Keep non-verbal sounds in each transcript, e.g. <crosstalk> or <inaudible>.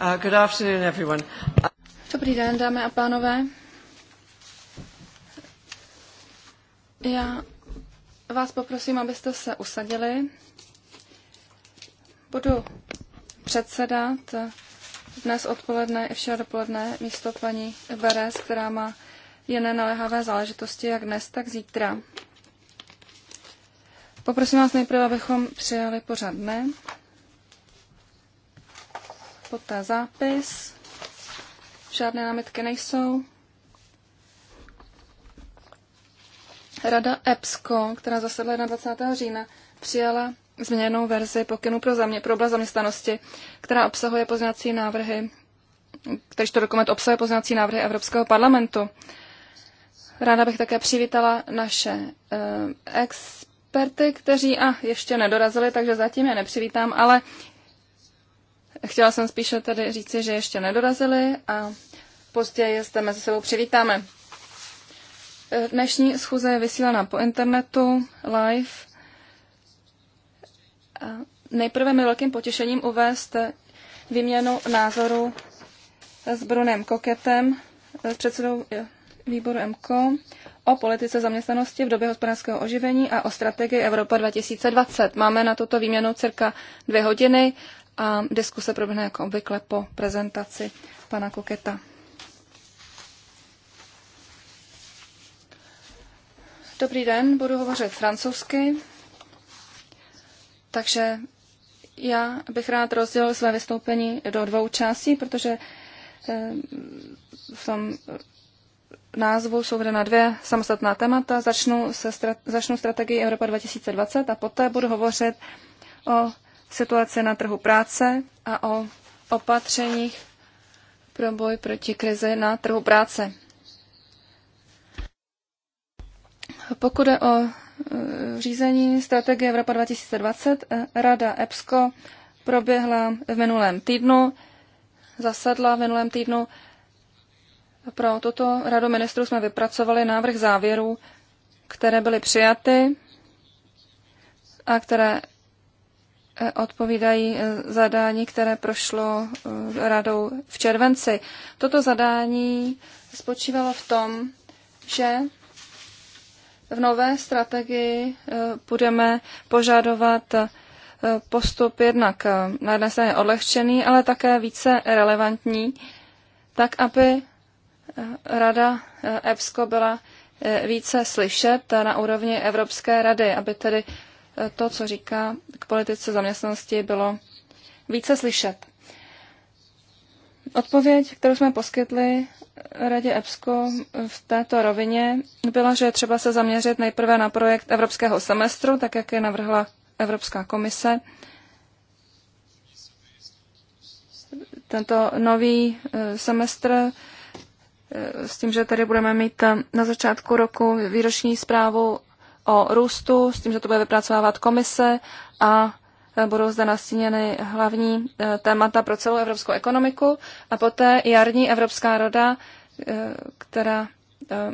Uh, Dobrý den, dámy a pánové. Já vás poprosím, abyste se usadili. Budu předsedat dnes odpoledne i včera dopoledne místo paní Beres, která má jen naléhavé záležitosti jak dnes, tak zítra. Poprosím vás nejprve, abychom přijali pořad dne. Poté zápis. Žádné námitky nejsou. Rada EPSCO, která zasedla 21. října, přijala změněnou verzi pokynu pro, zamě, pro oblast zaměstnanosti, která obsahuje poznací návrhy, to dokument obsahuje poznací návrhy Evropského parlamentu. Ráda bych také přivítala naše eh, experty, kteří a ještě nedorazili, takže zatím je nepřivítám, ale Chtěla jsem spíše tedy říci, že ještě nedorazili a později jste mezi sebou přivítáme. Eh, dnešní schůze je vysílána po internetu, live. A nejprve mi velkým potěšením uvést výměnu názoru s Brunem Koketem, eh, s předsedou eh, výboru MKO, o politice zaměstnanosti v době hospodářského oživení a o strategii Evropa 2020. Máme na tuto výměnu cirka dvě hodiny a diskuse proběhne jako obvykle po prezentaci pana Koketa. Dobrý den, budu hovořit francouzsky, takže já bych rád rozdělil své vystoupení do dvou částí, protože eh, v tom názvu jsou na dvě samostatná témata. Začnu, se, začnu strategii Evropa 2020 a poté budu hovořit o situace na trhu práce a o opatřeních pro boj proti krizi na trhu práce. Pokud je o eh, řízení strategie Evropa 2020, eh, Rada EPSCO proběhla v minulém týdnu, zasedla v minulém týdnu. Pro tuto radu ministrů jsme vypracovali návrh závěrů, které byly přijaty a které odpovídají eh, zadání, které prošlo eh, radou v červenci. Toto zadání spočívalo v tom, že v nové strategii eh, budeme požadovat postup jednak na jedné straně odlehčený, ale také více relevantní, tak aby rada EBSCO byla více slyšet na úrovni Evropské rady, aby tedy to, co říká k politice zaměstnanosti, bylo více slyšet. Odpověď, kterou jsme poskytli Radě EBSCO v této rovině, byla, že je třeba se zaměřit nejprve na projekt evropského semestru, tak jak je navrhla Evropská komise. Tento nový e, semestr e, s tím, že tady budeme mít e, na začátku roku výroční zprávu o růstu, s tím, že to bude vypracovávat komise a e, budou zde nastíněny hlavní e, témata pro celou evropskou ekonomiku a poté jarní Evropská rada, e, která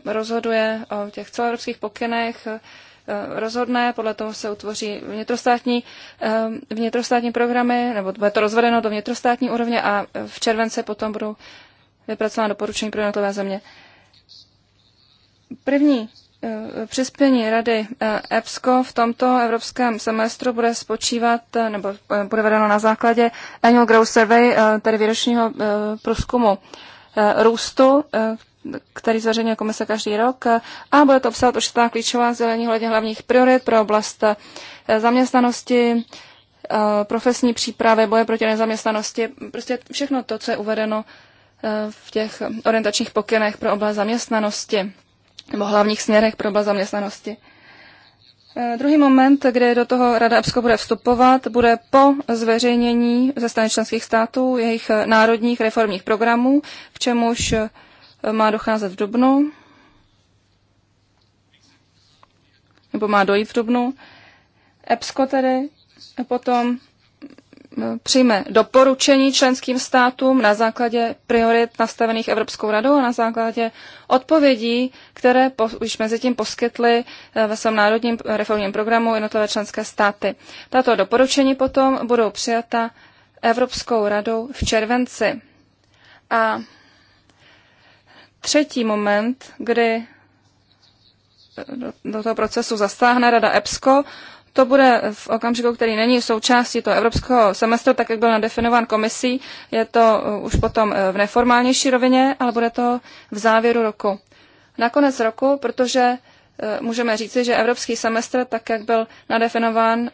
rozhoduje o těch celoevropských pokynech, rozhodné, podle toho se utvoří vnitrostátní, vnitrostátní programy, nebo bude to rozvedeno do vnitrostátní úrovně a v července potom budou vypracována doporučení pro jednotlivé země. První Eh, Přispění rady eh, EPSCO v tomto evropském semestru bude spočívat, eh, nebo bude vedeno na základě Annual Growth Survey, tedy výročního průzkumu růstu, který zveřejňuje komise každý rok a bude to obsahovat určitá klíčová zelení hledně hlavních priorit pro oblast zaměstnanosti, profesní přípravy, boje proti nezaměstnanosti, prostě všechno to, co je uvedeno v těch orientačních pokynech pro oblast zaměstnanosti nebo hlavních směrech pro oblast zaměstnanosti. Eh, druhý moment, kde do toho Rada EPSCO bude vstupovat, bude po zveřejnění ze strany členských států jejich eh, národních reformních programů, k čemuž eh, má docházet v Dubnu, nebo má dojít v Dubnu. EPSCO tedy potom přijme doporučení členským státům na základě priorit nastavených Evropskou radou a na základě odpovědí, které po, už mezi tím poskytly eh, ve svém národním reformním programu jednotlivé členské státy. Tato doporučení potom budou přijata Evropskou radou v červenci. A třetí moment, kdy do, toho procesu zasáhne Rada EPSCO, to bude v okamžiku, který není součástí toho evropského semestru, tak jak byl nadefinován komisí. Je to uh, už potom uh, v neformálnější rovině, ale bude to v závěru roku. Na konec roku, protože uh, můžeme říci, že evropský semestr, tak jak byl nadefinován,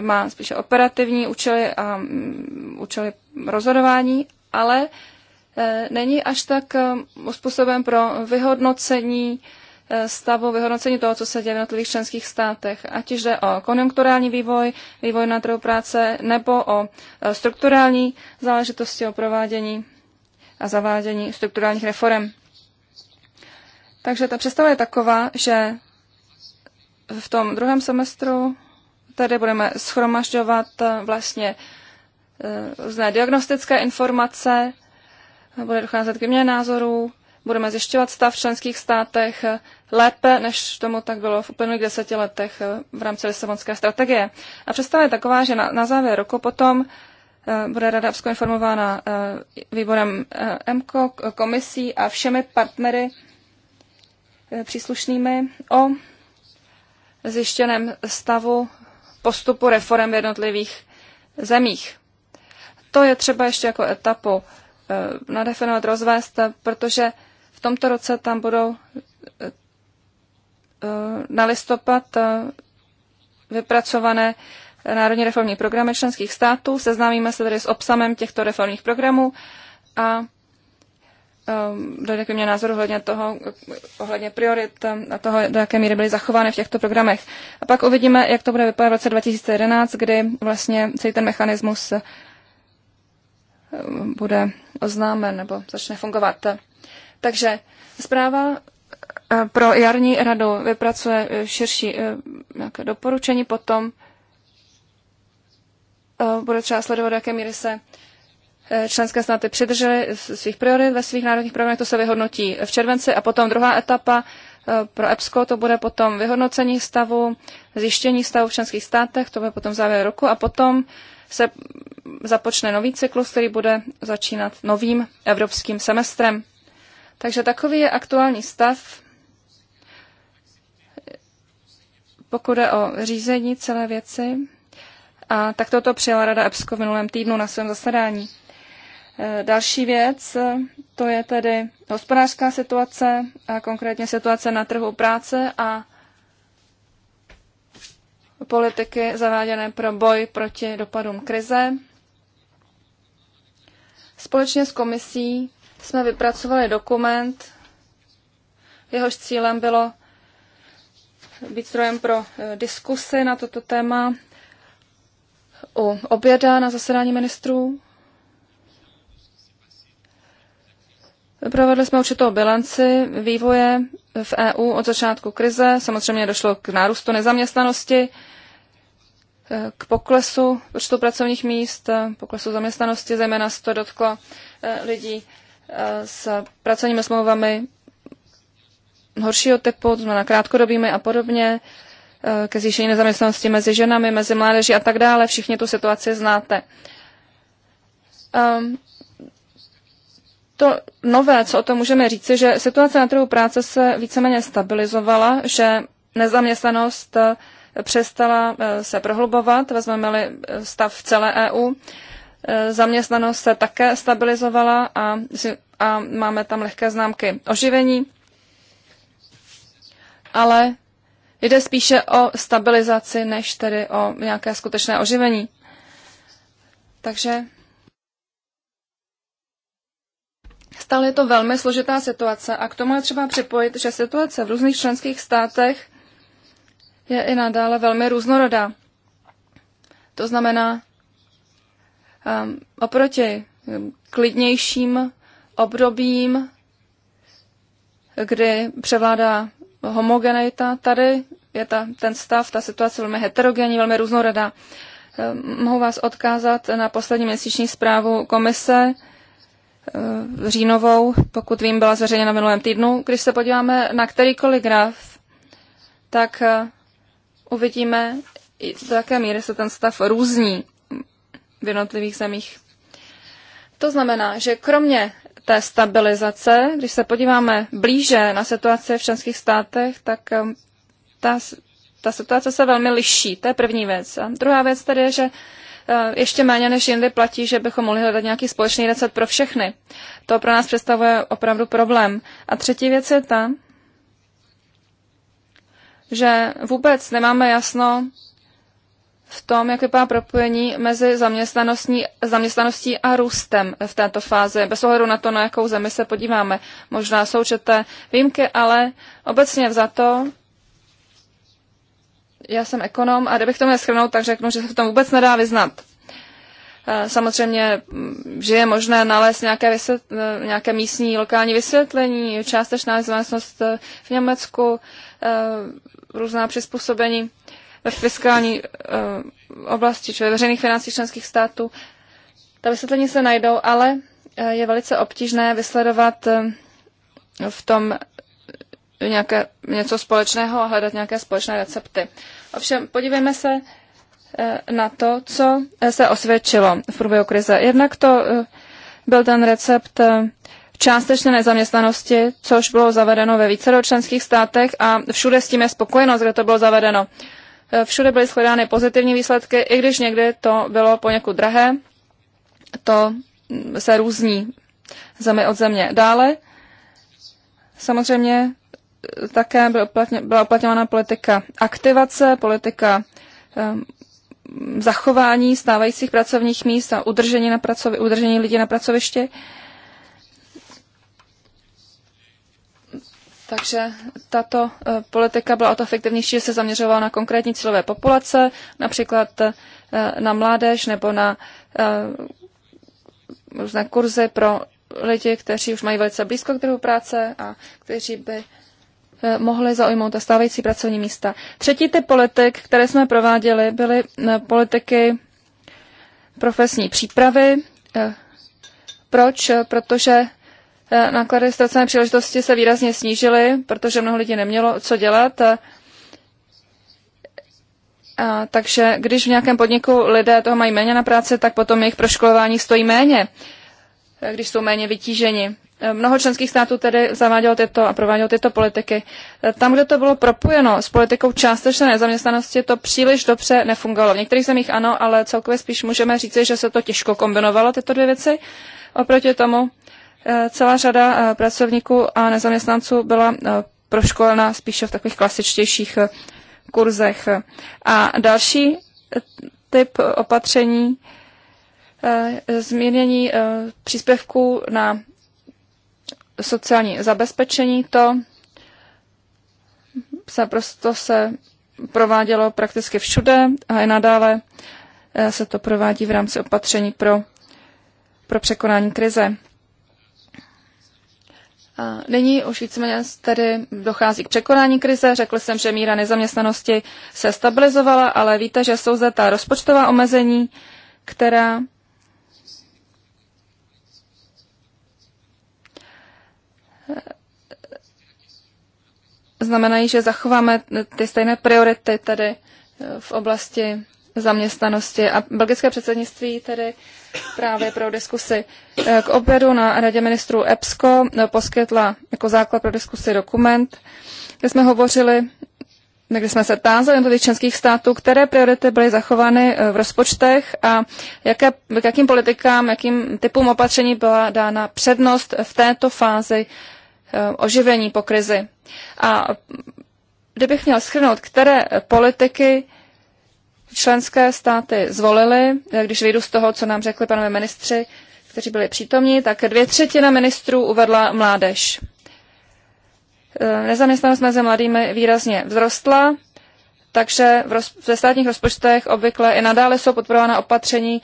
má spíše operativní účely a mm, účely rozhodování, ale není až tak způsobem pro vyhodnocení stavu vyhodnocení toho, co se děje v jednotlivých členských státech. Ať už jde o konjunkturální vývoj, vývoj na trhu práce, nebo o e, strukturální záležitosti o provádění a zavádění strukturálních reform. Takže ta představa je taková, že v tom druhém semestru tady budeme schromažďovat e, vlastně e, různé diagnostické informace, bude docházet k mě názorů, budeme zjišťovat stav v členských státech lépe, než tomu tak bylo v uplynulých deseti letech eh, v rámci Lisabonské strategie. A představa je taková, že na, na závěr roku potom eh, bude Rada informována eh, výborem MKO, komisí a všemi partnery příslušnými o zjištěném stavu postupu reform v jednotlivých zemích. To je třeba ještě jako etapu nadefinovat, rozvést, protože tomto roce tam budou eh, eh, na listopad eh, vypracované národní reformní programy členských států. Seznámíme se tedy s obsamem těchto reformních programů a dojde k mně názoru ohledně toho, ohledně priorit a toho, do jaké míry byly zachovány v těchto programech. A pak uvidíme, jak to bude vypadat v roce 2011, kdy vlastně celý ten mechanismus bude oznámen nebo začne fungovat. Takže zpráva eh, pro jarní radu vypracuje eh, širší eh, nějaké doporučení, potom bude třeba sledovat, do jaké míry se členské státy přidržely svých priorit ve svých národních programech, to se vyhodnotí v červenci a potom druhá etapa pro EPSCO to bude potom vyhodnocení stavu, zjištění stavu v členských státech, to bude potom závěr roku a potom se započne nový cyklus, který bude začínat novým evropským semestrem. Takže takový je aktuální stav, pokud je o řízení celé věci. A tak toto přijala Rada EPSCO v minulém týdnu na svém zasedání. E, další věc, to je tedy hospodářská situace a konkrétně situace na trhu práce a politiky zaváděné pro boj proti dopadům krize. Společně s komisí jsme vypracovali dokument, jehož cílem bylo být strojem pro eh, diskusy na toto téma u oběda na zasedání ministrů. Provedli jsme určitou bilanci vývoje v EU od začátku krize. Samozřejmě došlo k nárůstu nezaměstnanosti, eh, k poklesu počtu pracovních míst, eh, poklesu zaměstnanosti, zejména se to dotklo lidí s pracovními smlouvami horšího typu, to znamená krátkodobými a podobně, e, ke zvýšení nezaměstnanosti mezi ženami, mezi mládeží a tak dále. Všichni tu situaci znáte. Um, to nové, co o tom můžeme říci, že situace na trhu práce se víceméně stabilizovala, že nezaměstnanost přestala e, se prohlubovat, vezmeme-li e, stav v celé EU. E, zaměstnanost se také stabilizovala a, a máme tam lehké známky oživení, ale jde spíše o stabilizaci, než tedy o nějaké skutečné oživení. Takže Stále je to velmi složitá situace a k tomu je třeba připojit, že situace v různých členských státech je i nadále velmi různorodá. To znamená, Um, oproti klidnějším obdobím, kdy převládá homogeneita, tady je ta, ten stav, ta situace velmi heterogenní, velmi různorodá. Um, mohu vás odkázat na poslední měsíční zprávu komise, uh, říjnovou, pokud vím, byla zveřejněna minulém týdnu. Když se podíváme na kterýkoliv graf, tak uh, uvidíme, do jaké míry se ten stav různí v jednotlivých zemích. To znamená, že kromě té stabilizace, když se podíváme blíže na situaci v členských státech, tak um, ta, ta situace se velmi liší. To je první věc. A druhá věc tedy je, že uh, ještě méně než jindy platí, že bychom mohli hledat nějaký společný recept pro všechny. To pro nás představuje opravdu problém. A třetí věc je ta, že vůbec nemáme jasno v tom, jak vypadá propojení mezi zaměstnaností, zaměstnaností a růstem v této fázi, bez ohledu na to, na jakou zemi se podíváme. Možná jsou určité výjimky, ale obecně za to, já jsem ekonom a kdybych to měl schrnout, tak řeknu, že se v tom vůbec nedá vyznat. Eh, samozřejmě, mm, že je možné nalézt nějaké, vysvět, eh, nějaké místní lokální vysvětlení, částečná zaměstnanost eh, v Německu, různá přizpůsobení ve fiskální eh, oblasti, čili veřejných financí členských států. Ta vysvětlení se najdou, ale eh, je velice obtížné vysledovat eh, v tom nějaké, něco společného a hledat nějaké společné recepty. Ovšem, podívejme se na to, co se osvědčilo v průběhu krize. Jednak to byl ten recept částečné nezaměstnanosti, což bylo zavedeno ve více členských státech a všude s tím je spokojenost, kde to bylo zavedeno. Všude byly shledány pozitivní výsledky, i když někdy to bylo poněkud drahé. To se různí zemi od země. Dále samozřejmě také byla uplatňována politika aktivace, politika ehm, zachování stávajících pracovních míst a udržení, na pracovi, udržení lidí na pracovišti. Takže tato eh, politika byla o to efektivnější, že se zaměřovala na konkrétní cílové populace, například eh, na mládež nebo na eh, různé kurzy pro lidi, kteří už mají velice blízko k druhu práce a kteří by mohli zaujmout stávající pracovní místa. Třetí typ politik, které jsme prováděli, byly politiky profesní přípravy. Proč? Protože Eh, náklady ztracené příležitosti se výrazně snížily, protože mnoho lidí nemělo co dělat. Eh, a, takže když v nějakém podniku lidé toho mají méně na práci, tak potom jejich proškolování stojí méně, eh, když jsou méně vytíženi. Mnoho členských států tedy zavádělo tyto a provádělo tyto politiky. Tam, kde to bylo propojeno s politikou částečné nezaměstnanosti, to příliš dobře nefungovalo. V některých zemích ano, ale celkově spíš můžeme říci, že se to těžko kombinovalo, tyto dvě věci. Oproti tomu Eh, celá řada eh, pracovníků a nezaměstnanců byla eh, proškolena spíše v takových klasičtějších kurzech. A další typ opatření zmírnění příspěvků na sociální zabezpečení, to se prosto se provádělo prakticky všude a i nadále se to provádí v rámci opatření pro, pro překonání krize. Nyní už víceméně tedy dochází k překonání krize. Řekl jsem, že míra nezaměstnanosti se stabilizovala, ale víte, že jsou zde ta rozpočtová omezení, která znamenají, že zachováme ty stejné priority tedy v oblasti zaměstnanosti. A belgické předsednictví tedy právě pro diskusi eh, k obědu na radě ministrů EPSCO eh, poskytla jako základ pro diskusi dokument, kde jsme hovořili kde jsme se tázali těch členských států, které priority byly zachovány eh, v rozpočtech a jaké, k jakým politikám, jakým typům opatření byla dána přednost v této fázi oživení po krizi. A kdybych měl schrnout, které politiky členské státy zvolily, když vyjdu z toho, co nám řekli panové ministři, kteří byli přítomní, tak dvě třetina ministrů uvedla mládež. E, nezaměstnanost mezi mladými výrazně vzrostla, takže v roz, ve státních rozpočtech obvykle i nadále jsou podporována opatření,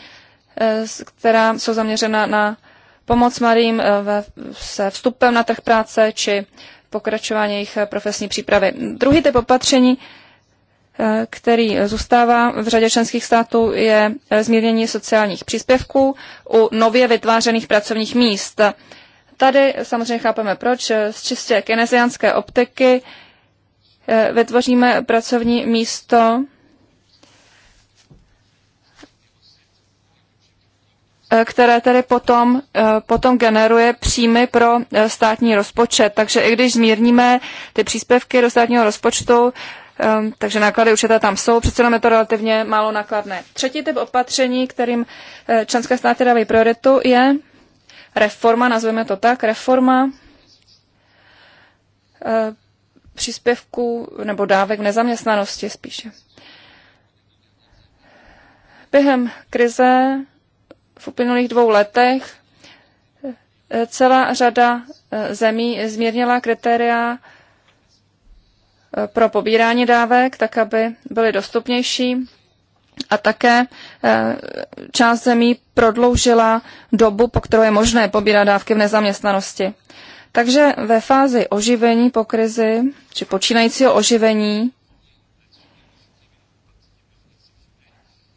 e, která jsou zaměřena na pomoc mladým e, ve, se vstupem na trh práce či pokračování jejich profesní přípravy. Druhý typ opatření který zůstává v řadě členských států, je zmírnění sociálních příspěvků u nově vytvářených pracovních míst. Tady samozřejmě chápeme, proč z čistě keneziánské optiky eh, vytvoříme pracovní místo eh, které tedy potom, eh, potom generuje příjmy pro státní rozpočet. Takže i když zmírníme ty příspěvky do státního rozpočtu, um, takže náklady určité tam jsou, přece jenom je to relativně málo nákladné. Třetí typ opatření, kterým eh, členské státy dávají prioritu, je reforma, nazveme to tak, reforma uh, příspěvků nebo dávek nezaměstnanosti spíše. Během krize v uplynulých dvou letech eh, celá řada zemí zmírnila kritéria pro pobírání dávek, tak aby byly dostupnější. A také eh, část zemí prodloužila dobu, po kterou je možné pobírat dávky v nezaměstnanosti. Takže ve fázi oživení po krizi, či počínajícího oživení,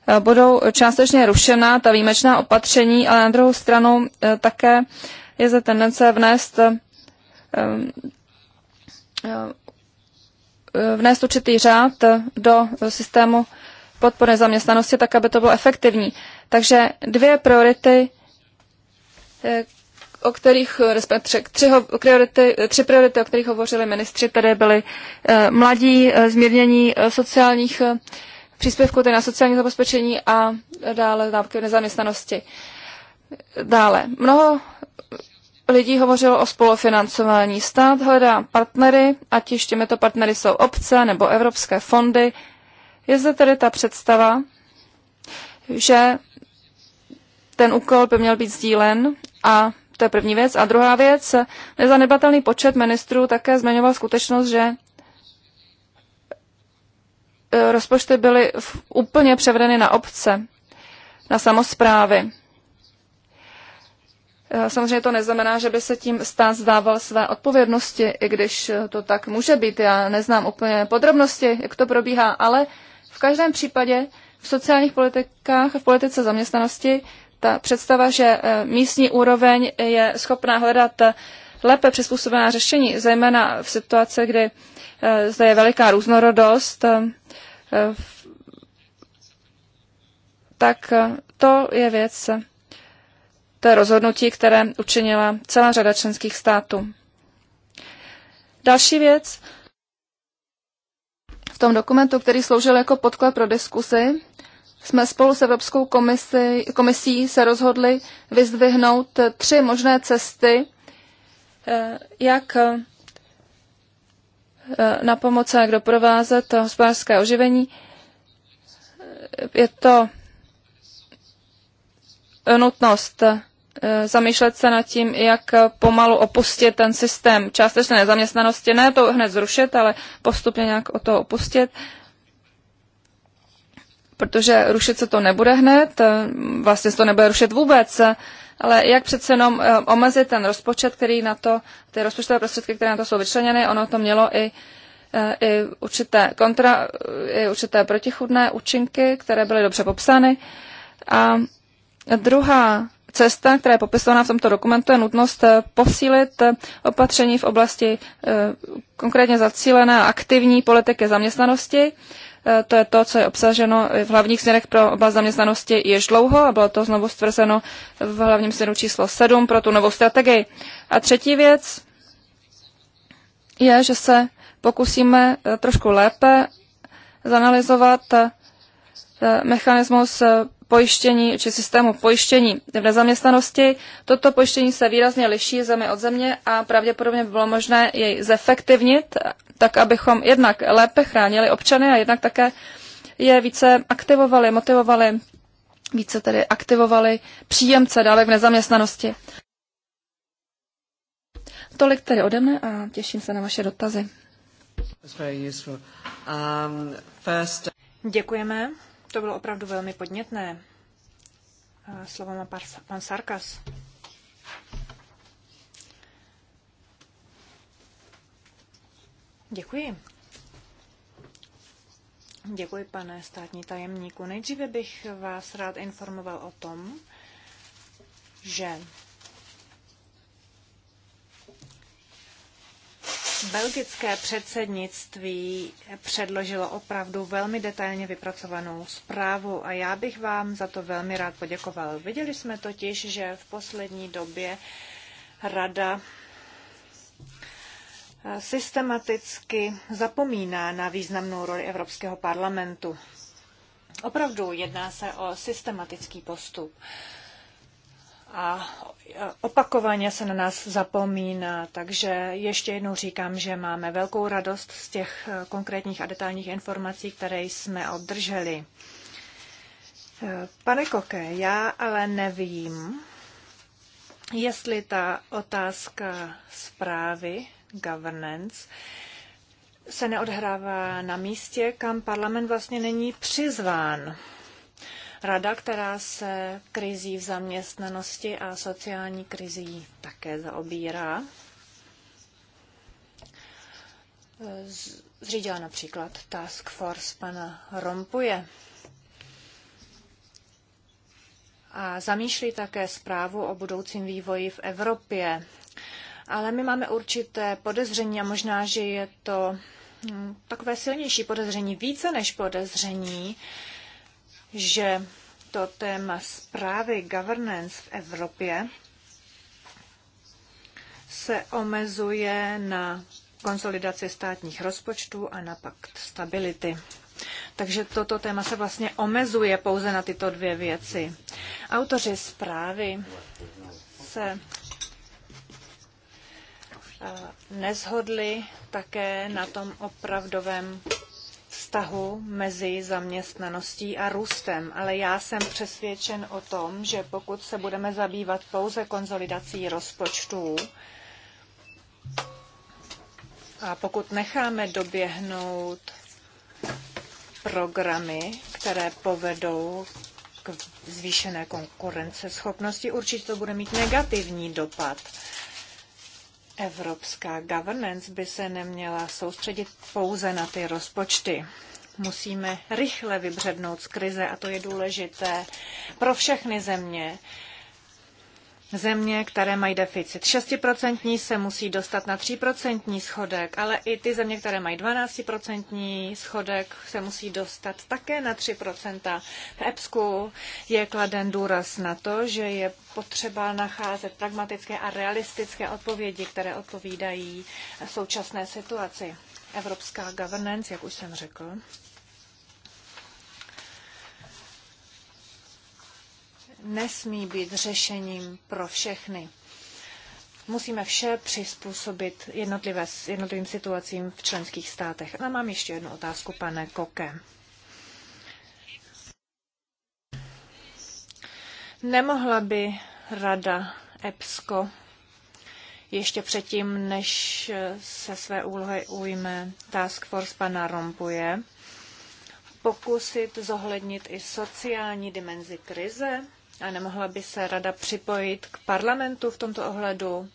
eh, budou částečně rušena ta výjimečná opatření, ale na druhou stranu eh, také je za tendence vnést Eh, vnést určitý řád do systému podpory zaměstnanosti, tak aby to bylo efektivní. Takže dvě priority, eh, o kterých, respektive tři, priority, eh, tři priority, o kterých hovořili ministři, tedy byly mladí, zmírnění sociálních příspěvků tedy na sociální zabezpečení a dále dávky v nezaměstnanosti. Dále, mnoho lidí hovořilo o spolufinancování. Stát hledá partnery, ať již těmito partnery jsou obce nebo evropské fondy. Je zde tedy ta představa, že ten úkol by měl být sdílen a to je první věc. A druhá věc, nezanedbatelný počet ministrů také zmiňoval skutečnost, že e, rozpočty byly úplně převedeny na obce, na samozprávy. Eh, samozřejmě to neznamená, že by se tím stát zdával své odpovědnosti, i když eh, to tak může být. Já neznám úplně podrobnosti, jak to probíhá, ale v každém případě v sociálních politikách a v politice zaměstnanosti ta představa, že eh, místní úroveň je schopná hledat lépe přizpůsobená řešení, zejména v situaci, kdy zde je veliká různorodost, tak to je věc, to je rozhodnutí, které učinila celá řada členských států. Další věc. V tom dokumentu, který sloužil jako podklad pro diskusy, jsme spolu s Evropskou komisí, komisí se rozhodli vyzdvihnout tři možné cesty, eh, jak eh, na pomoc a jak doprovázet hospodářské oživení. Je to nutnost E, zamýšlet se nad tím, jak pomalu opustit ten systém částečné nezaměstnanosti. Ne to hned zrušit, ale postupně nějak o to opustit. Protože rušit se to nebude hned, e, vlastně se to nebude rušit vůbec, e, ale jak přece jenom omezit ten rozpočet, který na to, ty rozpočtové prostředky, které na to jsou vyčleněny, ono to mělo i i určité, kontra, i určité protichudné účinky, které byly dobře popsány. A druhá cesta, která je popisovaná v tomto dokumentu, je nutnost eh, posílit eh, opatření v oblasti eh, konkrétně zacílené aktivní politiky zaměstnanosti. To je to, co je obsaženo v hlavních směrech pro oblast zaměstnanosti již dlouho a bylo to znovu stvrzeno v hlavním směru číslo 7 pro tu novou strategii. A třetí věc je, že se pokusíme trošku lépe zanalizovat mechanismus pojištění či systému pojištění v nezaměstnanosti. Toto pojištění se výrazně liší zemi od země a pravděpodobně by bylo možné jej zefektivnit, tak abychom jednak lépe chránili občany a jednak také je více aktivovali, motivovali, více tedy aktivovali příjemce dávek v nezaměstnanosti. Tolik tedy ode mne a těším se na vaše dotazy. Um, Děkujeme. To bylo opravdu velmi podnětné. Slovo má pan Sarkas. Děkuji. Děkuji, pane státní tajemníku. Nejdříve bych vás rád informoval o tom, že Belgické předsednictví předložilo opravdu velmi detailně vypracovanou zprávu a já bych vám za to velmi rád poděkoval. Viděli jsme totiž, že v poslední době Rada eh, systematicky zapomíná na významnou roli Evropského parlamentu. Opravdu jedná se o systematický postup a opakovaně se na nás zapomíná, takže ještě jednou říkám, že máme velkou radost z těch konkrétních a detailních informací, které jsme obdrželi. Pane Koke, já ale nevím, jestli ta otázka zprávy, governance, se neodhrává na místě, kam parlament vlastně není přizván rada, která se krizí v zaměstnanosti a sociální krizí také zaobírá. Zřídila například Task Force pana Rompuje a zamýšlí také zprávu o budoucím vývoji v Evropě. Ale my máme určité podezření a možná, že je to hm, takové silnější podezření, více než podezření, že to téma zprávy governance v Evropě se omezuje na konsolidaci státních rozpočtů a na pakt stability. Takže toto téma se vlastně omezuje pouze na tyto dvě věci. Autoři zprávy se eh, nezhodli také na tom opravdovém vztahu mezi zaměstnaností a růstem, ale já jsem přesvědčen o tom, že pokud se budeme zabývat pouze konzolidací rozpočtů a pokud necháme doběhnout programy, které povedou k zvýšené konkurenceschopnosti, určitě to bude mít negativní dopad Evropská governance by se neměla soustředit pouze na ty rozpočty. Musíme rychle vybřednout z krize a to je důležité pro všechny země země, které mají deficit 6% se musí dostat na 3% schodek, ale i ty země, které mají 12% schodek, se musí dostat také na 3%. V EPSku je kladen důraz na to, že je potřeba nacházet pragmatické a realistické odpovědi, které odpovídají současné situaci. Evropská governance, jak už jsem řekl, nesmí být řešením pro všechny. Musíme vše přizpůsobit jednotlivé, jednotlivým situacím v členských státech. A mám ještě jednu otázku, pane Koke. Nemohla by rada EPSCO ještě předtím, než se své úlohy ujme Task Force pana Rompuje, pokusit zohlednit i sociální dimenzi krize? A nemohla by se rada připojit k parlamentu v tomto ohledu?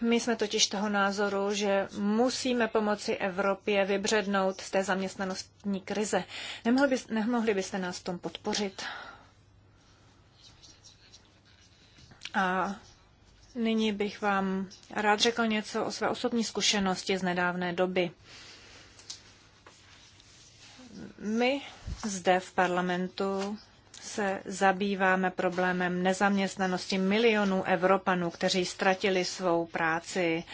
My jsme totiž toho názoru, že musíme pomoci Evropě vybřednout z té zaměstnanostní krize. Nemohli, by, nemohli byste nás v tom podpořit? A nyní bych vám rád řekl něco o své osobní zkušenosti z nedávné doby. My zde v parlamentu se zabýváme problémem nezaměstnanosti milionů Evropanů, kteří ztratili svou práci.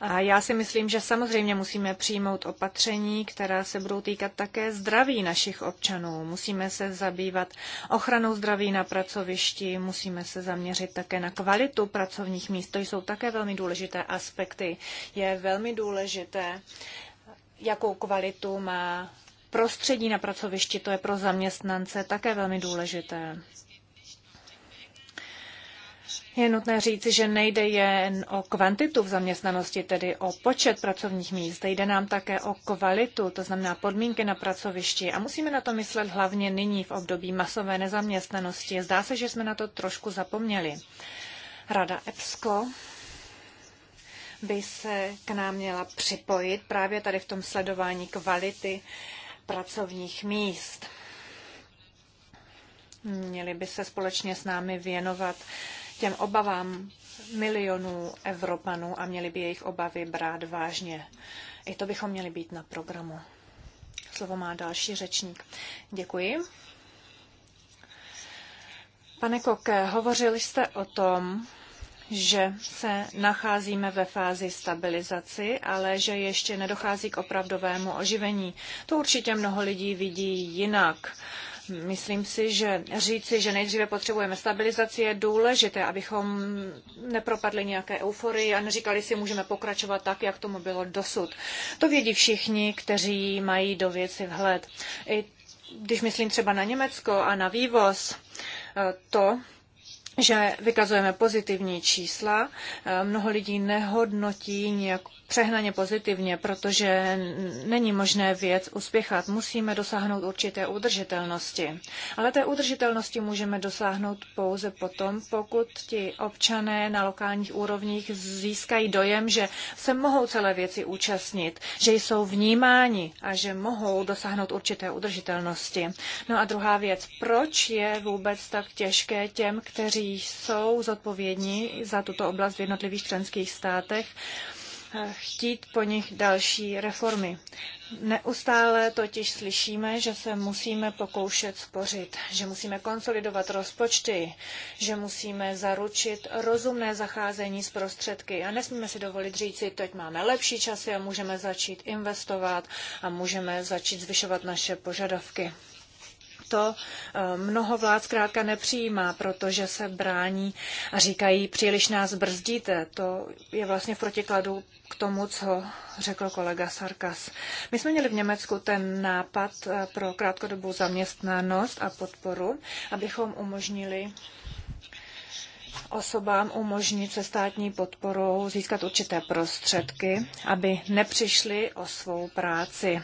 A já si myslím, že samozřejmě musíme přijmout opatření, která se budou týkat také zdraví našich občanů. Musíme se zabývat ochranou zdraví na pracovišti, musíme se zaměřit také na kvalitu pracovních míst. To jsou také velmi důležité aspekty. Je velmi důležité, jakou kvalitu má Prostředí na pracovišti, to je pro zaměstnance také velmi důležité. Je nutné říci, že nejde jen o kvantitu v zaměstnanosti, tedy o počet pracovních míst, jde nám také o kvalitu, to znamená podmínky na pracovišti. A musíme na to myslet hlavně nyní v období masové nezaměstnanosti. Zdá se, že jsme na to trošku zapomněli. Rada EPSCO by se k nám měla připojit právě tady v tom sledování kvality pracovních míst. Měli by se společně s námi věnovat těm obavám milionů Evropanů a měli by jejich obavy brát vážně. I to bychom měli být na programu. Slovo má další řečník. Děkuji. Pane Koke, hovořili jste o tom, že se nacházíme ve fázi stabilizaci, ale že ještě nedochází k opravdovému oživení. To určitě mnoho lidí vidí jinak. Myslím si, že říci, že nejdříve potřebujeme stabilizaci, je důležité, abychom nepropadli nějaké euforii a neříkali si, můžeme pokračovat tak, jak tomu bylo dosud. To vědí všichni, kteří mají do věci vhled. I když myslím třeba na Německo a na vývoz, to, že vykazujeme pozitivní čísla. Eh, mnoho lidí nehodnotí nějak přehnaně pozitivně, protože není možné věc uspěchat. Musíme dosáhnout určité udržitelnosti. Ale té udržitelnosti můžeme dosáhnout pouze potom, pokud ti občané na lokálních úrovních získají dojem, že se mohou celé věci účastnit, že jsou vnímáni a že mohou dosáhnout určité udržitelnosti. No a druhá věc, proč je vůbec tak těžké těm, kteří jsou zodpovědní za tuto oblast v jednotlivých členských státech, chtít po nich další reformy. Neustále totiž slyšíme, že se musíme pokoušet spořit, že musíme konsolidovat rozpočty, že musíme zaručit rozumné zacházení s prostředky a nesmíme si dovolit říci, teď máme lepší časy a můžeme začít investovat a můžeme začít zvyšovat naše požadavky to eh, mnoho vlád zkrátka nepřijímá, protože se brání a říkají, příliš nás brzdíte. To je vlastně v protikladu k tomu, co řekl kolega Sarkas. My jsme měli v Německu ten nápad eh, pro krátkodobou zaměstnanost a podporu, abychom umožnili osobám umožnit se státní podporou získat určité prostředky, aby nepřišli o svou práci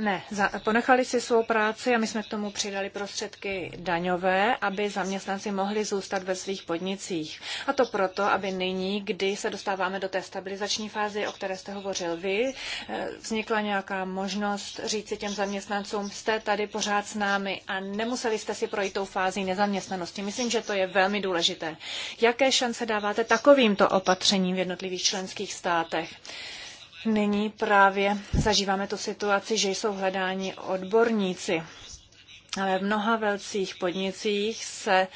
ne, za, ponechali si svou práci a my jsme k tomu přidali prostředky daňové, aby zaměstnanci mohli zůstat ve svých podnicích. A to proto, aby nyní, kdy se dostáváme do té stabilizační fázy, o které jste hovořil vy, eh, vznikla nějaká možnost si těm zaměstnancům, jste tady pořád s námi a nemuseli jste si projít tou fází nezaměstnanosti. Myslím, že to je velmi důležité. Jaké šance dáváte takovýmto opatřením v jednotlivých členských státech nyní právě zažíváme tu situaci, že jsou hledáni odborníci. Ale v mnoha velcích podnicích se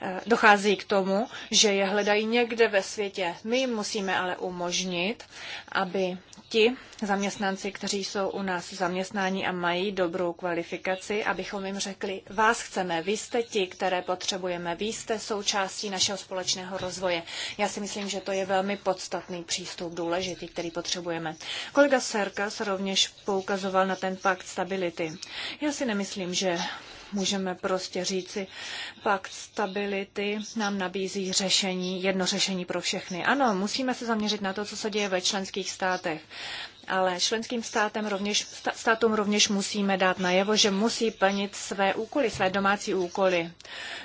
eh, dochází k tomu, že je hledají někde ve světě. My jim musíme ale umožnit, aby ti zaměstnanci, kteří jsou u nás zaměstnáni a mají dobrou kvalifikaci, abychom jim řekli, vás chceme, vy jste ti, které potřebujeme, vy jste součástí našeho společného rozvoje. Já si myslím, že to je velmi podstatný přístup, důležitý, který potřebujeme. Kolega Serkas rovněž poukazoval na ten pakt stability. Já si nemyslím, že Můžeme prostě říci, pakt stability nám nabízí řešení, jedno řešení pro všechny. Ano, musíme se zaměřit na to, co se děje ve členských státech ale členským státem rovněž, státům rovněž musíme dát najevo, že musí plnit své úkoly, své domácí úkoly.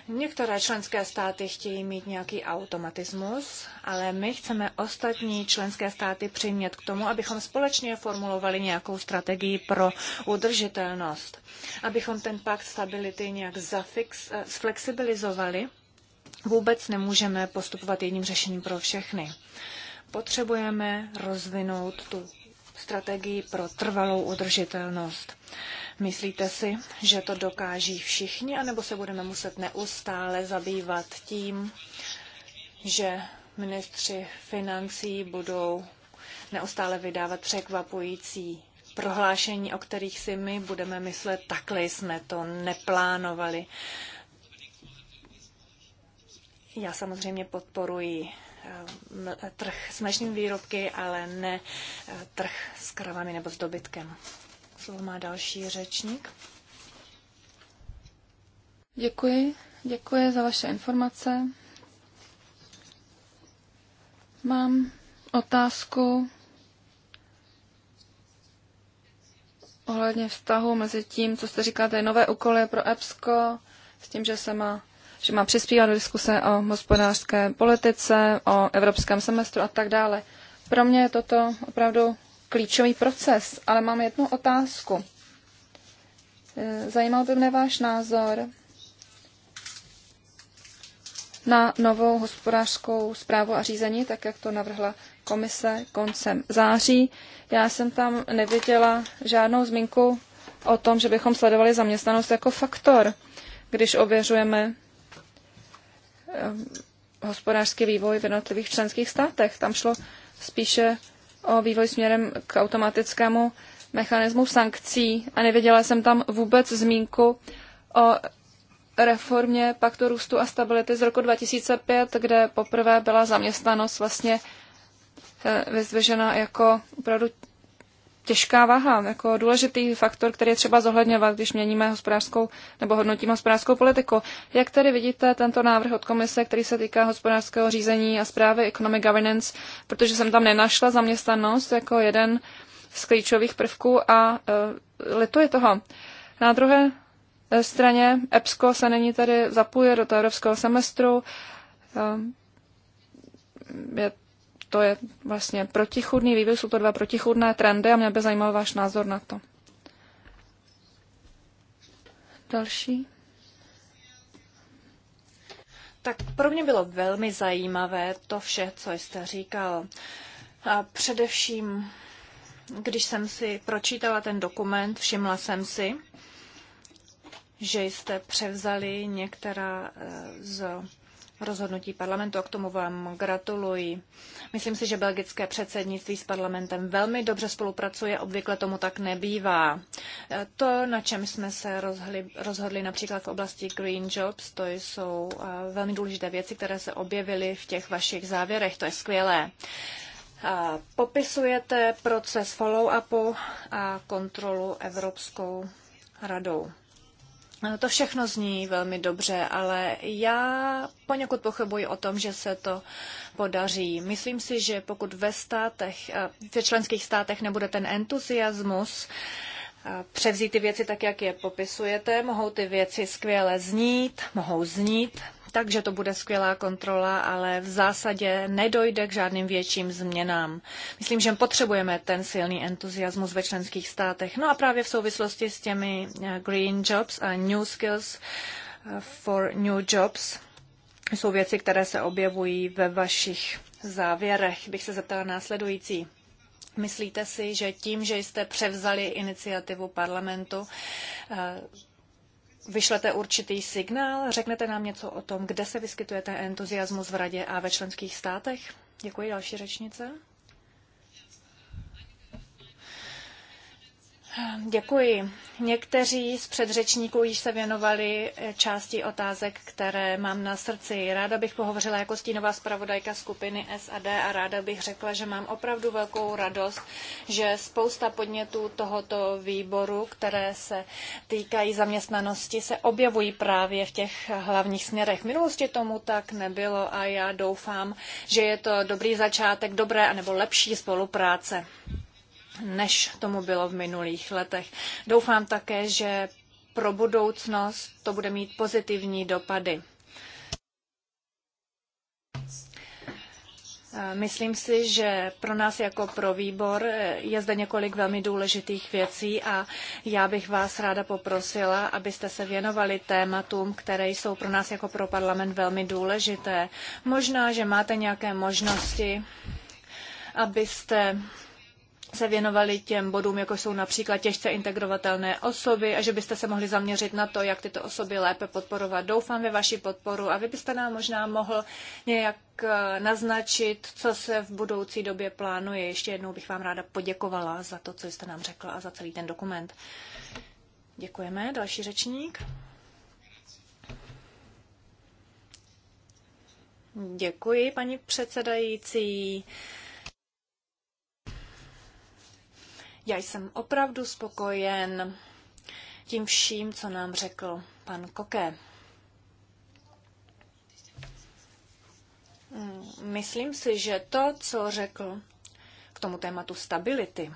Některé členské státy chtějí mít nějaký automatismus, ale my chceme ostatní členské státy přimět k tomu, abychom společně formulovali nějakou strategii pro udržitelnost, abychom ten pakt stability nějak zafix, eh, zflexibilizovali. Vůbec nemůžeme postupovat jedním řešením pro všechny potřebujeme rozvinout tu strategii pro trvalou udržitelnost. Myslíte si, že to dokáží všichni, anebo se budeme muset neustále zabývat tím, že ministři financí budou neustále vydávat překvapující prohlášení, o kterých si my budeme myslet, takhle jsme to neplánovali. Já samozřejmě podporuji Eh, trh s mlečnými výrobky, ale ne eh, trh s kravami nebo s dobytkem. Slovo má další řečník. Děkuji, děkuji za vaše informace. Mám otázku ohledně vztahu mezi tím, co jste říkáte, nové úkoly pro EBSCO, s tím, že se má že má přispívat do diskuse o hospodářské politice, o evropském semestru a tak dále. Pro mě je toto opravdu klíčový proces, ale mám jednu otázku. Zajímal by mě váš názor na novou hospodářskou zprávu a řízení, tak jak to navrhla komise koncem září. Já jsem tam neviděla žádnou zmínku o tom, že bychom sledovali zaměstnanost jako faktor, když ověřujeme Ehm, hospodářský vývoj v jednotlivých členských státech. Tam šlo spíše o vývoj směrem k automatickému mechanismu sankcí a nevěděla jsem tam vůbec zmínku o reformě Paktu růstu a stability z roku 2005, kde poprvé byla zaměstnanost vlastně eh, vyzvěžena jako opravdu těžká váha, jako důležitý faktor, který je třeba zohledňovat, když měníme hospodářskou nebo hodnotíme hospodářskou politiku. Jak tedy vidíte tento návrh od komise, který se týká hospodářského řízení a zprávy economic governance, protože jsem tam nenašla zaměstnanost jako jeden z klíčových prvků a e, lituje toho. Na druhé e, straně EPSCO se není tady zapojuje do toho evropského semestru. E, je to je vlastně protichudný vývoj, jsou to dva protichudné trendy a mě by zajímal váš názor na to. Další. Tak pro mě bylo velmi zajímavé to vše, co jste říkal. A především, když jsem si pročítala ten dokument, všimla jsem si, že jste převzali některá eh, z rozhodnutí parlamentu a k tomu vám gratuluji. Myslím si, že belgické předsednictví s parlamentem velmi dobře spolupracuje, obvykle tomu tak nebývá. To, na čem jsme se rozhodli, rozhodli například v oblasti Green Jobs, to jsou eh, velmi důležité věci, které se objevily v těch vašich závěrech, to je skvělé. Eh, popisujete proces follow-upu a kontrolu Evropskou radou. To všechno zní velmi dobře, ale já poněkud pochybuji o tom, že se to podaří. Myslím si, že pokud ve státech, ve členských státech nebude ten entuziasmus převzít ty věci tak, jak je popisujete, mohou ty věci skvěle znít, mohou znít tak, že to bude skvělá kontrola, ale v zásadě nedojde k žádným větším změnám. Myslím, že potřebujeme ten silný entuziasmus ve členských státech. No a právě v souvislosti s těmi eh, Green Jobs a New Skills eh, for New Jobs jsou věci, které se objevují ve vašich závěrech. Bych se zeptala následující. Myslíte si, že tím, že jste převzali iniciativu parlamentu, eh, vyšlete určitý signál, řeknete nám něco o tom, kde se vyskytuje ten entuziasmus v radě a ve členských státech? Děkuji, další řečnice. Děkuji. Někteří z předřečníků již se věnovali eh, části otázek, které mám na srdci. Ráda bych pohovořila jako stínová zpravodajka skupiny SAD a ráda bych řekla, že mám opravdu velkou radost, že spousta podnětů tohoto výboru, které se týkají zaměstnanosti, se objevují právě v těch hlavních směrech. V minulosti tomu tak nebylo a já doufám, že je to dobrý začátek dobré anebo lepší spolupráce než tomu bylo v minulých letech. Doufám také, že pro budoucnost to bude mít pozitivní dopady. Myslím si, že pro nás jako pro výbor je zde několik velmi důležitých věcí a já bych vás ráda poprosila, abyste se věnovali tématům, které jsou pro nás jako pro parlament velmi důležité. Možná, že máte nějaké možnosti, abyste se věnovali těm bodům, jako jsou například těžce integrovatelné osoby a že byste se mohli zaměřit na to, jak tyto osoby lépe podporovat. Doufám ve vaši podporu a vy byste nám možná mohl nějak eh, naznačit, co se v budoucí době plánuje. Ještě jednou bych vám ráda poděkovala za to, co jste nám řekla a za celý ten dokument. Děkujeme. Další řečník. Děkuji, paní předsedající. Já jsem opravdu spokojen tím vším, co nám řekl pan Koké. Mm, myslím si, že to, co řekl k tomu tématu stability,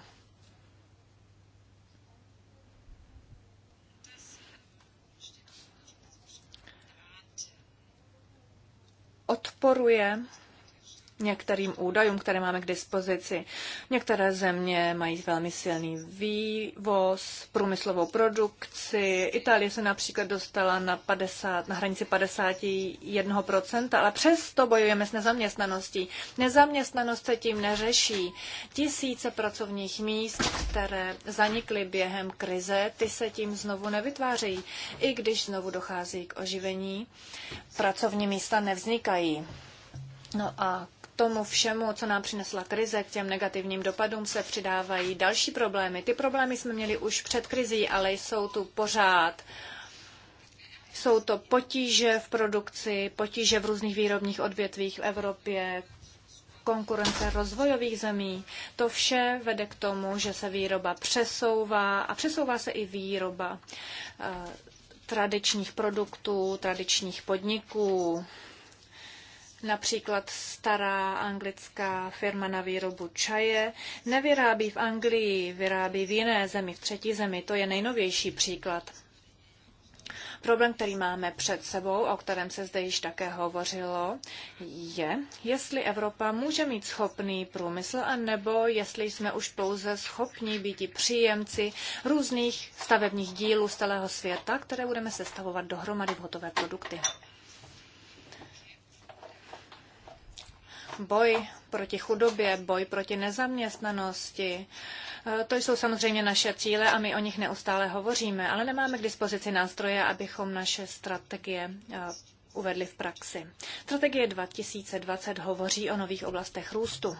odporuje některým údajům, které máme k dispozici. Některé země mají velmi silný vývoz, průmyslovou produkci. Itálie se například dostala na, 50, na hranici 51%, ale přesto bojujeme s nezaměstnaností. Nezaměstnanost se tím neřeší. Tisíce pracovních míst, které zanikly během krize, ty se tím znovu nevytvářejí. I když znovu dochází k oživení, pracovní místa nevznikají. No a tomu všemu, co nám přinesla krize, k těm negativním dopadům se přidávají další problémy. Ty problémy jsme měli už před krizí, ale jsou tu pořád. Jsou to potíže v produkci, potíže v různých výrobních odvětvích v Evropě, konkurence rozvojových zemí. To vše vede k tomu, že se výroba přesouvá a přesouvá se i výroba eh, tradičních produktů, tradičních podniků. Například stará anglická firma na výrobu čaje nevyrábí v Anglii, vyrábí v jiné zemi, v třetí zemi. To je nejnovější příklad. Problém, který máme před sebou, o kterém se zde již také hovořilo, je, jestli Evropa může mít schopný průmysl, anebo jestli jsme už pouze schopni být i příjemci různých stavebních dílů z celého světa, které budeme sestavovat dohromady v hotové produkty. boj proti chudobě, boj proti nezaměstnanosti. E, to jsou samozřejmě naše cíle a my o nich neustále hovoříme, ale nemáme k dispozici nástroje, abychom naše strategie e, uvedli v praxi. Strategie 2020 hovoří o nových oblastech růstu,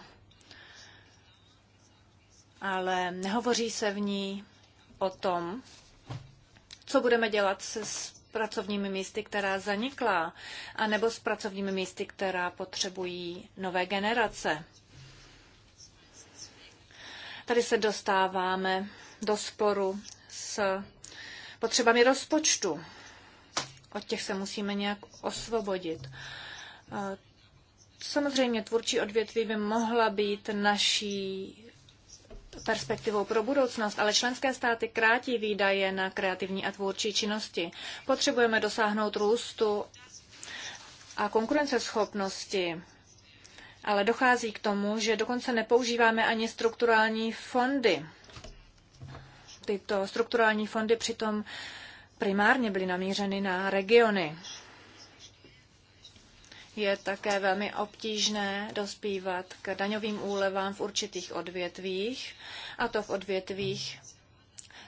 ale nehovoří se v ní o tom, co budeme dělat se pracovními místy, která zanikla, anebo s pracovními místy, která potřebují nové generace. Tady se dostáváme do sporu s potřebami rozpočtu. Od těch se musíme nějak osvobodit. Samozřejmě tvůrčí odvětví by mohla být naší perspektivou pro budoucnost, ale členské státy krátí výdaje na kreativní a tvůrčí činnosti. Potřebujeme dosáhnout růstu a konkurenceschopnosti, ale dochází k tomu, že dokonce nepoužíváme ani strukturální fondy. Tyto strukturální fondy přitom primárně byly namířeny na regiony je také velmi obtížné dospívat k daňovým úlevám v určitých odvětvích, a to v odvětvích,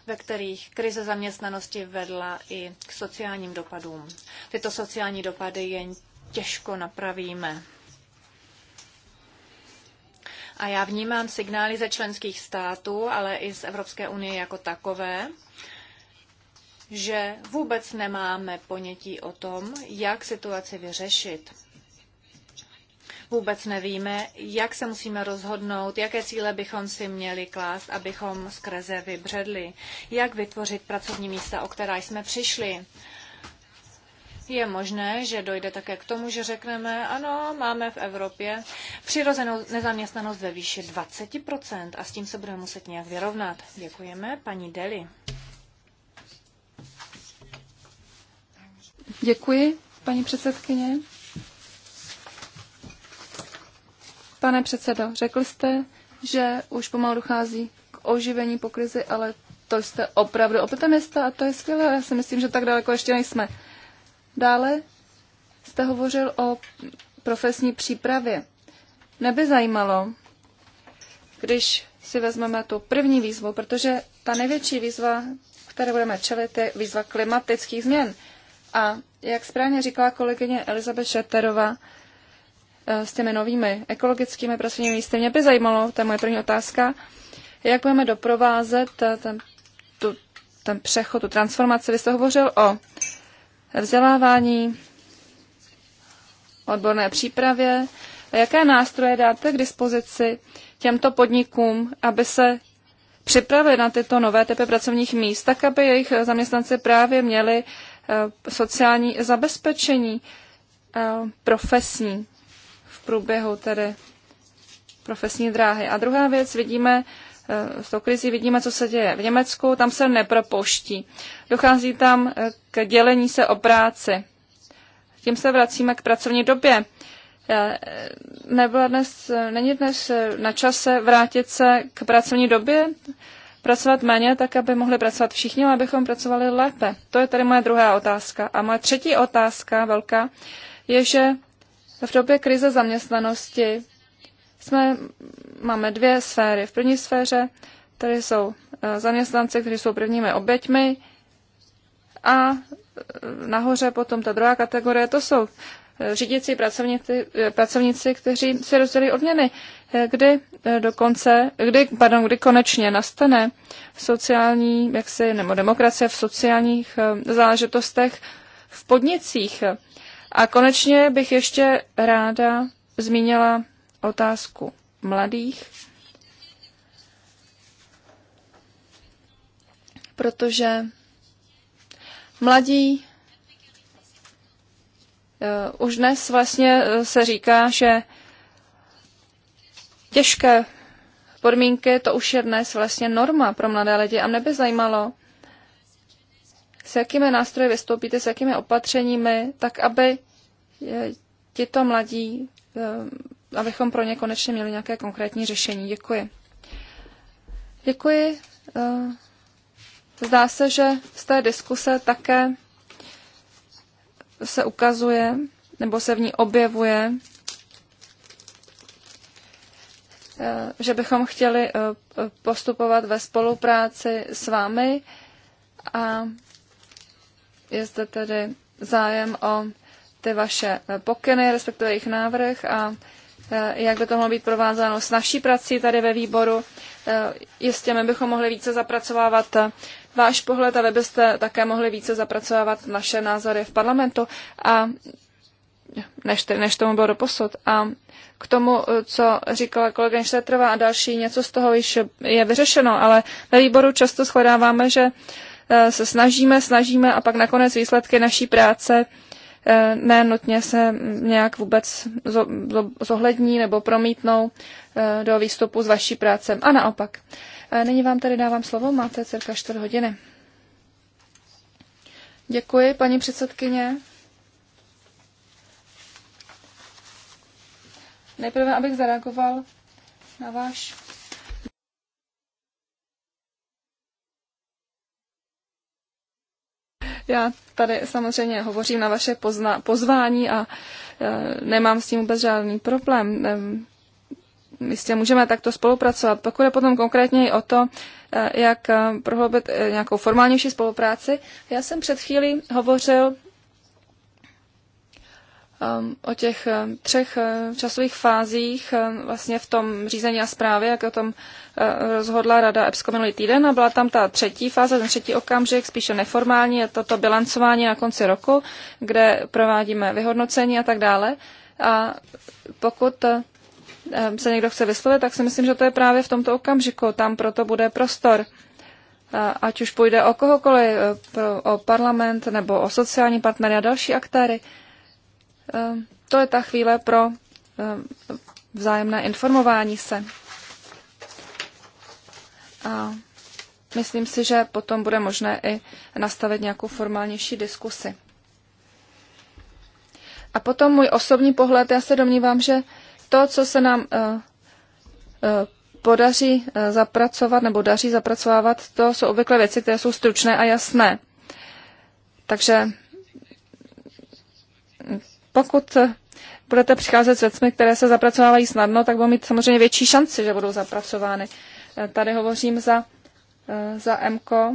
ve kterých krize zaměstnanosti vedla i k sociálním dopadům. Tyto sociální dopady jen těžko napravíme. A já vnímám signály ze členských států, ale i z Evropské unie jako takové, že vůbec nemáme ponětí o tom, jak situaci vyřešit vůbec nevíme, jak se musíme rozhodnout, jaké cíle bychom si měli klást, abychom z krize vybředli, jak vytvořit pracovní místa, o která jsme přišli. Je možné, že dojde také k tomu, že řekneme, ano, máme v Evropě přirozenou nezaměstnanost ve výši 20% a s tím se budeme muset nějak vyrovnat. Děkujeme, paní Deli. Děkuji, paní předsedkyně. Pane předsedo, řekl jste, že už pomalu dochází k oživení po krizi, ale to jste opravdu optimista a to je skvělé. Já si myslím, že tak daleko ještě nejsme. Dále jste hovořil o profesní přípravě. Neby zajímalo, když si vezmeme tu první výzvu, protože ta největší výzva, které budeme čelit, je výzva klimatických změn. A jak správně říkala kolegyně Elizabeth Šeterová, Eh, s těmi novými ekologickými pracovními místy. Mě by zajímalo, to je moje první otázka, jak budeme doprovázet eh, ten, tu, ten přechod, tu transformaci. Vy jste hovořil o vzdělávání, odborné přípravě. Jaké nástroje dáte k dispozici těmto podnikům, aby se připravili na tyto nové typy pracovních míst, tak aby jejich zaměstnanci právě měli eh, sociální zabezpečení profesní průběhu tedy profesní dráhy. A druhá věc, vidíme, eh, s tou krizí vidíme, co se děje v Německu, tam se nepropoští, Dochází tam eh, k dělení se o práci. Tím se vracíme k pracovní době. Eh, nebyla dnes, není dnes na čase vrátit se k pracovní době, pracovat méně, tak aby mohli pracovat všichni, ale abychom pracovali lépe. To je tady moje druhá otázka. A moje třetí otázka velká je, že v době krize zaměstnanosti jsme, máme dvě sféry. V první sféře tady jsou eh, zaměstnanci, kteří jsou prvními oběťmi a eh, nahoře potom ta druhá kategorie, to jsou eh, řídící pracovníci, pracovníci kteří si rozdělí odměny, kdy dokonce, kdy, pardon, kdy konečně nastane sociální, jaksi, nebo demokracie v sociálních záležitostech v podnicích. A konečně bych ještě ráda zmínila otázku mladých, protože mladí eh, už dnes vlastně eh, se říká, že těžké podmínky, to už je dnes vlastně norma pro mladé lidi a mne by zajímalo, s jakými nástroji vystoupíte, s jakými opatřeními, tak aby eh, tito mladí, eh, abychom pro ně konečně měli nějaké konkrétní řešení. Děkuji. Děkuji. Eh, zdá se, že z té diskuse také se ukazuje, nebo se v ní objevuje, že bychom chtěli postupovat ve spolupráci s vámi a je zde tedy zájem o ty vaše eh, pokyny, respektive jejich návrh a eh, jak by to mohlo být provázáno s naší prací tady ve výboru. Eh, jistě my bychom mohli více zapracovávat váš pohled a vy byste také mohli více zapracovávat naše názory v parlamentu a než, než tomu bylo doposud. A k tomu, co říkala kolega Šetrová a další, něco z toho již je vyřešeno, ale ve výboru často shledáváme, že uh, Eh, se snažíme, snažíme a pak nakonec výsledky naší práce eh, ne nutně se nějak vůbec zohlední nebo promítnou eh, do výstupu z vaší práce. A naopak. Nyní vám tady dávám slovo, máte cirka 4 hodiny. Děkuji, paní předsedkyně. Nejprve, abych zareagoval na váš Já tady samozřejmě hovořím na vaše pozna- pozvání a e, nemám s tím vůbec žádný problém. E, tím můžeme takto spolupracovat. Pokud je potom konkrétně o to, e, jak e, prohloubit e, nějakou formálnější spolupráci, já jsem před chvílí hovořil Um, o těch um, třech uh, časových fázích um, vlastně v tom řízení a zprávě, jak o tom uh, rozhodla Rada EPSCO minulý týden a byla tam ta třetí fáze, ten třetí okamžik, spíše neformální, je toto bilancování na konci roku, kde provádíme vyhodnocení a tak dále. A pokud uh, se někdo chce vyslovit, tak si myslím, že to je právě v tomto okamžiku, tam proto bude prostor ať už půjde o kohokoliv, o parlament nebo o sociální partnery a další aktéry. Eh, to je ta chvíle pro eh, vzájemné informování se. A myslím si, že potom bude možné i nastavit nějakou formálnější diskusi. A potom můj osobní pohled, já se domnívám, že to, co se nám eh, podaří zapracovat nebo daří zapracovávat, to jsou obvykle věci, které jsou stručné a jasné. Takže pokud budete přicházet s věcmi, které se zapracovávají snadno, tak budou mít samozřejmě větší šanci, že budou zapracovány. Tady hovořím za, eh, za MKO.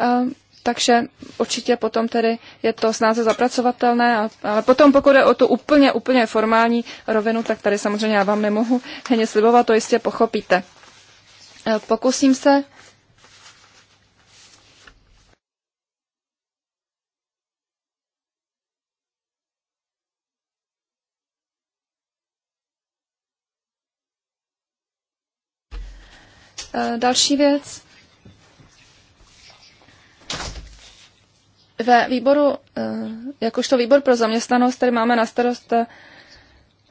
Um, takže určitě potom tedy je to snáze zapracovatelné, ale potom pokud je o tu úplně, úplně formální rovinu, tak tady samozřejmě já vám nemohu hně slibovat, to jistě pochopíte. E, pokusím se e, Další věc. Ve výboru, eh, jakožto výbor pro zaměstnanost, tady máme na starost ve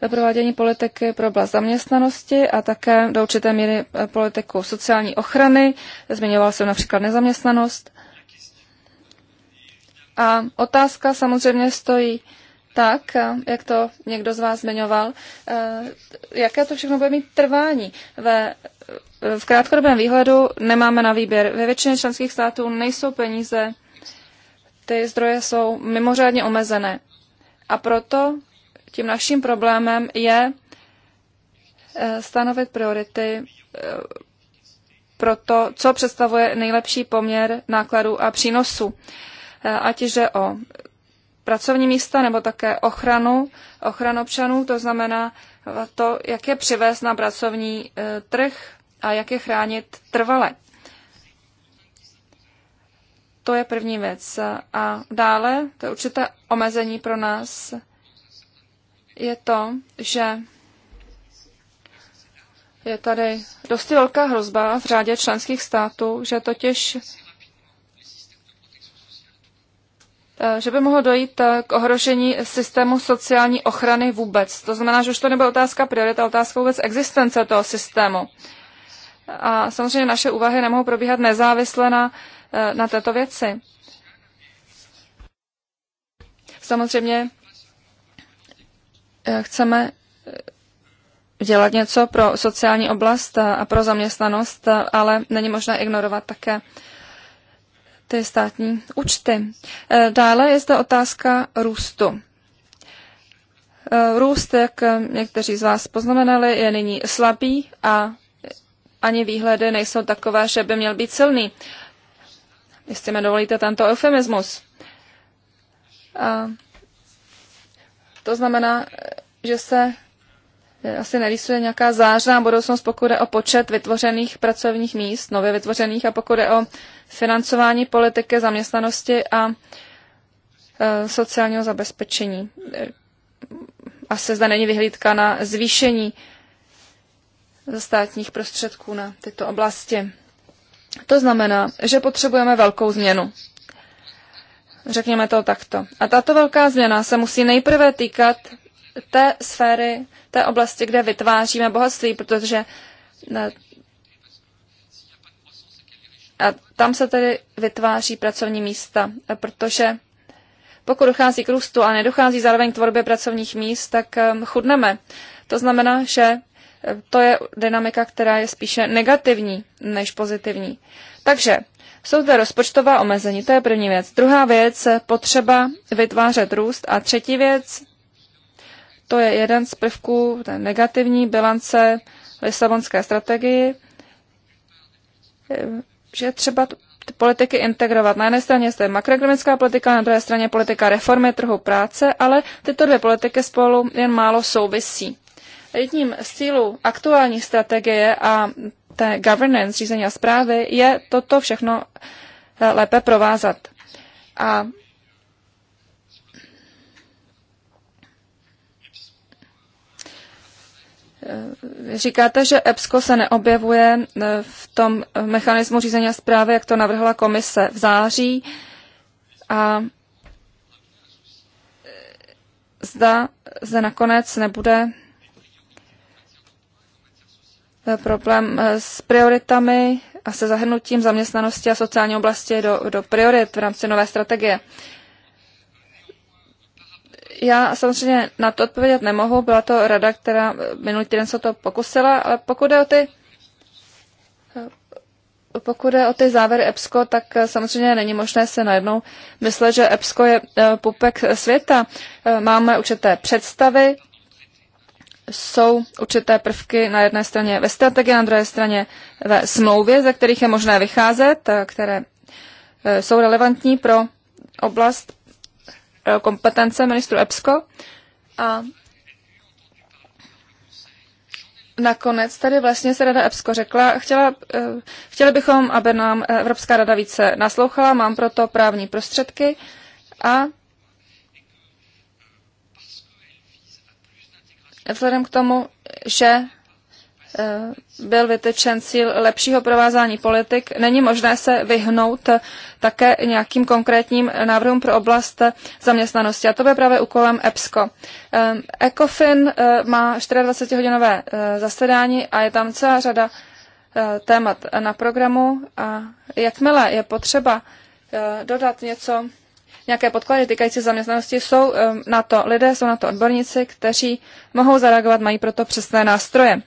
eh, provádění politiky pro oblast zaměstnanosti a také do určité míry eh, politiku sociální ochrany. Zmiňoval jsem například nezaměstnanost. A otázka samozřejmě stojí tak, jak to někdo z vás zmiňoval, jaké to všechno bude mít trvání. Ve, v krátkodobém výhledu nemáme na výběr. Ve většině členských států nejsou peníze ty zdroje jsou mimořádně omezené. A proto tím naším problémem je eh, stanovit priority eh, pro to, co představuje nejlepší poměr nákladů a přínosu, eh, Ať je o pracovní místa nebo také ochranu, ochranu občanů, to znamená to, jak je přivést na pracovní trh a jak je chránit trvale. To je první věc. A dále, to je určité omezení pro nás, je to, že je tady dosti velká hrozba v řádě členských států, že totiž eh, že by mohlo dojít eh, k ohrožení systému sociální ochrany vůbec. To znamená, že už to nebyla otázka priorita, otázka vůbec existence toho systému. A samozřejmě naše úvahy nemohou probíhat nezávisle na Eh, na této věci. Samozřejmě eh, chceme eh, dělat něco pro sociální oblast a pro zaměstnanost, ale není možné ignorovat také ty státní účty. Dále je zde otázka růstu. Růst, jak někteří z vás poznamenali, je nyní slabý a ani výhledy nejsou takové, že by měl být silný jestli mi dovolíte tento eufemismus. A to znamená, že se e, asi nerýsuje nějaká zářná budoucnost, pokud jde o počet vytvořených pracovních míst, nově vytvořených, a pokud jde o financování politiky zaměstnanosti a e, sociálního zabezpečení. E, asi zde není vyhlídka na zvýšení státních prostředků na tyto oblasti. To znamená, že potřebujeme velkou změnu. Řekněme to takto. A tato velká změna se musí nejprve týkat té sféry, té oblasti, kde vytváříme bohatství, protože a tam se tedy vytváří pracovní místa, protože pokud dochází k růstu a nedochází zároveň k tvorbě pracovních míst, tak ehm, chudneme. To znamená, že to je dynamika, která je spíše negativní než pozitivní. Takže jsou zde rozpočtová omezení, to je první věc. Druhá věc, potřeba vytvářet růst. A třetí věc, to je jeden z prvků té negativní bilance Lisabonské strategii, že třeba ty politiky integrovat. Na jedné straně je makroekonomická politika, na druhé straně politika reformy trhu práce, ale tyto dvě politiky spolu jen málo souvisí. Jedním z cílů aktuální strategie a té governance, řízení a zprávy, je toto všechno eh, lépe provázat. A eh, Říkáte, že EBSCO se neobjevuje eh, v tom mechanismu řízení a zprávy, jak to navrhla komise v září. A zda zde nakonec nebude Eh, problém eh, s prioritami a se zahrnutím zaměstnanosti a sociální oblasti do, do priorit v rámci nové strategie. Já samozřejmě na to odpovědět nemohu, byla to rada, která eh, minulý týden se to pokusila, ale pokud je o ty pokud je o ty závěry EBSCO, tak samozřejmě není možné se najednou myslet, že EBSCO je pupek světa. Máme určité představy, jsou určité prvky na jedné straně ve strategii, na druhé straně ve smlouvě, ze kterých je možné vycházet, eh, které eh, jsou relevantní pro oblast eh, kompetence ministru EPSCO. A nakonec tady vlastně se Rada EPSCO řekla, chtěla, chtěli bychom, aby nám Evropská rada více naslouchala, mám proto právní prostředky a vzhledem k tomu, že e, byl vytečen cíl lepšího provázání politik. Není možné se vyhnout také nějakým konkrétním návrhům pro oblast zaměstnanosti. A to bude právě úkolem EPSCO. E, ECOFIN e, má 24-hodinové zasedání a je tam celá řada témat na programu. A jakmile je potřeba dodat něco nějaké podklady týkající zaměstnanosti, jsou na to lidé, jsou na to odborníci, kteří mohou zareagovat, mají proto přesné nástroje.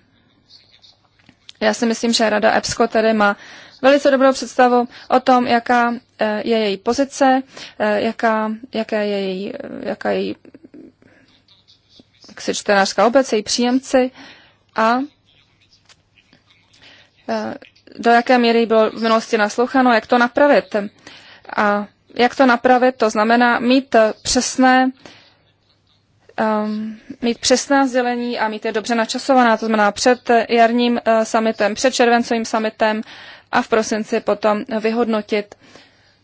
Já si myslím, že Rada EBSCO tedy má velice dobrou představu o tom, jaká eh, je její pozice, eh, jaká, jaká je její, eh, jaká je její jak čtenářská obec, její příjemci a do jaké míry bylo v minulosti nasloucháno, jak to napravit. A jak to napravit, to znamená mít přesné um, mít přesná sdělení a mít je dobře načasovaná, to znamená před jarním uh, summitem, před červencovým summitem a v prosinci potom vyhodnotit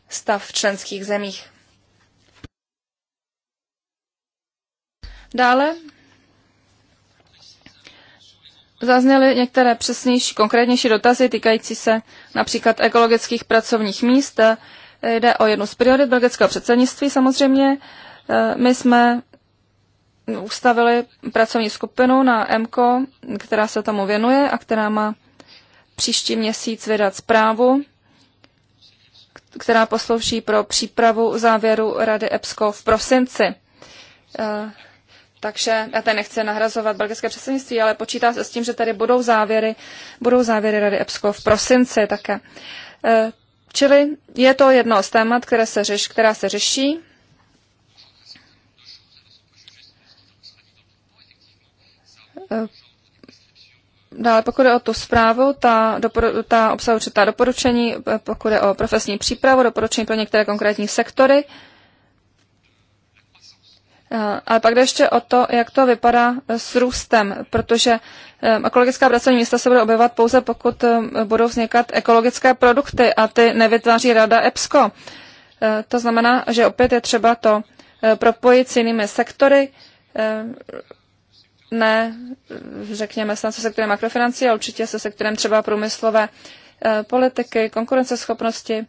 stav v členských zemích. Dále zazněly některé přesnější, konkrétnější dotazy týkající se například ekologických pracovních míst, Eh, jde o jednu z priorit belgického předsednictví samozřejmě. Eh, my jsme ustavili pracovní skupinu na MKO, která se tomu věnuje a která má příští měsíc vydat zprávu, která poslouží pro přípravu závěru Rady EPSCO v prosinci. Eh, takže já tady nechci nahrazovat belgické předsednictví, ale počítá se s tím, že tady budou závěry, budou závěry Rady EPSCO v prosinci také. Čili je to jedno z témat, které se řeš, která se řeší. Eh, dále, pokud je o tu zprávu, ta, dopor, ta obsahuje určitá doporučení, eh, pokud je o profesní přípravu, doporučení pro některé konkrétní sektory. Uh, Eh, ale pak jde ještě o to, jak to vypadá eh, s růstem, protože eh, ekologická pracovní místa se budou objevovat pouze, pokud budou vznikat ekologické produkty a ty nevytváří rada EPSCO. To znamená, že opět je třeba to propojit s jinými sektory, ne, řekněme snad se sektorem makrofinancí, ale určitě se sektorem třeba průmyslové politiky, konkurenceschopnosti,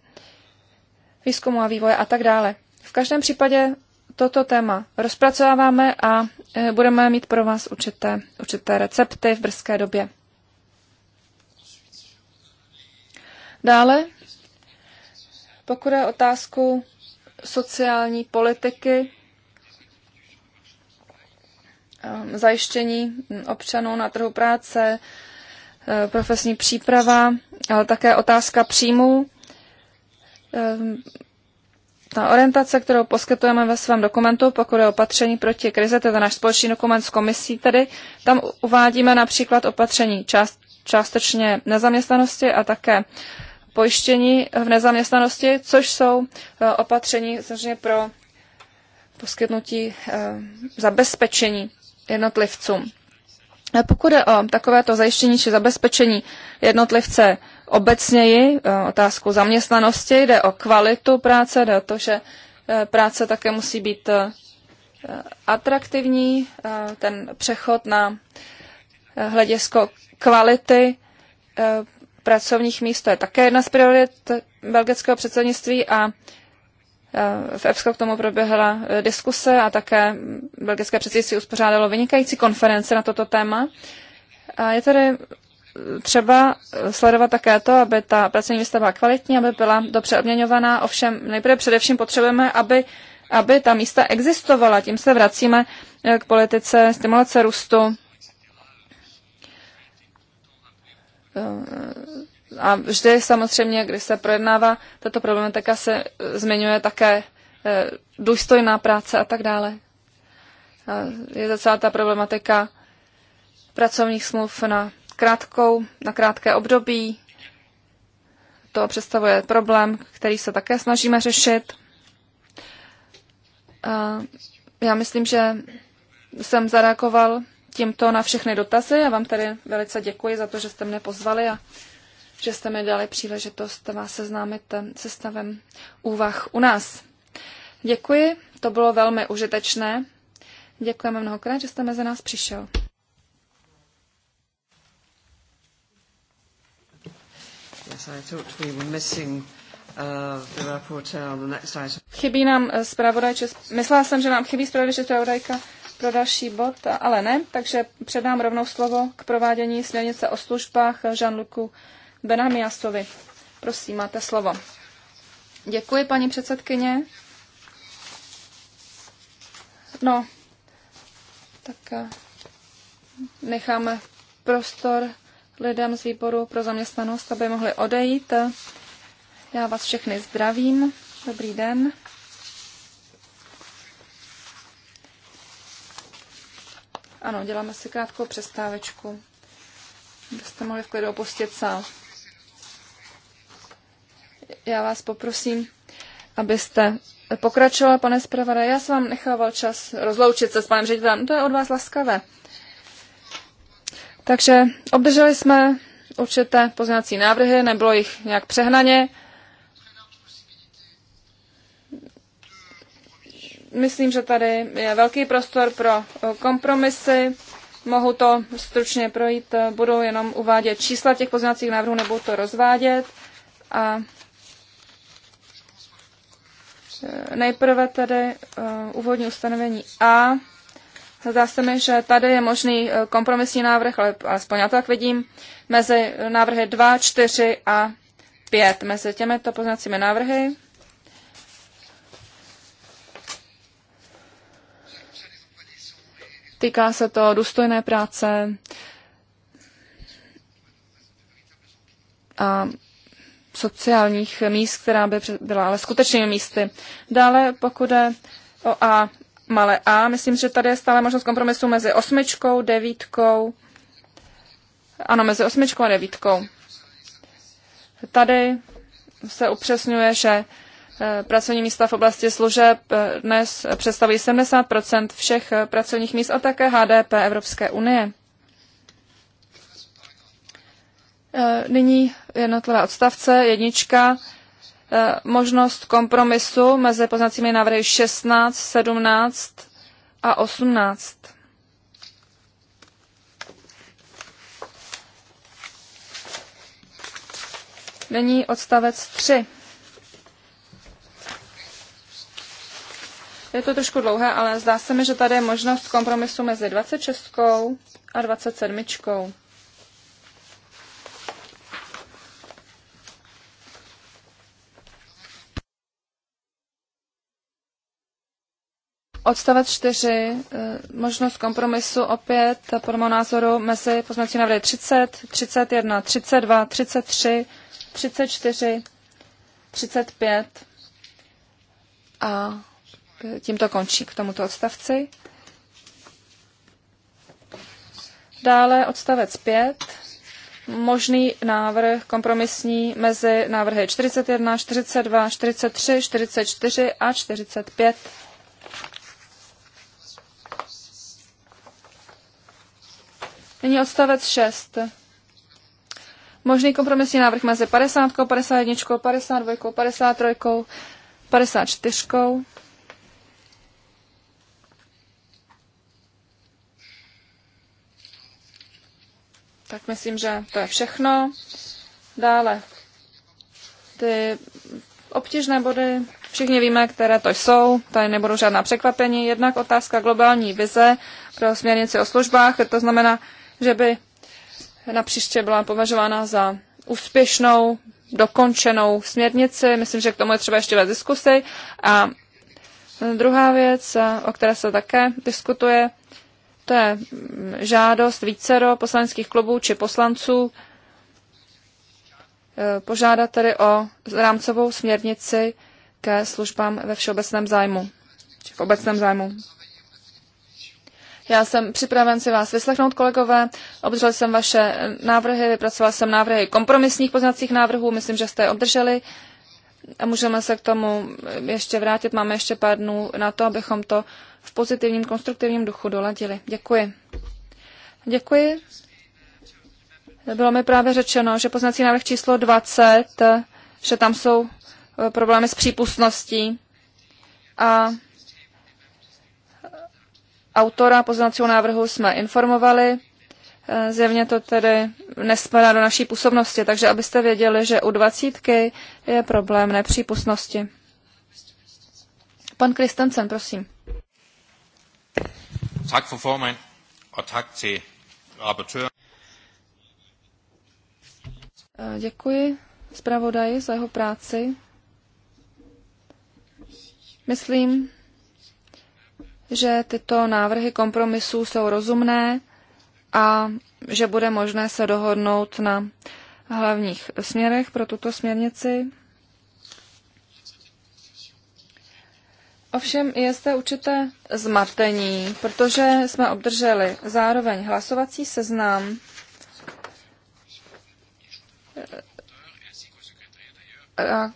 výzkumu a vývoje a tak dále. V každém případě toto téma rozpracováváme a e, budeme mít pro vás určité, určité recepty v brzké době. Dále, pokud je otázku sociální politiky, um, zajištění občanů na trhu práce, e, profesní příprava, ale také otázka příjmů ta orientace, kterou poskytujeme ve svém dokumentu, pokud je opatření proti krize, to je náš společný dokument s komisí, tedy tam uvádíme například opatření část, částečně nezaměstnanosti a také pojištění v nezaměstnanosti, což jsou e, opatření samozřejmě pro poskytnutí e, zabezpečení jednotlivcům. Pokud je o takovéto zajištění či zabezpečení jednotlivce obecněji eh, otázku zaměstnanosti, jde o kvalitu práce, jde o to, že eh, práce také musí být eh, atraktivní, ten přechod na hledisko kvality pracovních míst, to je také jedna z priorit belgického předsednictví a v EPSCO k tomu proběhla diskuse a také belgické předsednictví uspořádalo vynikající konference na toto téma. A je tedy třeba sledovat také to, aby ta pracovní místa byla kvalitní, aby byla dobře odměňovaná. Ovšem nejprve především potřebujeme, aby, aby ta místa existovala. Tím se vracíme eh, k politice stimulace růstu. Eh, a vždy samozřejmě, když se projednává tato problematika, se eh, zmiňuje také důstojná práce a tak dále. Je to celá ta problematika pracovních smluv na krátkou, na krátké období. To představuje problém, který se také snažíme řešit. Já myslím, že jsem zareagoval tímto na všechny dotazy. Já vám tady velice děkuji za to, že jste mě pozvali a že jste mi dali příležitost vás seznámit se stavem úvah u nás. Děkuji, to bylo velmi užitečné. Děkujeme mnohokrát, že jste mezi nás přišel. Yes, I thought we were missing uh, Chybí nám eh, zpravodajče, myslela jsem, že nám chybí zpravodajče zpravodajka pro další bod, ale ne, takže předám rovnou slovo k provádění směrnice o službách Jean-Lucu Benamiasovi. Prosím, máte slovo. Děkuji, paní předsedkyně. No, tak eh, necháme prostor lidem z výboru pro zaměstnanost, aby mohli odejít. Já vás všechny zdravím. Dobrý den. Ano, děláme si krátkou přestávečku, abyste mohli v klidu opustit sál. Já vás poprosím, abyste pokračovala, pane zpravodaj. Já jsem vám nechával čas rozloučit se s panem ředitelem. To je od vás laskavé. Takže obdrželi jsme určité pozměňovací návrhy, nebylo jich nějak přehnaně. Myslím, že tady je velký prostor pro kompromisy. Mohu to stručně projít, budu jenom uvádět čísla těch pozměňovacích návrhů, nebo to rozvádět. A nejprve tady uh, eh, úvodní ustanovení A. Zdá se mi, že tady je možný eh, kompromisní návrh, ale alespoň já to tak vidím, mezi návrhy 2, 4 a 5. Mezi těmito poznacími návrhy Týká se to důstojné práce a sociálních míst, která by byla ale skutečnými místy. Dále, pokud je o A, malé a. Myslím, že tady je stále možnost kompromisu mezi osmičkou, devítkou. Ano, mezi osmičkou a devítkou. Tady se upřesňuje, že eh, pracovní místa v oblasti služeb eh, dnes představují 70 všech eh, pracovních míst a také HDP Evropské unie. Nyní jednotlivá odstavce, jednička Eh, možnost kompromisu mezi poznacími návrhy 16, 17 a 18. Není odstavec 3. Je to trošku dlouhé, ale zdá se mi, že tady je možnost kompromisu mezi 26 a 27. Odstavec 4, eh, možnost kompromisu opět eh, podle mého názoru mezi poznací návrhy 30, 31, 32, 33, 34, 35 a tímto končí k tomuto odstavci. Dále odstavec 5, možný návrh kompromisní mezi návrhy 41, 42, 43, 44 a 45. Nyní odstavec 6. Možný kompromisní návrh mezi 50, 51, 52, 53, 54. Tak myslím, že to je všechno. Dále ty obtížné body, všichni víme, které to jsou, tady nebudou žádná překvapení. Jednak otázka globální vize pro směrnici o službách, to znamená, že by na příště byla považována za úspěšnou, dokončenou směrnici. Myslím, že k tomu je třeba ještě vést diskusy. A druhá věc, o které se také diskutuje, to je žádost vícero poslaneckých klubů či poslanců eh, požádat tedy o rámcovou směrnici ke službám ve všeobecném zájmu, či v obecném zájmu. Já jsem připraven si vás vyslechnout, kolegové. Obdržel jsem vaše návrhy, vypracoval jsem návrhy kompromisních poznacích návrhů, myslím, že jste je obdrželi. A můžeme se k tomu ještě vrátit. Máme ještě pár dnů na to, abychom to v pozitivním, konstruktivním duchu doladili. Děkuji. Děkuji. Bylo mi právě řečeno, že poznací návrh číslo 20, že tam jsou eh, problémy s přípustností. A autora poznacího návrhu jsme informovali. E, zjevně to tedy nespadá do naší působnosti, takže abyste věděli, že u dvacítky je problém nepřípustnosti. Pan Kristensen, prosím. Tak for formand, og tak e, Děkuji zpravodaji za jeho práci. Myslím, že tyto návrhy kompromisů jsou rozumné a že bude možné se dohodnout na hlavních směrech pro tuto směrnici. Ovšem je zde určité zmatení, protože jsme obdrželi zároveň hlasovací seznam a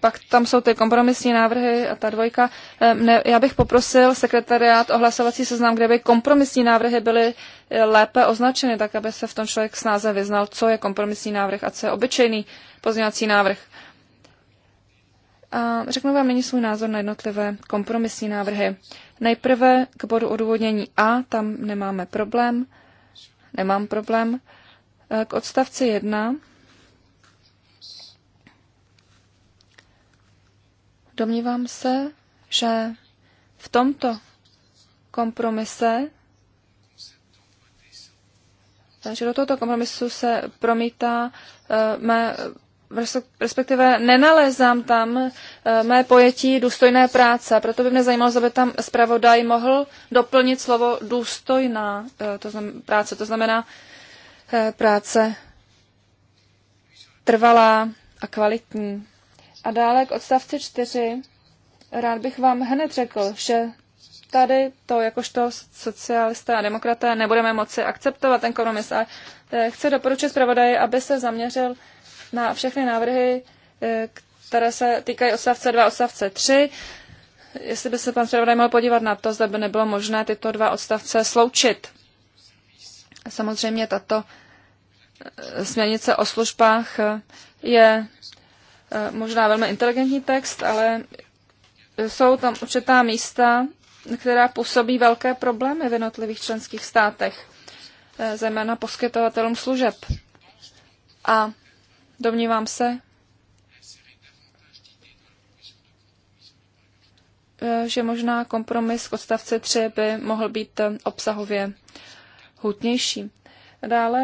pak tam jsou ty kompromisní návrhy a ta dvojka. Ne, já bych poprosil sekretariát o hlasovací seznam, kde by kompromisní návrhy byly eh, lépe označeny, tak aby se v tom člověk snáze vyznal, co je kompromisní návrh a co je obyčejný pozměňovací návrh. A řeknu vám nyní svůj názor na jednotlivé kompromisní návrhy. Nejprve k bodu odůvodnění A, tam nemáme problém, nemám problém. Eh, k odstavci 1 Domnívám se, že v tomto kompromise, že do tohoto kompromisu se promítá eh, mé respektive nenalézám tam eh, mé pojetí důstojné práce. Proto by mě zajímalo, zda by tam zpravodaj mohl doplnit slovo důstojná eh, to znamená, práce. To znamená práce trvalá a kvalitní. A dále k odstavci čtyři Rád bych vám hned řekl, že tady to jakožto socialisté a demokraté nebudeme moci akceptovat ten kompromis. A e, chci doporučit zpravodaji, aby se zaměřil na všechny návrhy, e, které se týkají odstavce 2 a odstavce 3. Jestli by se pan zpravodaj mohl podívat na to, zda by nebylo možné tyto dva odstavce sloučit. Samozřejmě tato e, směrnice o službách je Eh, možná velmi inteligentní text, ale jsou tam určitá místa, která působí velké problémy v jednotlivých členských státech, eh, zejména poskytovatelům služeb. A domnívám se, eh, že možná kompromis k odstavci 3 by mohl být obsahově hutnější. Dále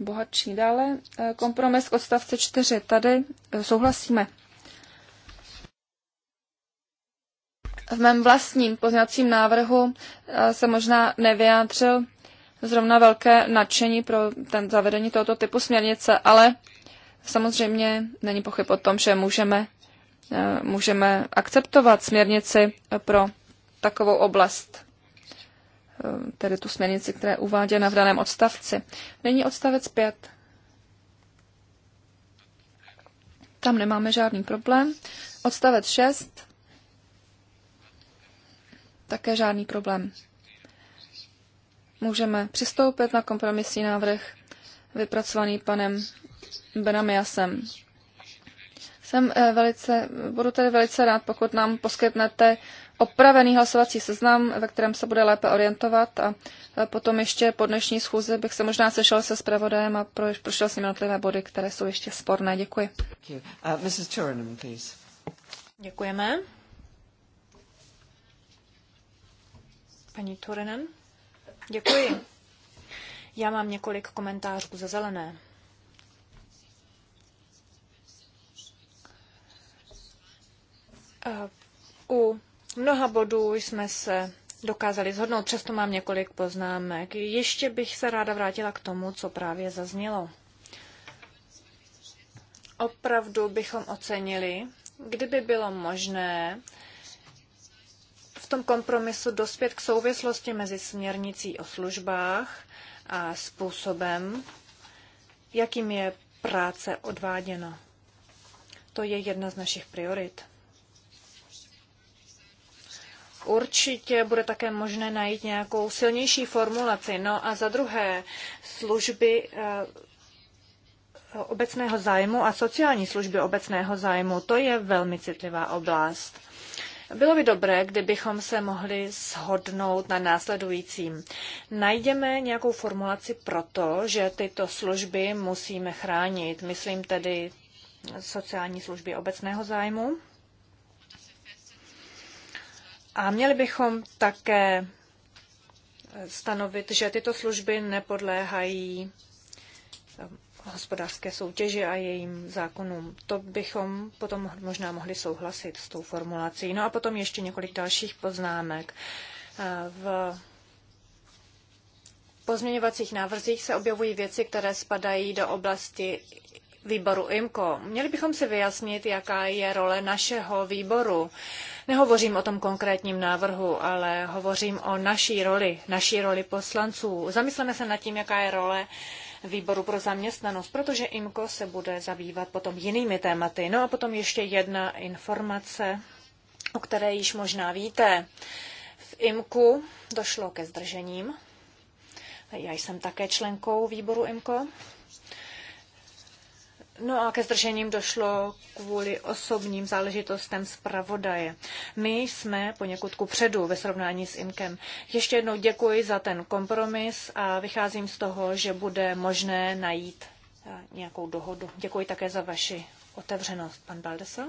bohatší. Dále eh, kompromis k odstavce 4. Tady eh, souhlasíme. V mém vlastním poznacím návrhu eh, se možná nevyjádřil zrovna velké nadšení pro ten zavedení tohoto typu směrnice, ale samozřejmě není pochyb o tom, že můžeme, můžeme akceptovat směrnici pro takovou oblast. Eh, tedy tu směrnici, která je uváděna v daném odstavci. Není odstavec 5. Tam nemáme žádný problém. Odstavec 6. Také žádný problém. Můžeme přistoupit na kompromisní návrh vypracovaný panem Benamiasem. Jsem eh, velice, budu tedy velice rád, pokud nám poskytnete opravený hlasovací seznam, ve kterém se bude lépe orientovat a potom ještě po dnešní schůzi bych se možná sešel se zpravodajem a prošel s ním jednotlivé body, které jsou ještě sporné. Děkuji. Uh, Mrs. please. Děkujeme. Paní Turinen, děkuji. Já mám několik komentářů za zelené. Uh, u mnoha bodů jsme se dokázali zhodnout, přesto mám několik poznámek. Ještě bych se ráda vrátila k tomu, co právě zaznělo. Opravdu bychom ocenili, kdyby bylo možné v tom kompromisu dospět k souvislosti mezi směrnicí o službách a způsobem, jakým je práce odváděna. To je jedna z našich priorit. Určitě bude také možné najít nějakou silnější formulaci. No a za druhé, služby eh, obecného zájmu a sociální služby obecného zájmu, to je velmi citlivá oblast. Bylo by dobré, kdybychom se mohli shodnout na následujícím. Najdeme nějakou formulaci proto, že tyto služby musíme chránit. Myslím tedy sociální služby obecného zájmu a měli bychom také stanovit, že tyto služby nepodléhají um, hospodářské soutěži a jejím zákonům. To bychom potom možná mohli souhlasit s tou formulací. No a potom ještě několik dalších poznámek. Uh, v pozměňovacích návrzích se objevují věci, které spadají do oblasti výboru IMCO. Měli bychom si vyjasnit, jaká je role našeho výboru. Nehovořím o tom konkrétním návrhu, ale hovořím o naší roli, naší roli poslanců. Zamysleme se nad tím, jaká je role výboru pro zaměstnanost, protože IMKO se bude zabývat potom jinými tématy. No a potom ještě jedna informace, o které již možná víte. V IMKU došlo ke zdržením. Já jsem také členkou výboru IMKO No a ke zdržením došlo kvůli osobním záležitostem zpravodaje. My jsme poněkud ku předu ve srovnání s IMKem. Ještě jednou děkuji za ten kompromis a vycházím z toho, že bude možné najít eh, nějakou dohodu. Děkuji také za vaši otevřenost, pan Baldesa.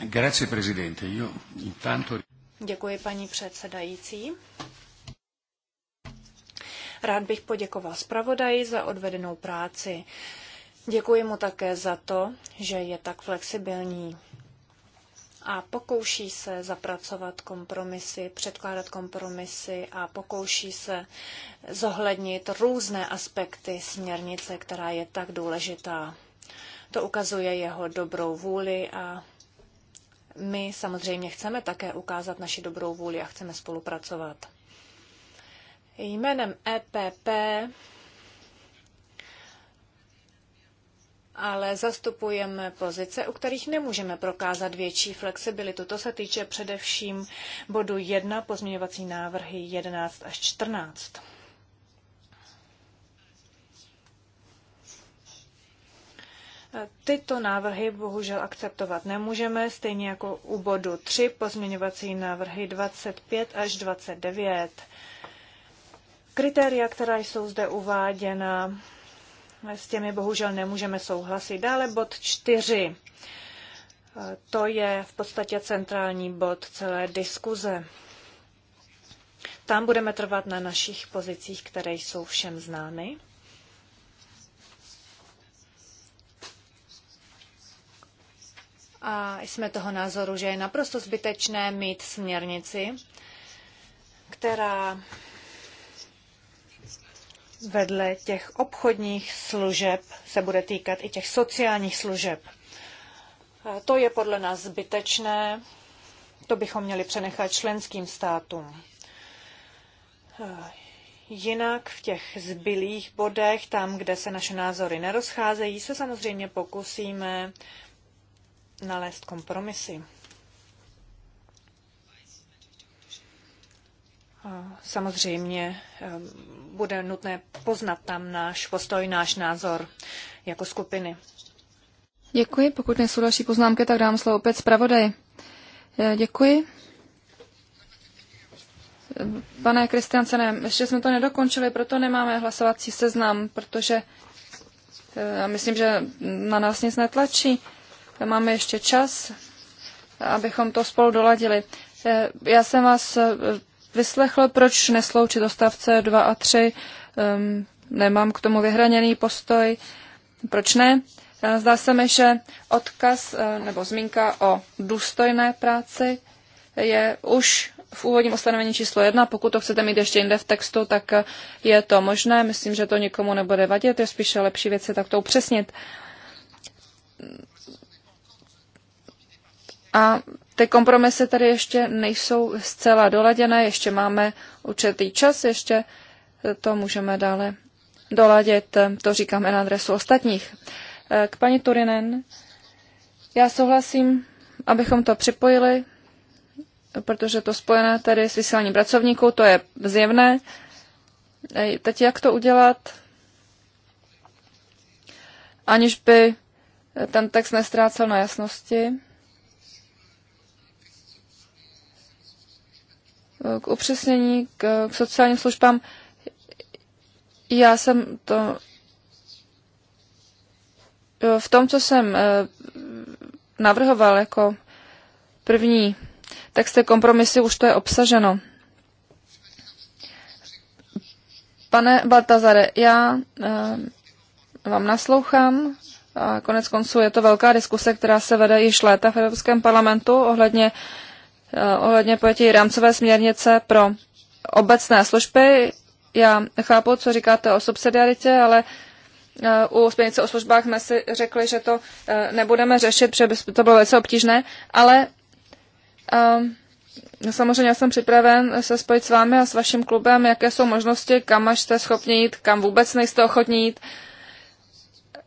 Grazie, presidente. Io intanto... Děkuji, paní předsedající. Rád bych poděkoval zpravodaji za odvedenou práci. Děkuji mu také za to, že je tak flexibilní a pokouší se zapracovat kompromisy, předkládat kompromisy a pokouší se zohlednit různé aspekty směrnice, která je tak důležitá. To ukazuje jeho dobrou vůli a my samozřejmě chceme také ukázat naši dobrou vůli a chceme spolupracovat. Jménem EPP ale zastupujeme pozice, u kterých nemůžeme prokázat větší flexibilitu. To se týče především bodu 1, pozměňovací návrhy 11 až 14. Tyto návrhy bohužel akceptovat nemůžeme, stejně jako u bodu 3 pozměňovací návrhy 25 až 29. Kritéria, která jsou zde uváděna, s těmi bohužel nemůžeme souhlasit. Dále bod čtyři. To je v podstatě centrální bod celé diskuze. Tam budeme trvat na našich pozicích, které jsou všem známy. A jsme toho názoru, že je naprosto zbytečné mít směrnici, která vedle těch obchodních služeb se bude týkat i těch sociálních služeb. To je podle nás zbytečné, to bychom měli přenechat členským státům. Jinak v těch zbylých bodech, tam, kde se naše názory nerozcházejí, se samozřejmě pokusíme nalézt kompromisy. Samozřejmě ehm, bude nutné poznat tam náš postoj, náš názor jako skupiny. Děkuji. Pokud nejsou další poznámky, tak dám slovo opět zpravodaji. Eh, děkuji. Pane ne, ještě jsme to nedokončili, proto nemáme hlasovací seznam, protože eh, já myslím, že na nás nic netlačí. Máme ještě čas, abychom to spolu doladili. Eh, já jsem vás vyslechl, proč nesloučit dostavce 2 a 3. Um, nemám k tomu vyhraněný postoj. Proč ne? Zdá se mi, že odkaz eh, nebo zmínka o důstojné práci je už v úvodním ustanovení číslo jedna. Pokud to chcete mít ještě jinde v textu, tak je to možné. Myslím, že to nikomu nebude vadit. Je spíše lepší věci tak to upřesnit. A ty kompromisy tady ještě nejsou zcela doladěné, ještě máme určitý čas, ještě to můžeme dále doladit, to říkáme na adresu ostatních. K paní Turinen, já souhlasím, abychom to připojili, protože to spojené tedy s vysíláním pracovníků, to je zjevné. Teď jak to udělat, aniž by ten text nestrácel na jasnosti? k upřesnění, k, k sociálním službám. Já jsem to v tom, co jsem eh, navrhoval jako první texty kompromisy, už to je obsaženo. Pane Baltazare, já eh, vám naslouchám. A konec konců je to velká diskuse, která se vede již léta v Evropském parlamentu ohledně uh, Eh, ohledně pojetí rámcové směrnice pro obecné služby. Já chápu, co říkáte o subsidiaritě, ale eh, u směrnice o službách jsme si řekli, že to eh, nebudeme řešit, protože by to bylo velice obtížné, ale samozřejmě jsem připraven se spojit s vámi a s vaším klubem, jaké jsou možnosti, kam až jste schopni jít, kam vůbec nejste ochotní jít,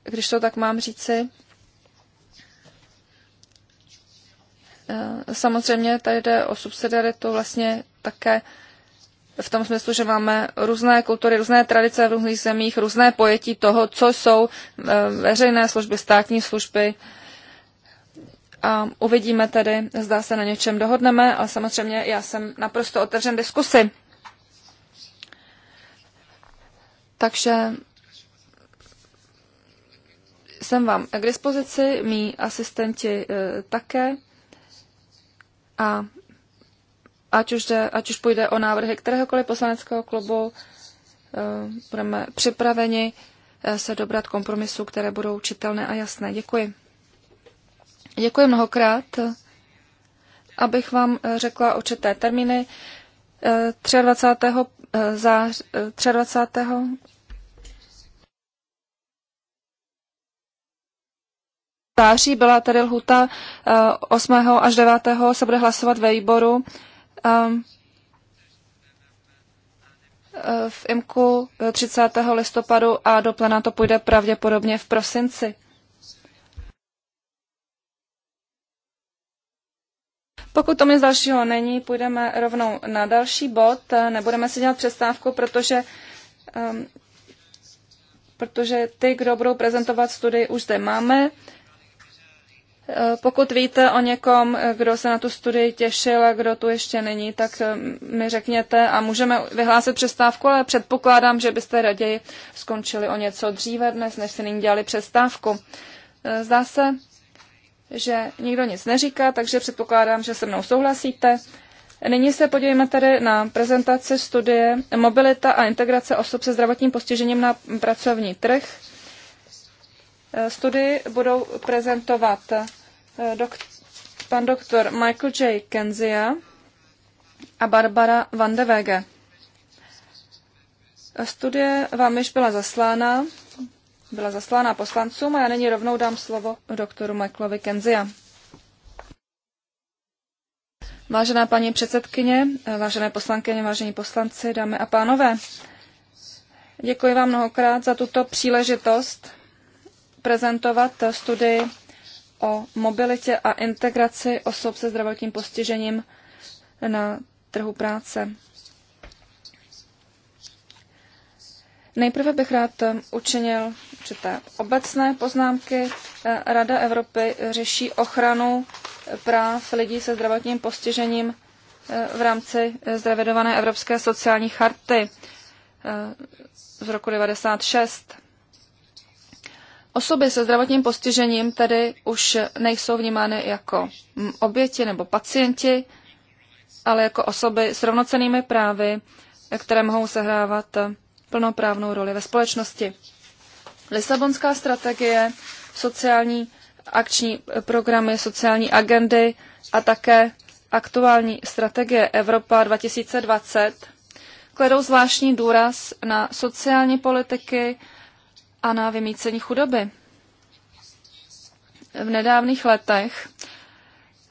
když to tak mám říci. Eh, samozřejmě tady jde o subsidiaritu vlastně také v tom smyslu, že máme různé kultury, různé tradice v různých zemích, různé pojetí toho, co jsou eh, veřejné služby, státní služby. A uvidíme tedy, zdá se na něčem dohodneme, ale samozřejmě já jsem naprosto otevřen diskusi. Takže jsem vám k dispozici, mý asistenti eh, také. A ať už, jde, ať už půjde o návrhy kteréhokoliv poslaneckého klubu, eh, budeme připraveni eh, se dobrat kompromisů, které budou čitelné a jasné. Děkuji. Děkuji mnohokrát. Abych vám eh, řekla určité termíny. 23. Zář, 23. září byla tedy lhuta 8. Eh, až 9. se bude hlasovat ve výboru. Ehm, eh, v IMKU 30. Eh, listopadu a do plena to půjde pravděpodobně v prosinci. Pokud to z dalšího není, půjdeme rovnou na další bod. Nebudeme si dělat přestávku, protože, um, protože ty, kdo budou prezentovat studii, už zde máme. Eh, pokud víte o někom, kdo se na tu studii těšil kdo tu ještě není, tak eh, mi řekněte a můžeme vyhlásit přestávku, ale předpokládám, že byste raději skončili o něco dříve dnes, než se nyní dělali přestávku. Eh, zdá se, že nikdo nic neříká, takže předpokládám, že se mnou souhlasíte. Nyní se podívejme tady na prezentaci studie Mobilita a integrace osob se zdravotním postižením na pracovní trh studii budou prezentovat eh, dok- pan doktor Michael J. Kenzia a Barbara van de Wege. Studie vám již byla zaslána, byla zaslána poslancům a já nyní rovnou dám slovo doktoru Michaelovi Kenzia. Vážená paní předsedkyně, vážené poslankyně, vážení poslanci, dámy a pánové, děkuji vám mnohokrát za tuto příležitost prezentovat studii o mobilitě a integraci osob se zdravotním postižením na trhu práce. Nejprve bych rád učinil určité obecné poznámky. Rada Evropy řeší ochranu práv lidí se zdravotním postižením v rámci zrevidované Evropské sociální charty z roku 1996. Osoby se zdravotním postižením tedy už nejsou vnímány jako oběti nebo pacienti, ale jako osoby s rovnocenými právy, které mohou sehrávat plnoprávnou roli ve společnosti. Lisabonská strategie, sociální akční programy, sociální agendy a také aktuální strategie Evropa 2020 kladou zvláštní důraz na sociální politiky, a na vymícení chudoby. V nedávných letech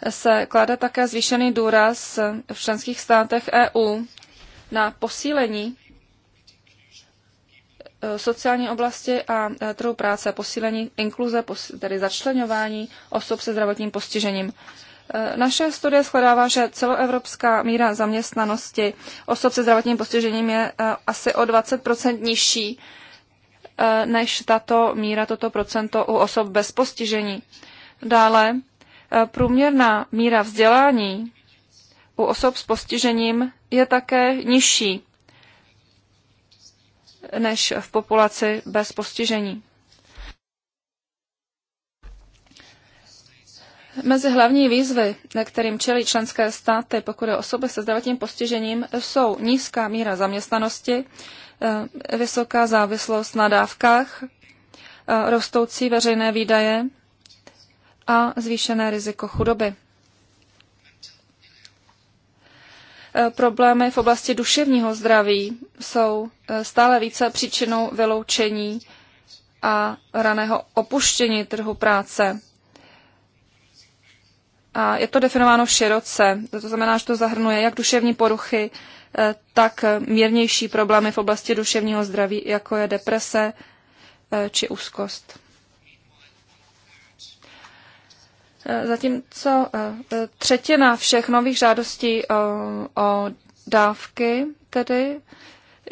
se klade také zvýšený důraz v členských státech EU na posílení eh, sociální oblasti a eh, trhu práce, posílení inkluze, tedy začlenování osob se zdravotním postižením. Eh, naše studie shledává, že celoevropská míra zaměstnanosti osob se zdravotním postižením je asi o 20 nižší Eh, než tato míra, toto procento u osob bez postižení. Dále eh, průměrná míra vzdělání u osob s postižením je také nižší než v populaci bez postižení. Mezi hlavní výzvy, na kterým čelí členské státy, pokud je osoby se zdravotním postižením, jsou nízká míra zaměstnanosti, Eh, vysoká závislost na dávkách, eh, rostoucí veřejné výdaje a zvýšené riziko chudoby. Eh, problémy v oblasti duševního zdraví jsou stále více příčinou vyloučení a raného opuštění trhu práce. A je to definováno široce, to znamená, že to zahrnuje jak duševní poruchy, tak mírnější problémy v oblasti duševního zdraví, jako je deprese eh, či úzkost. Eh, zatímco eh, třetina všech nových žádostí o, o dávky tedy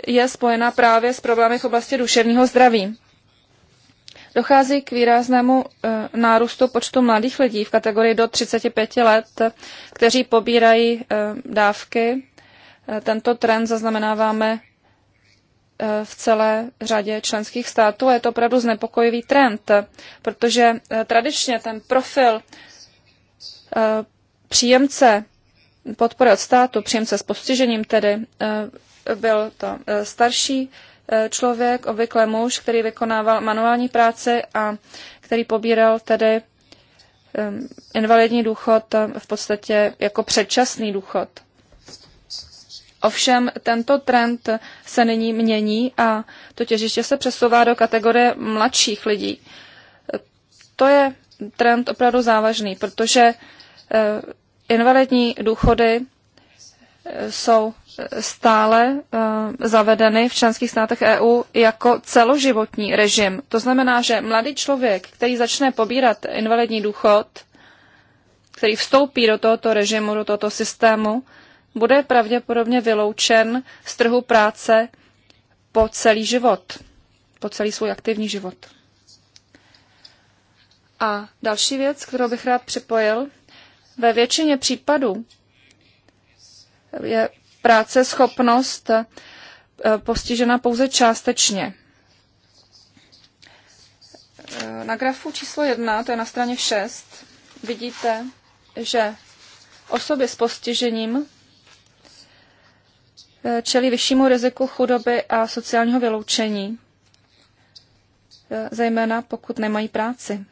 je spojena právě s problémy v oblasti duševního zdraví. Dochází k výraznému nárůstu počtu mladých lidí v kategorii do 35 let, kteří pobírají dávky Eh, tento trend zaznamenáváme eh, v celé řadě členských států a je to opravdu znepokojivý trend, protože eh, tradičně ten profil příjemce podpory od státu, příjemce s postižením tedy, byl to starší člověk, obvykle muž, který vykonával manuální práci a který pobíral tedy invalidní důchod v podstatě jako předčasný důchod. Ovšem tento trend se nyní mění a to těžiště se přesouvá do kategorie mladších lidí. To je trend opravdu závažný, protože eh, invalidní důchody eh, jsou eh, stále zavedeny v členských státech EU jako celoživotní režim. To znamená, že mladý člověk, který začne pobírat invalidní důchod, který vstoupí do tohoto režimu, do tohoto systému, bude pravděpodobně vyloučen z trhu práce po celý život, po celý svůj aktivní život. A další věc, kterou bych rád připojil, ve většině případů je práce schopnost eh, postižena pouze částečně. Eh, na grafu číslo 1, to je na straně 6, vidíte, že osoby s postižením čelí vyššímu riziku chudoby a sociálního vyloučení, e, zejména pokud nemají práci.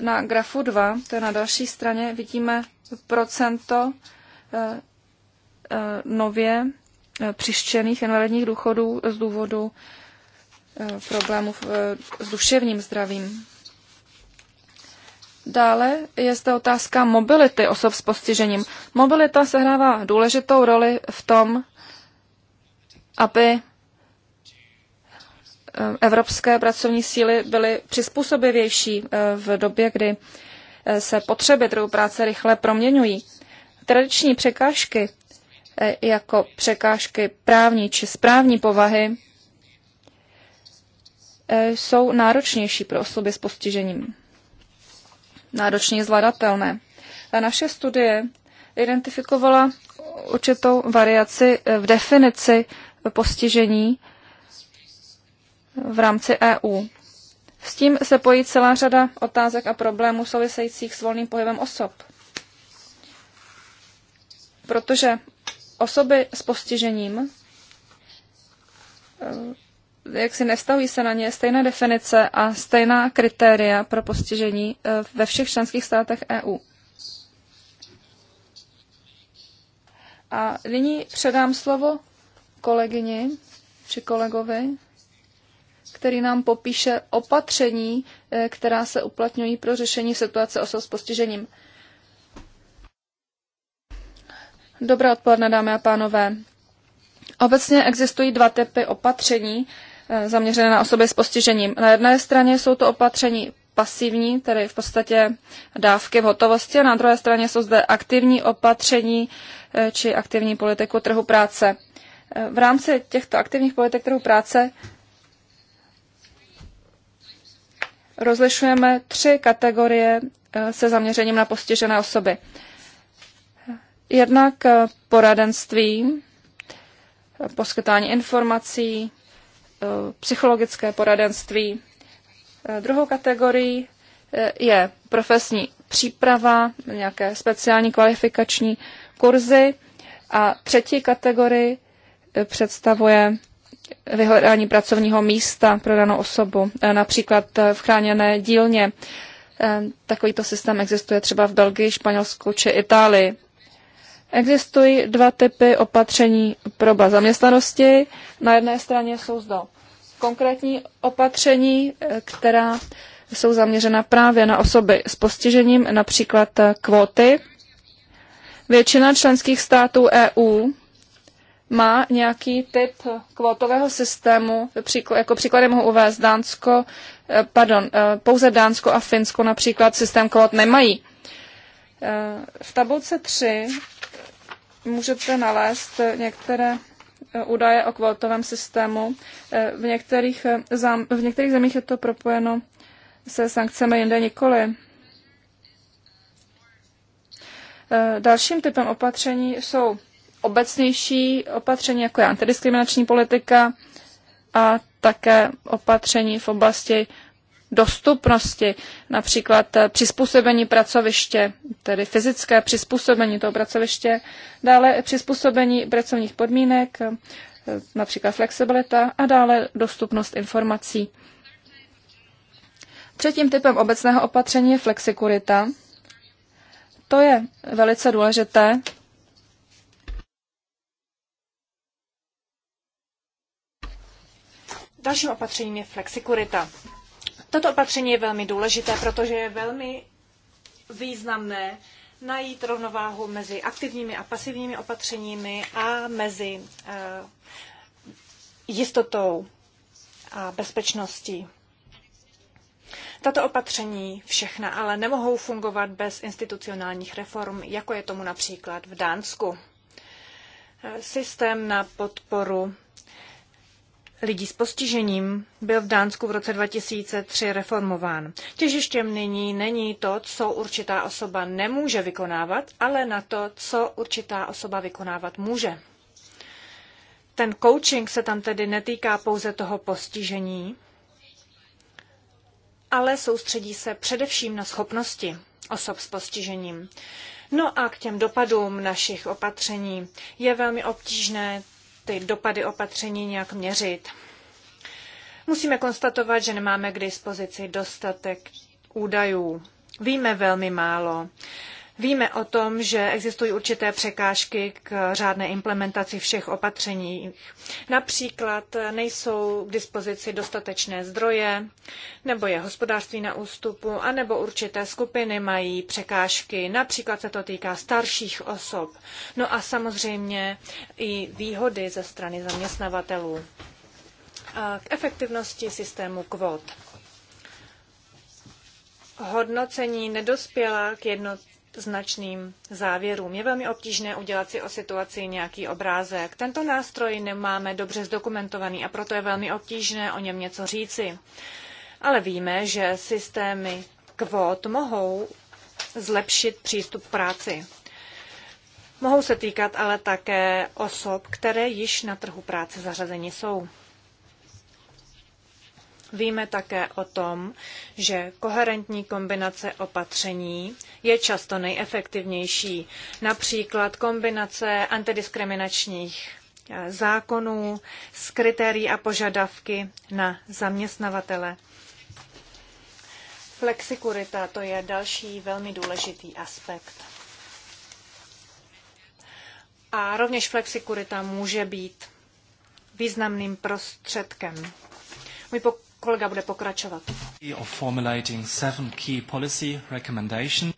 Na grafu 2, to je na další straně, vidíme procento e, e, nově přištěných invalidních důchodů z důvodu problémů s duševním zdravím. Dále je zde otázka mobility osob s postižením. Mobilita sehrává důležitou roli v tom, aby eh, evropské pracovní síly byly přizpůsobivější eh, v době, kdy eh, se potřeby trhu práce rychle proměňují. Tradiční překážky, jako překážky právní či správní povahy, jsou náročnější pro osoby s postižením náročně zvladatelné. A naše studie identifikovala určitou variaci eh, v definici postižení v rámci EU. S tím se pojí celá řada otázek a problémů souvisejících s volným pohybem osob. Protože osoby s postižením eh, jak si nevztahují se na ně stejné definice a stejná kritéria pro postižení eh, ve všech členských státech EU. A nyní předám slovo kolegyni či kolegovi, který nám popíše opatření, eh, která se uplatňují pro řešení situace osob s postižením. Dobré odpoledne, dámy a pánové. Obecně existují dva typy opatření, Eh, zaměřené na osoby s postižením. Na jedné straně jsou to opatření pasivní, tedy v podstatě dávky v hotovosti, a na druhé straně jsou zde aktivní opatření eh, či aktivní politiku trhu práce. Eh, v rámci těchto aktivních politik trhu práce rozlišujeme tři kategorie se zaměřením na postižené osoby. Jednak poradenství, poskytování informací, Eh, psychologické poradenství. Eh, druhou kategorií eh, je profesní příprava, nějaké speciální kvalifikační kurzy a třetí kategorii představuje vyhledání pracovního místa pro danou osobu, například v chráněné dílně. Takovýto systém existuje třeba v Belgii, Španělsku či Itálii. Existují dva typy opatření pro zaměstnanosti. Na jedné straně jsou zde konkrétní opatření, eh, která jsou zaměřena právě na osoby s postižením, například eh, kvóty. Většina členských států EU má nějaký typ kvótového systému, jako příklady mohu uvést Dánsko, eh, pardon, pouze Dánsko a Finsko například systém kvót nemají. V tabulce 3 můžete nalézt některé Eh, údaje o kvótovém systému. Eh, v některých, eh, zám, v některých zemích je to propojeno se sankcemi, jinde nikoli. Dalším typem opatření jsou obecnější opatření, jako je antidiskriminační politika a také opatření v oblasti dostupnosti, například eh, přizpůsobení pracoviště, tedy fyzické přizpůsobení toho pracoviště, dále přizpůsobení pracovních podmínek, eh, například flexibilita a dále dostupnost informací. Třetím typem obecného opatření je flexikurita. To je velice důležité. Dalším opatřením je flexikurita. Toto opatření je velmi důležité, protože je velmi významné najít rovnováhu mezi aktivními a pasivními opatřeními a mezi eh, jistotou a bezpečností. Tato opatření všechna ale nemohou fungovat bez institucionálních reform, jako je tomu například v Dánsku. Eh, systém na podporu lidí s postižením byl v Dánsku v roce 2003 reformován. Těžištěm nyní není to, co určitá osoba nemůže vykonávat, ale na to, co určitá osoba vykonávat může. Ten coaching se tam tedy netýká pouze toho postižení, ale soustředí se především na schopnosti osob s postižením. No a k těm dopadům našich opatření je velmi obtížné ty dopady opatření nějak měřit. Musíme konstatovat, že nemáme k dispozici dostatek údajů. Víme velmi málo. Víme o tom, že existují určité překážky k řádné implementaci všech opatření. Například nejsou k dispozici dostatečné zdroje, nebo je hospodářství na ústupu, anebo určité skupiny mají překážky. Například se to týká starších osob. No a samozřejmě i výhody ze strany zaměstnavatelů. k efektivnosti systému kvót hodnocení nedospěla k jednotnému značným závěrům. Je velmi obtížné udělat si o situaci nějaký obrázek. Tento nástroj nemáme dobře zdokumentovaný a proto je velmi obtížné o něm něco říci. Ale víme, že systémy kvót mohou zlepšit přístup k práci. Mohou se týkat ale také osob, které již na trhu práce zařazeni jsou. Víme také o tom, že koherentní kombinace opatření je často nejefektivnější. Například kombinace antidiskriminačních eh, zákonů s kritérií a požadavky na zaměstnavatele. Flexikurita to je další velmi důležitý aspekt. A rovněž flexikurita může být významným prostředkem. Můj kolega bude pokračovat.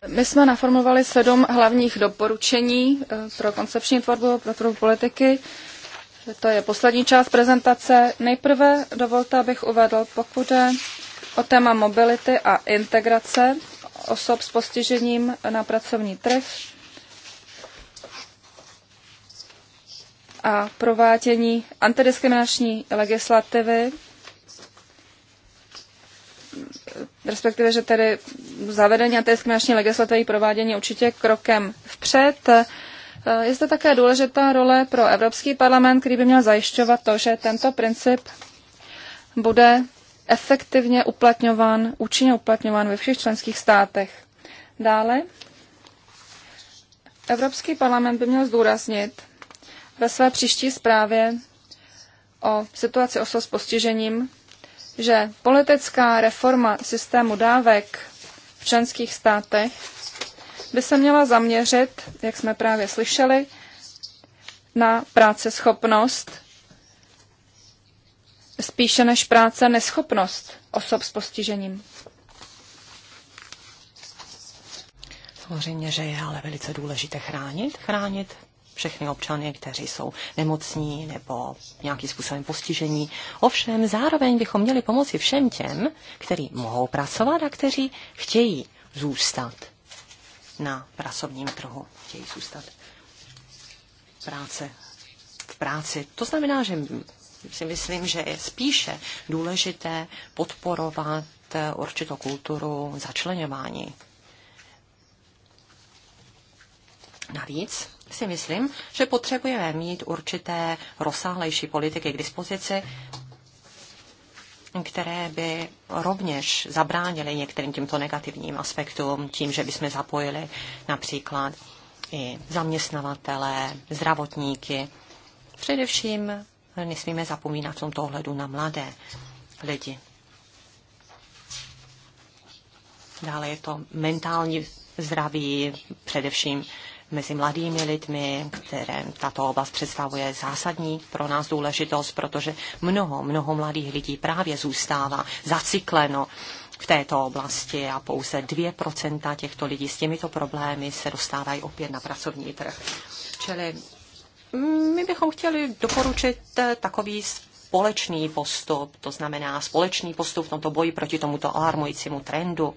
My jsme naformulovali sedm hlavních doporučení eh, pro koncepční tvorbu pro tvorbu politiky. To je poslední část prezentace. Nejprve dovolte, abych uvedl, pokud je o téma mobility a integrace osob s postižením na pracovní trh a provádění antidiskriminační legislativy respektive, že tedy zavedení antidiskriminační legislativy provádění určitě krokem vpřed. Eh, je zde také důležitá role pro Evropský parlament, který by měl zajišťovat to, že tento princip bude efektivně uplatňován, účinně uplatňován ve všech členských státech. Dále, Evropský parlament by měl zdůraznit ve své příští zprávě o situaci osob s postižením, že politická reforma systému dávek v členských státech by se měla zaměřit, jak jsme právě slyšeli, na práce schopnost spíše než práce neschopnost osob s postižením. Samozřejmě, že je ale velice důležité chránit, chránit všechny občany, kteří jsou nemocní nebo nějakým způsobem postižení. Ovšem zároveň bychom měli pomoci všem těm, kteří mohou pracovat a kteří chtějí zůstat na pracovním trhu, chtějí zůstat práce v práci. To znamená, že si myslím, že je spíše důležité podporovat eh, určitou kulturu začlenování. Navíc si myslím, že potřebujeme mít určité rozsáhlejší politiky k dispozici, které by rovněž zabránily některým těmto negativním aspektům tím, že bychom zapojili například i zaměstnavatele, zdravotníky. Především nesmíme zapomínat v tomto ohledu na mladé lidi. Dále je to mentální zdraví, především mezi mladými lidmi, které tato oblast představuje zásadní pro nás důležitost, protože mnoho, mnoho mladých lidí právě zůstává zacikleno v této oblasti a pouze 2% těchto lidí s těmito problémy se dostávají opět na pracovní trh. Čili my bychom chtěli doporučit takový společný postup, to znamená společný postup v tomto boji proti tomuto alarmujícímu trendu.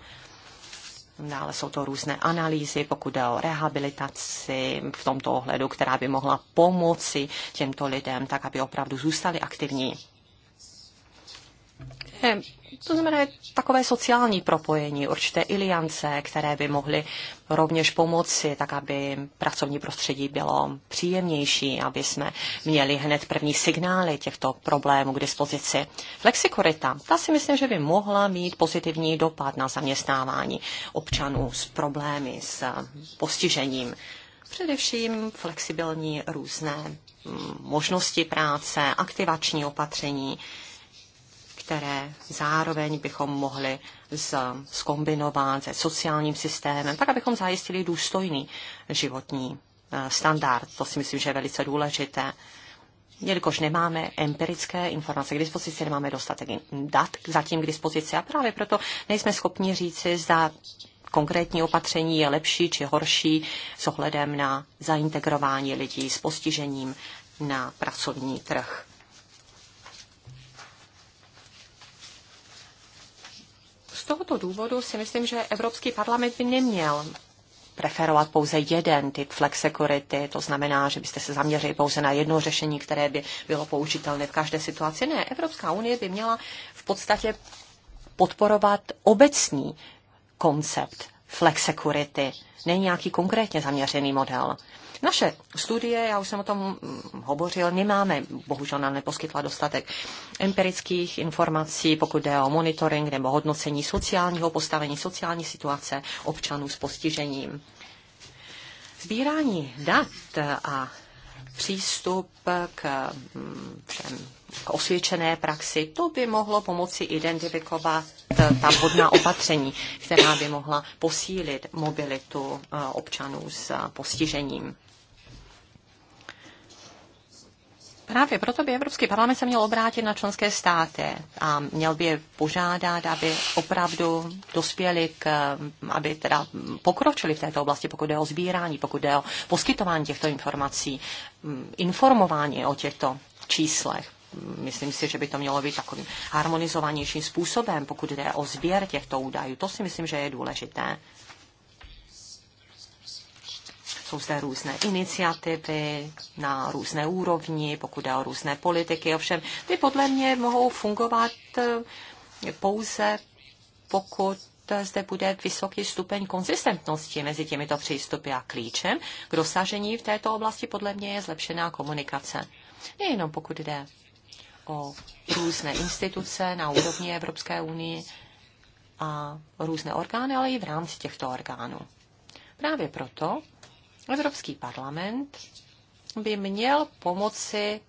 Dále jsou to různé analýzy, pokud jde o rehabilitaci v tomto ohledu, která by mohla pomoci těmto lidem, tak aby opravdu zůstali aktivní. Eh, to znamená takové sociální propojení, určité iliance, které by mohly rovněž pomoci, tak aby pracovní prostředí bylo příjemnější, aby jsme měli hned první signály těchto problémů k dispozici. Flexikorita, ta si myslím, že by mohla mít pozitivní dopad na zaměstnávání občanů s problémy, s postižením. Především flexibilní různé mm, možnosti práce, aktivační opatření, které zároveň bychom mohli z, zkombinovat se sociálním systémem, tak abychom zajistili důstojný životní eh, standard. To si myslím, že je velice důležité. Jelikož nemáme empirické informace k dispozici, nemáme dostatek dat zatím k dispozici a právě proto nejsme schopni říci, zda konkrétní opatření je lepší či horší s ohledem na zaintegrování lidí s postižením na pracovní trh. Z tohoto důvodu si myslím, že Evropský parlament by neměl preferovat pouze jeden typ flexekurity, to znamená, že byste se zaměřili pouze na jedno řešení, které by bylo použitelné v každé situaci. Ne, Evropská unie by měla v podstatě podporovat obecný koncept flexekurity, ne nějaký konkrétně zaměřený model. Naše studie, já už jsem o tom hovořil, nemáme, bohužel nám neposkytla dostatek empirických informací, pokud jde o monitoring nebo hodnocení sociálního postavení, sociální situace občanů s postižením. Sbírání dat a přístup k všem mm, k osvědčené praxi, to by mohlo pomoci identifikovat ta vhodná opatření, která by mohla posílit mobilitu eh, občanů s postižením. Právě proto by Evropský parlament se měl obrátit na členské státy a měl by je požádat, aby opravdu dospěli k, aby teda pokročili v této oblasti, pokud jde o sbírání, pokud jde o poskytování těchto informací, informování o těchto číslech. Myslím si, že by to mělo být takovým harmonizovanějším způsobem, pokud jde o sběr těchto údajů. To si myslím, že je důležité. Jsou zde různé iniciativy na různé úrovni, pokud jde o různé politiky. Ovšem, ty podle mě mohou fungovat eh, pouze pokud zde bude vysoký stupeň konzistentnosti mezi těmito přístupy a klíčem k dosažení v této oblasti podle mě je zlepšená komunikace. Nejenom pokud jde o různé instituce na úrovni Evropské unie a různé orgány, ale i v rámci těchto orgánů. Právě proto Evropský parlament by měl pomoci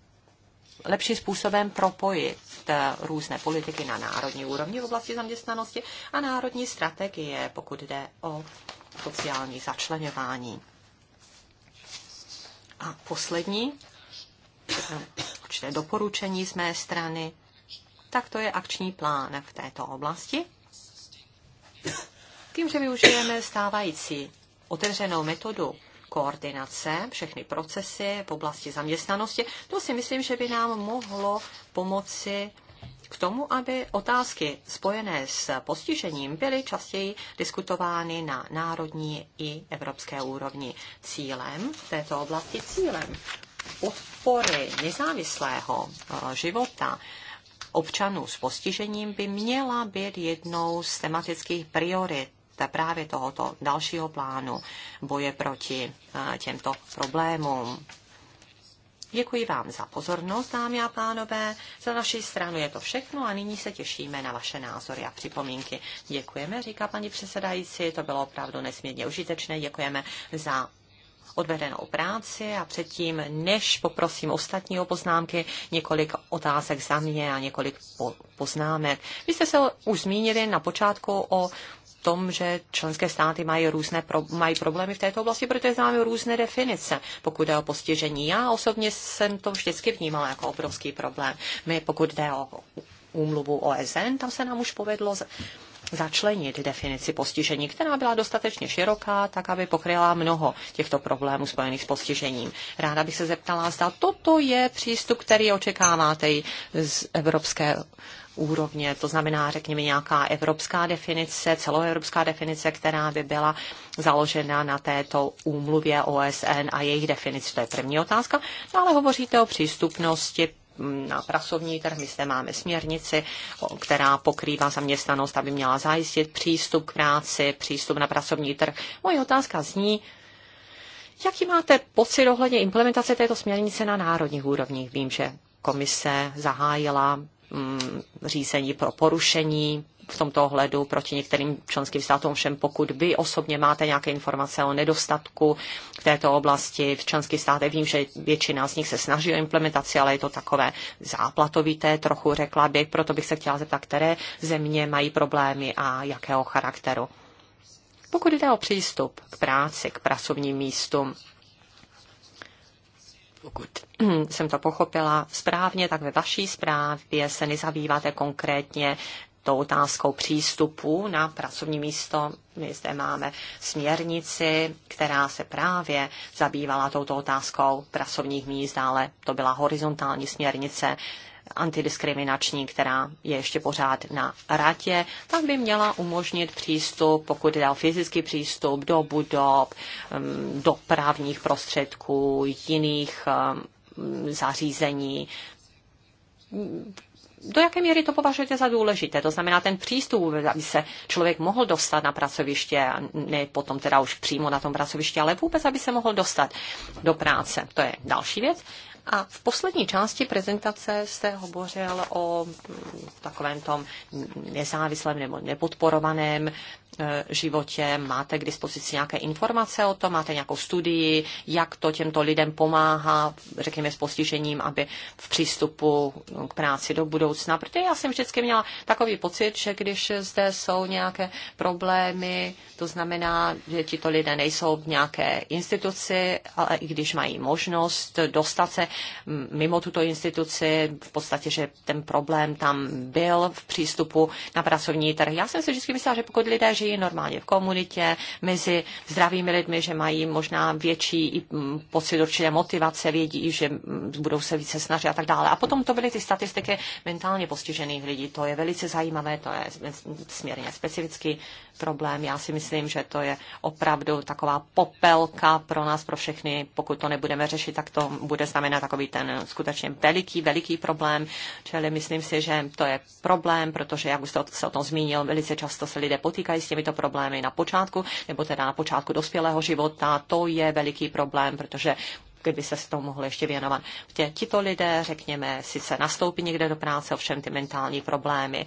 lepším způsobem propojit eh, různé politiky na národní úrovni v oblasti zaměstnanosti a národní strategie, pokud jde o sociální začlenování. A poslední, eh, určité doporučení z mé strany, tak to je akční plán v této oblasti. Tím, že využijeme stávající otevřenou metodu koordinace, všechny procesy v oblasti zaměstnanosti. To si myslím, že by nám mohlo pomoci k tomu, aby otázky spojené s postižením byly častěji diskutovány na národní i evropské úrovni. Cílem této oblasti, cílem podpory nezávislého života občanů s postižením by měla být jednou z tematických priorit právě tohoto dalšího plánu boje proti eh, těmto problémům. Děkuji vám za pozornost, dámy a pánové. Za naší stranu je to všechno a nyní se těšíme na vaše názory a připomínky. Děkujeme, říká paní předsedající, to bylo opravdu nesmírně užitečné. Děkujeme za odvedenou práci a předtím, než poprosím ostatní o poznámky, několik otázek za mě a několik poznámek. Vy jste se už zmínili na počátku o tom, že členské státy mají různé pro, mají problémy v této oblasti, protože známe různé definice, pokud jde o postižení. Já osobně jsem to vždycky vnímala jako obrovský problém. My, pokud jde o úmluvu OSN, tam se nám už povedlo začlenit definici postižení, která byla dostatečně široká, tak aby pokryla mnoho těchto problémů spojených s postižením. Ráda bych se zeptala, zda toto je přístup, který očekáváte z Evropské úrovně, to znamená, řekněme, nějaká evropská definice, celoevropská definice, která by byla založena na této úmluvě OSN a jejich definici. To je první otázka. No ale hovoříte o přístupnosti na pracovní trh. My zde máme směrnici, která pokrývá zaměstnanost, aby měla zajistit přístup k práci, přístup na pracovní trh. Moje otázka zní, jaký máte pocit ohledně implementace této směrnice na národních úrovních? Vím, že komise zahájila mm, řízení pro porušení v tomto ohledu proti některým členským státům všem, pokud vy osobně máte nějaké informace o nedostatku v této oblasti v členských státech. Vím, že většina z nich se snaží o implementaci, ale je to takové záplatovité, trochu řekla bych, proto bych se chtěla zeptat, které země mají problémy a jakého charakteru. Pokud jde o přístup k práci, k pracovním místům, pokud <clears throat> jsem to pochopila správně, tak ve vaší zprávě se nezabýváte konkrétně tou otázkou přístupu na pracovní místo. My zde máme směrnici, která se právě zabývala touto otázkou pracovních míst, ale to byla horizontální směrnice antidiskriminační, která je ještě pořád na ratě, tak by měla umožnit přístup, pokud jde o fyzický přístup, do budov, mm, dopravních prostředků, jiných mm, zařízení, do jaké míry to považujete za důležité? To znamená ten přístup, aby se člověk mohl dostat na pracoviště, a ne potom teda už přímo na tom pracovišti, ale vůbec, aby se mohl dostat do práce. To je další věc. A v poslední části prezentace jste hovořil o takovém tom nezávislém nebo nepodporovaném E, životě? Máte k dispozici nějaké informace o tom? Máte nějakou studii, jak to těmto lidem pomáhá, řekněme, s postižením, aby v přístupu k práci do budoucna? Protože já jsem vždycky měla takový pocit, že když zde jsou nějaké problémy, to znamená, že tito lidé nejsou v nějaké instituci, ale i když mají možnost dostat se mimo tuto instituci, v podstatě, že ten problém tam byl v přístupu na pracovní trh. Já jsem si vždycky myslela, že pokud lidé žijí žijí normálně v komunitě, mezi zdravými lidmi, že mají možná větší i mm, pocit určité motivace, vědí, že mm, budou se více snažit a tak dále. A potom to byly ty statistiky mentálně postižených lidí. To je velice zajímavé, to je směrně specifický problém. Já si myslím, že to je opravdu taková popelka pro nás, pro všechny. Pokud to nebudeme řešit, tak to bude znamenat takový ten skutečně veliký, veliký problém. Čili myslím si, že to je problém, protože, jak už jste se o tom zmínil, velice často se lidé potýkají s těmito problémy na počátku, nebo teda na počátku dospělého života, to je veliký problém, protože kdyby se s tom mohli ještě věnovat. Tě, tito lidé, řekněme, sice nastoupí někde do práce, ovšem ty mentální problémy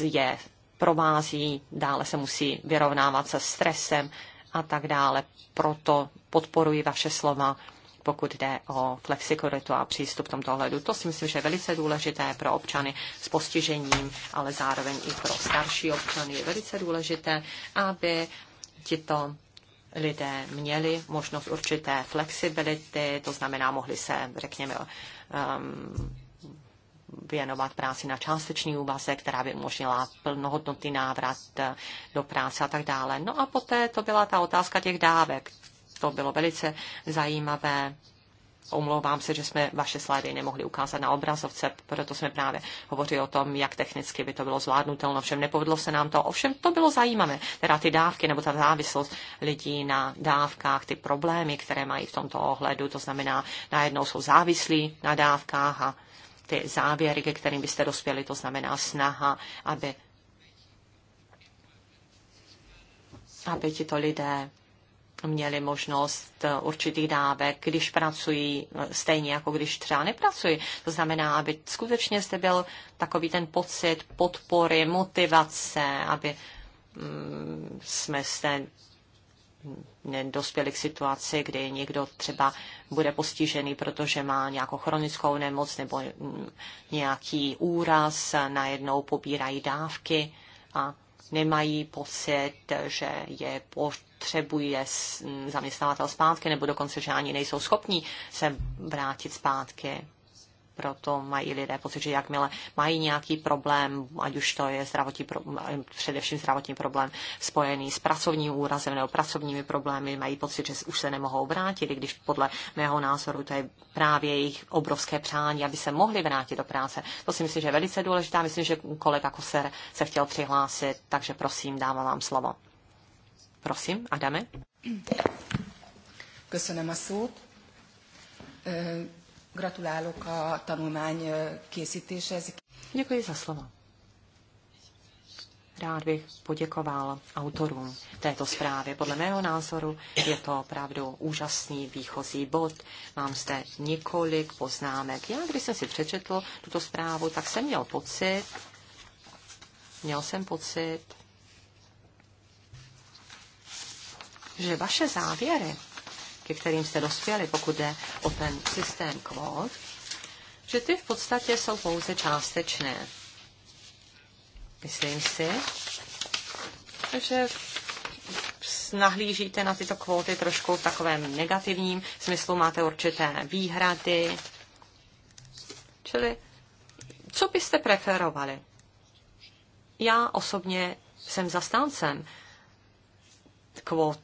je provází, dále se musí vyrovnávat se stresem a tak dále. Proto podporuji vaše slova pokud jde o flexikoritu a přístup v tomto ohledu. To si myslím, že je velice důležité pro občany s postižením, ale zároveň i pro starší občany je velice důležité, aby tito lidé měli možnost určité flexibility, to znamená, mohli se, řekněme, um, věnovat práci na částečný úvazek, která by umožnila plnohodnotný návrat do práce a tak dále. No a poté to byla ta otázka těch dávek. To bylo velice zajímavé. Omlouvám se, že jsme vaše slajdy nemohli ukázat na obrazovce, proto jsme právě hovořili o tom, jak technicky by to bylo zvládnutelné. Ovšem nepovedlo se nám to. Ovšem to bylo zajímavé. Teda ty dávky nebo ta závislost lidí na dávkách, ty problémy, které mají v tomto ohledu, to znamená, najednou jsou závislí na dávkách a ty závěry, ke kterým byste dospěli, to znamená snaha, aby aby tito lidé měli možnost eh, určitých dávek, když pracují, eh, stejně jako když třeba nepracují. To znamená, aby skutečně zde byl takový ten pocit podpory, motivace, aby mm, jsme se nedospěli k situaci, kdy někdo třeba bude postižený, protože má nějakou chronickou nemoc nebo mm, nějaký úraz, najednou pobírají dávky a nemají pocit, že je potřebuje zaměstnavatel zpátky, nebo dokonce, že ani nejsou schopní se vrátit zpátky proto mají lidé pocit, že jakmile mají nějaký problém, ať už to je zdravotní, především zdravotní problém spojený s pracovním úrazem nebo pracovními problémy, mají pocit, že už se nemohou vrátit, i když podle mého názoru to je právě jejich obrovské přání, aby se mohli vrátit do práce. To si myslím, že je velice důležité. Myslím, že kolega Koser se chtěl přihlásit, takže prosím, dávám vám slovo. Prosím, Adame. Köszönöm a szót. Gratulálok a tanulmány készítéshez. Děkuji za slovo. Rád bych poděkoval autorům této zprávy. Podle mého názoru je to opravdu úžasný výchozí bod. Mám zde několik poznámek. Já, když jsem si přečetl tuto zprávu, tak jsem měl pocit, měl jsem pocit, že vaše závěry ke kterým jste dospěli, pokud jde o ten systém kvót, že ty v podstatě jsou pouze částečné. Myslím si, že nahlížíte na tyto kvóty trošku v takovém negativním smyslu, máte určité výhrady. Čili co byste preferovali? Já osobně jsem zastáncem kvót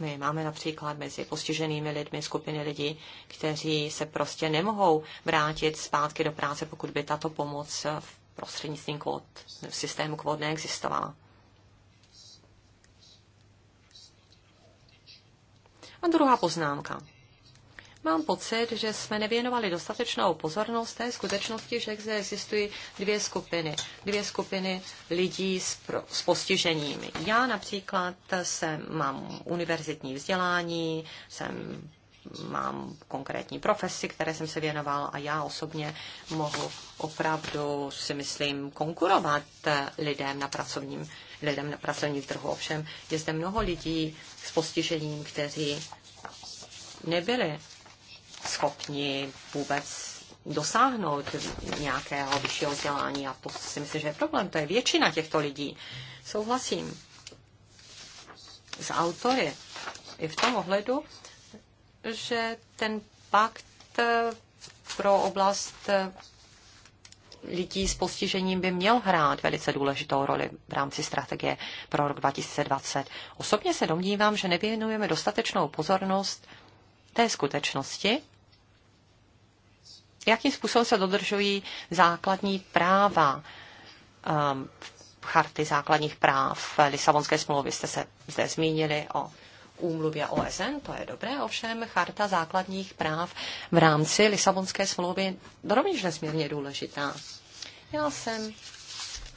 My máme například mezi postiženými lidmi skupiny lidí, kteří se prostě nemohou vrátit zpátky do práce, pokud by tato pomoc v prostřednictvím kvot, v systému kvot neexistovala. A druhá poznámka. Mám pocit, že jsme nevěnovali dostatečnou pozornost té skutečnosti, že existují dvě skupiny. Dvě skupiny lidí s, pro, s postižením. Já například jsem, mám univerzitní vzdělání, jsem mám konkrétní profesi, které jsem se věnoval a já osobně mohu opravdu, si myslím, konkurovat lidem na pracovním, lidem na pracovním trhu. Ovšem je zde mnoho lidí s postižením, kteří nebyli schopni vůbec dosáhnout nějakého vyššího vzdělání. A to si myslím, že je problém. To je většina těchto lidí. Souhlasím s autory i v tom ohledu, že ten pakt pro oblast lidí s postižením by měl hrát velice důležitou roli v rámci strategie pro rok 2020. Osobně se domnívám, že nevěnujeme dostatečnou pozornost té skutečnosti, jakým způsobem se dodržují základní práva um, charty základních práv Lisabonské smlouvy. Jste se zde zmínili o úmluvě OSN, to je dobré, ovšem charta základních práv v rámci Lisabonské smlouvy rovněž nesmírně důležitá. Já jsem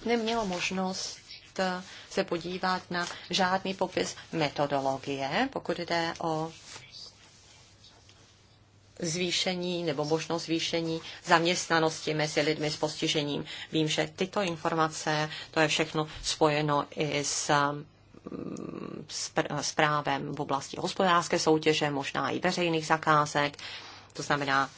neměla možnost eh, se podívat na žádný popis metodologie, pokud jde o zvýšení nebo možnost zvýšení zaměstnanosti mezi lidmi s postižením. Vím, že tyto informace, to je všechno spojeno i s mm, s právem v oblasti hospodářské soutěže, možná i veřejných zakázek, to znamená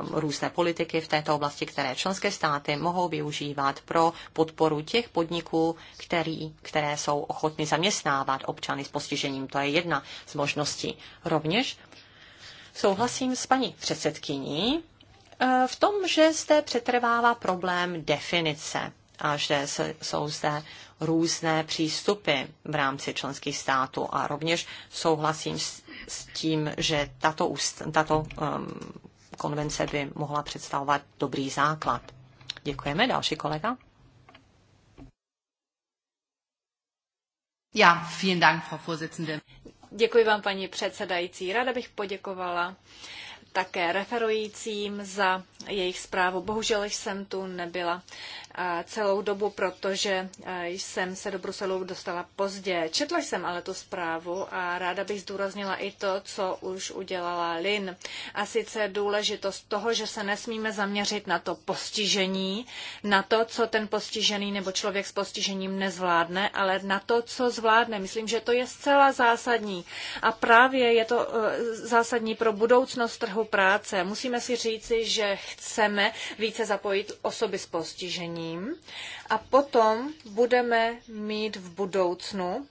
mm, různé politiky v této oblasti, které členské státy mohou využívat pro podporu těch podniků, který, které jsou ochotny zaměstnávat občany s postižením. To je jedna z možností. Rovněž Souhlasím s paní předsedkyní eh, v tom, že zde přetrvává problém definice a že jsou zde různé přístupy v rámci členských států a rovněž souhlasím s, tím, že tato, úst, tato um, konvence by mohla představovat dobrý základ. Děkujeme. Další kolega. Ja, vielen Dank, Frau Vorsitzende. Děkuji vám, paní předsedající. Ráda bych poděkovala také referujícím za jejich zprávu. Bohužel jsem tu nebyla celou dobu, protože e, jsem se do Bruselu dostala pozdě. Četla jsem ale tu zprávu a ráda bych zdůraznila i to, co už udělala Lin. A sice důležitost toho, že se nesmíme zaměřit na to postižení, na to, co ten postižený nebo člověk s postižením nezvládne, ale na to, co zvládne. Myslím, že to je zcela zásadní. A právě je to e, zásadní pro budoucnost trhu práce. Musíme si říci, že chceme více zapojit osoby s postižením řešením a potom budeme mít v budoucnu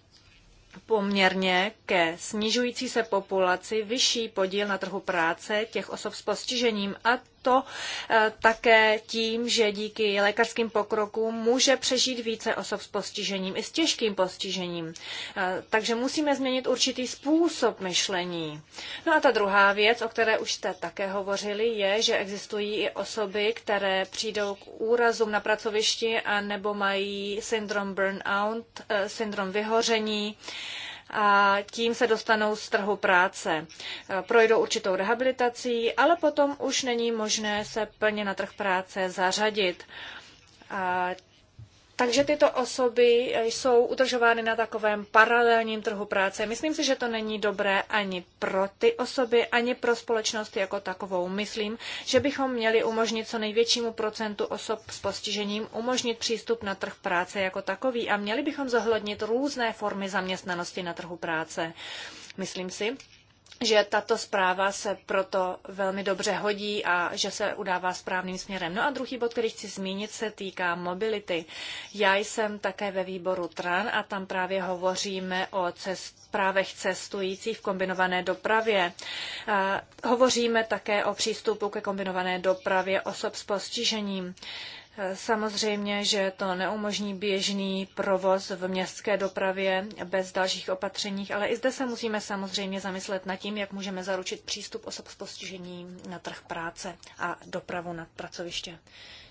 poměrně ke snižující se populaci vyšší podíl na trhu práce těch osob s postižením a to eh, také tím, že díky lékařským pokrokům může přežít více osob s postižením i s těžkým postižením. Eh, takže musíme změnit určitý způsob myšlení. No a ta druhá věc, o které už jste také hovořili, je, že existují i osoby, které přijdou k úrazům na pracovišti a nebo mají syndrom burnout, eh, syndrom vyhoření, a tím se dostanou z trhu práce. Eh, projdou určitou rehabilitací, ale potom už není možné se plně na trh práce zařadit. A takže tyto osoby jsou udržovány na takovém paralelním trhu práce. Myslím si, že to není dobré ani pro ty osoby, ani pro společnost jako takovou. Myslím, že bychom měli umožnit co největšímu procentu osob s postižením umožnit přístup na trh práce jako takový a měli bychom zohlednit různé formy zaměstnanosti na trhu práce. Myslím si, že tato zpráva se proto velmi dobře hodí a že se udává správným směrem. No a druhý bod, který chci zmínit, se týká mobility. Já jsem také ve výboru TRAN a tam právě hovoříme o cest, právech cestujících v kombinované dopravě. A hovoříme také o přístupu ke kombinované dopravě osob s postižením. Samozřejmě, že to neumožní běžný provoz v městské dopravě bez dalších opatření, ale i zde se musíme samozřejmě zamyslet nad tím, jak můžeme zaručit přístup osob s postižením na trh práce a dopravu na pracoviště.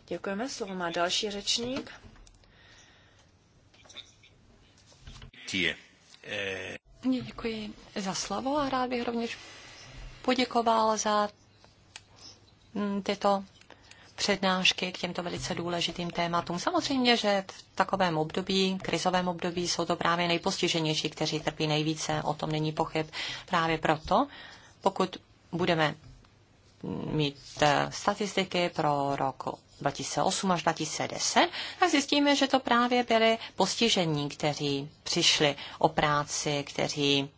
Děkujeme. Slovo má další řečník. Děkuji za slovo a rád bych rovněž poděkoval za mm, tyto přednášky k těmto velice důležitým tématům. Samozřejmě, že v takovém období, krizovém období, jsou to právě nejpostiženější, kteří trpí nejvíce, o tom není pochyb. Právě proto, pokud budeme mít eh, statistiky pro rok 2008 až 2010, tak zjistíme, že to právě byli postižení, kteří přišli o práci, kteří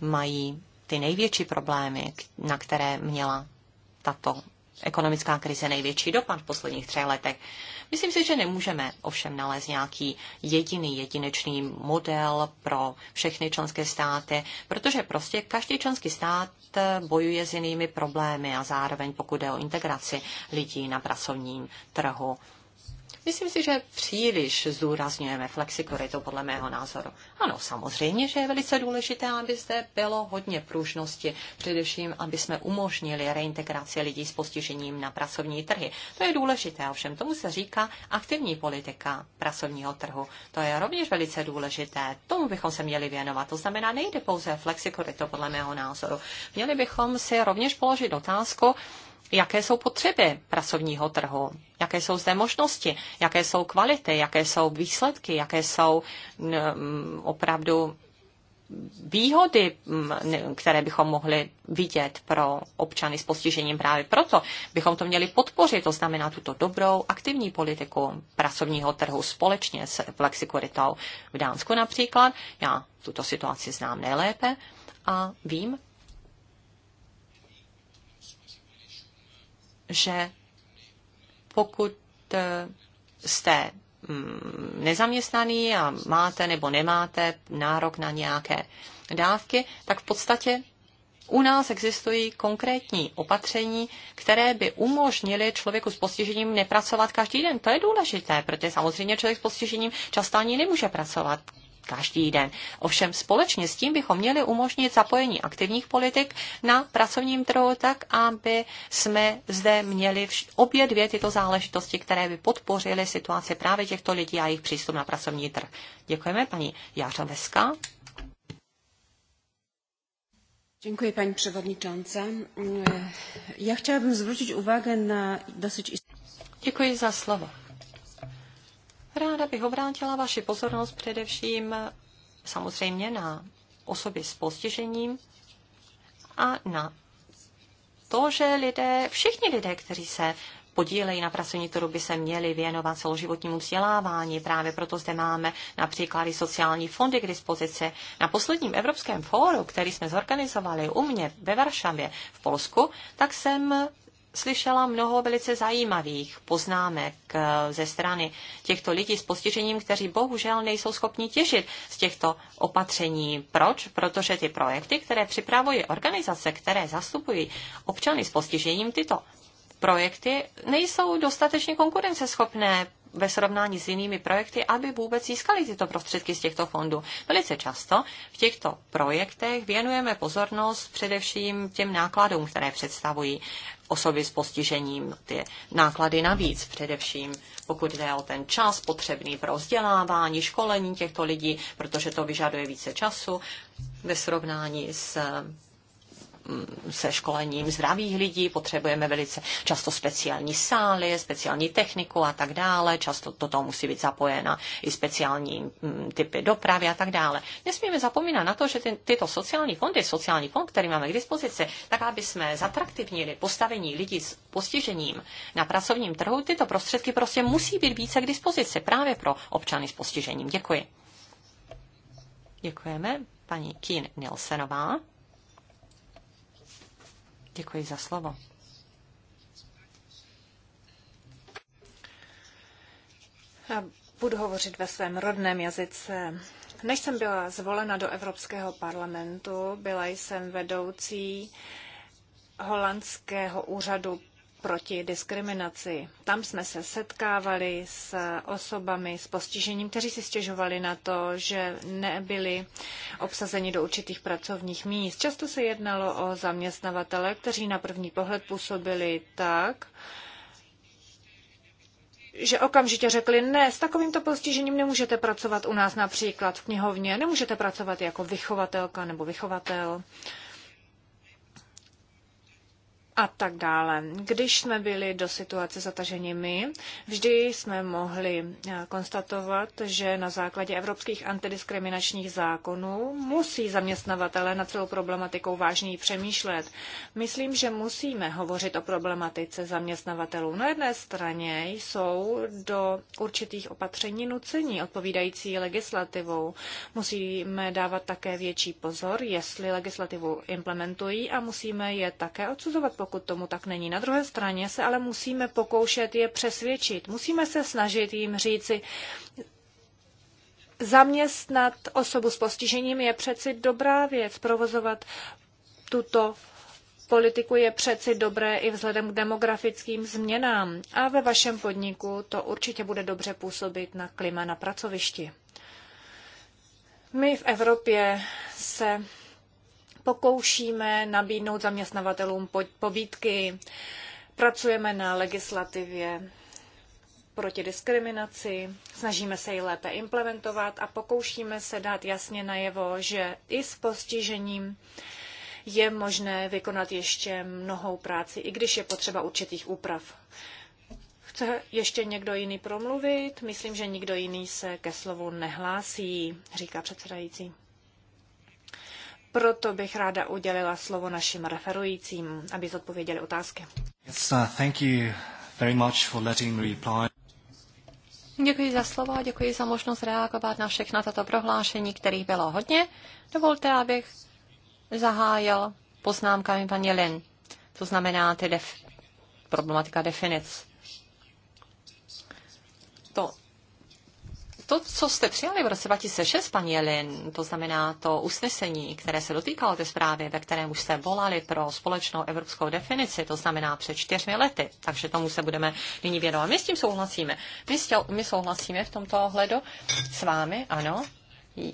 mají ty největší problémy, na které měla tato ekonomická krize největší dopad v posledních třech letech. Myslím si, že nemůžeme ovšem nalézt nějaký jediný, jedinečný model pro všechny členské státy, protože prostě každý členský stát eh, bojuje s jinými problémy a zároveň pokud jde o integraci lidí na pracovním trhu Myslím si, že příliš zdůrazňujeme flexikuritu podle mého názoru. Ano, samozřejmě, že je velice důležité, aby zde bylo hodně pružnosti, především, aby jsme umožnili reintegraci lidí s postižením na pracovní trhy. To je důležité, ovšem tomu se říká aktivní politika pracovního trhu. To je rovněž velice důležité, tomu bychom se měli věnovat. To znamená, nejde pouze flexikory flexikuritu podle mého názoru. Měli bychom si rovněž položit otázku, jaké jsou potřeby pracovního trhu, jaké jsou zde možnosti, jaké jsou kvality, jaké jsou výsledky, jaké jsou mm, mm, opravdu výhody, mm, které bychom mohli vidět pro občany s postižením právě proto, bychom to měli podpořit, to znamená tuto dobrou aktivní politiku pracovního trhu společně s flexikuritou v Dánsku například. Já tuto situaci znám nejlépe a vím, že pokud eh, jste mm, nezaměstnaný a máte nebo nemáte nárok na nějaké dávky, tak v podstatě u nás existují konkrétní opatření, které by umožnily člověku s postižením nepracovat každý den. To je důležité, protože samozřejmě člověk s postižením často ani nemůže pracovat každý den. Ovšem společně s tím bychom měli umožnit zapojení aktivních politik na pracovním trhu tak, aby jsme zde měli obě dvě tyto záležitosti, které by podpořily situaci právě těchto lidí a jejich přístup na pracovní trh. Děkujeme paní Jáře Veska. Dziękuję Pani Przewodnicząca. Ja chciałabym zwrócić uwagę na dosyć istotne... Děkuji za słowo. Ráda bych obrátila vaši pozornost především samozřejmě na osoby s postižením a na to, že lidé, všichni lidé, kteří se podílejí na pracovní trhu, by se měli věnovat celoživotnímu vzdělávání. Právě proto zde máme například i sociální fondy k dispozici. Na posledním Evropském fóru, který jsme zorganizovali u mě ve Varšavě v Polsku, tak jsem slyšela mnoho velice zajímavých poznámek eh, ze strany těchto lidí s postižením, kteří bohužel nejsou schopni těžit z těchto opatření. Proč? Protože ty projekty, které připravují organizace, které zastupují občany s postižením, tyto projekty nejsou dostatečně konkurenceschopné, ve srovnání s jinými projekty, aby vůbec získali tyto prostředky z těchto fondů. Velice často v těchto projektech věnujeme pozornost především těm nákladům, které představují osoby s postižením, ty náklady navíc především, pokud jde o ten čas potřebný pro vzdělávání, školení těchto lidí, protože to vyžaduje více času ve srovnání s Mm, se školením zdravých lidí, potřebujeme velice často speciální sály, speciální techniku a tak dále, často toto musí být zapojena i speciální mm, typy dopravy a tak dále. Nesmíme zapomínat na to, že ty, tyto sociální fondy, sociální fond, který máme k dispozici, tak aby jsme zatraktivnili postavení lidí s postižením na pracovním trhu, tyto prostředky prostě musí být více k dispozici právě pro občany s postižením. Děkuji. Děkujeme. Paní Kín Nilsenová. Děkuji za slovo. budu hovořit ve svém rodném jazyce. Než jsem byla zvolena do Evropského parlamentu, byla jsem vedoucí holandského úřadu proti diskriminaci. Tam jsme se setkávali s osobami s postižením, kteří si stěžovali na to, že nebyli obsazeni do určitých pracovních míst. Často se jednalo o zaměstnavatele, kteří na první pohled působili tak, že okamžitě řekli, ne, s takovýmto postižením nemůžete pracovat u nás například v knihovně, nemůžete pracovat jako vychovatelka nebo vychovatel a tak dále. Když jsme byli do situace zataženi my, vždy jsme mohli eh, konstatovat, že na základě evropských antidiskriminačních zákonů musí zaměstnavatele na celou problematikou vážněji přemýšlet. Myslím, že musíme hovořit o problematice zaměstnavatelů. Na jedné straně jsou do určitých opatření nucení odpovídající legislativou. Musíme dávat také větší pozor, jestli legislativu implementují a musíme je také odsuzovat pokud tomu tak není. Na druhé straně se ale musíme pokoušet je přesvědčit. Musíme se snažit jim říci, zaměstnat osobu s postižením je přeci dobrá věc, provozovat tuto politiku je přeci dobré i vzhledem k demografickým změnám a ve vašem podniku to určitě bude dobře působit na klima na pracovišti. My v Evropě se pokoušíme nabídnout zaměstnavatelům pobídky, pracujeme na legislativě proti diskriminaci, snažíme se ji lépe implementovat a pokoušíme se dát jasně najevo, že i s postižením je možné vykonat ještě mnohou práci, i když je potřeba určitých úprav. Chce ještě někdo jiný promluvit? Myslím, že nikdo jiný se ke slovu nehlásí, říká předsedající. Proto bych ráda udělila slovo našim referujícím, aby zodpověděli otázky. Yes, uh, thank you very much for letting me reply. Děkuji za slovo a děkuji za možnost reagovat na všechna tato prohlášení, kterých bylo hodně. Dovolte, abych zahájil poznámkami paní Lin. To znamená ty def- problematika definic. To to, co jste přijali v roce 2006, paní Jelin, to znamená to usnesení, které se dotýkalo té zprávy, ve kterém už jste volali pro společnou evropskou definici, to znamená před čtyřmi lety, takže tomu se budeme nyní věnovat. My s tím souhlasíme. My, stěl, my souhlasíme v tomto ohledu s vámi, ano.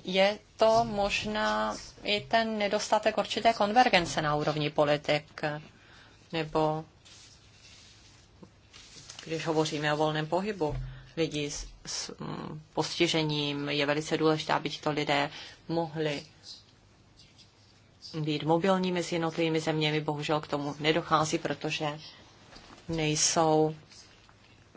Je to možná i ten nedostatek určité konvergence na úrovni politik, nebo když hovoříme o volném pohybu lidi s, s mm, postižením. Je velice důležité, aby tito lidé mohli být mobilní mezi jednotlivými zeměmi. Bohužel k tomu nedochází, protože nejsou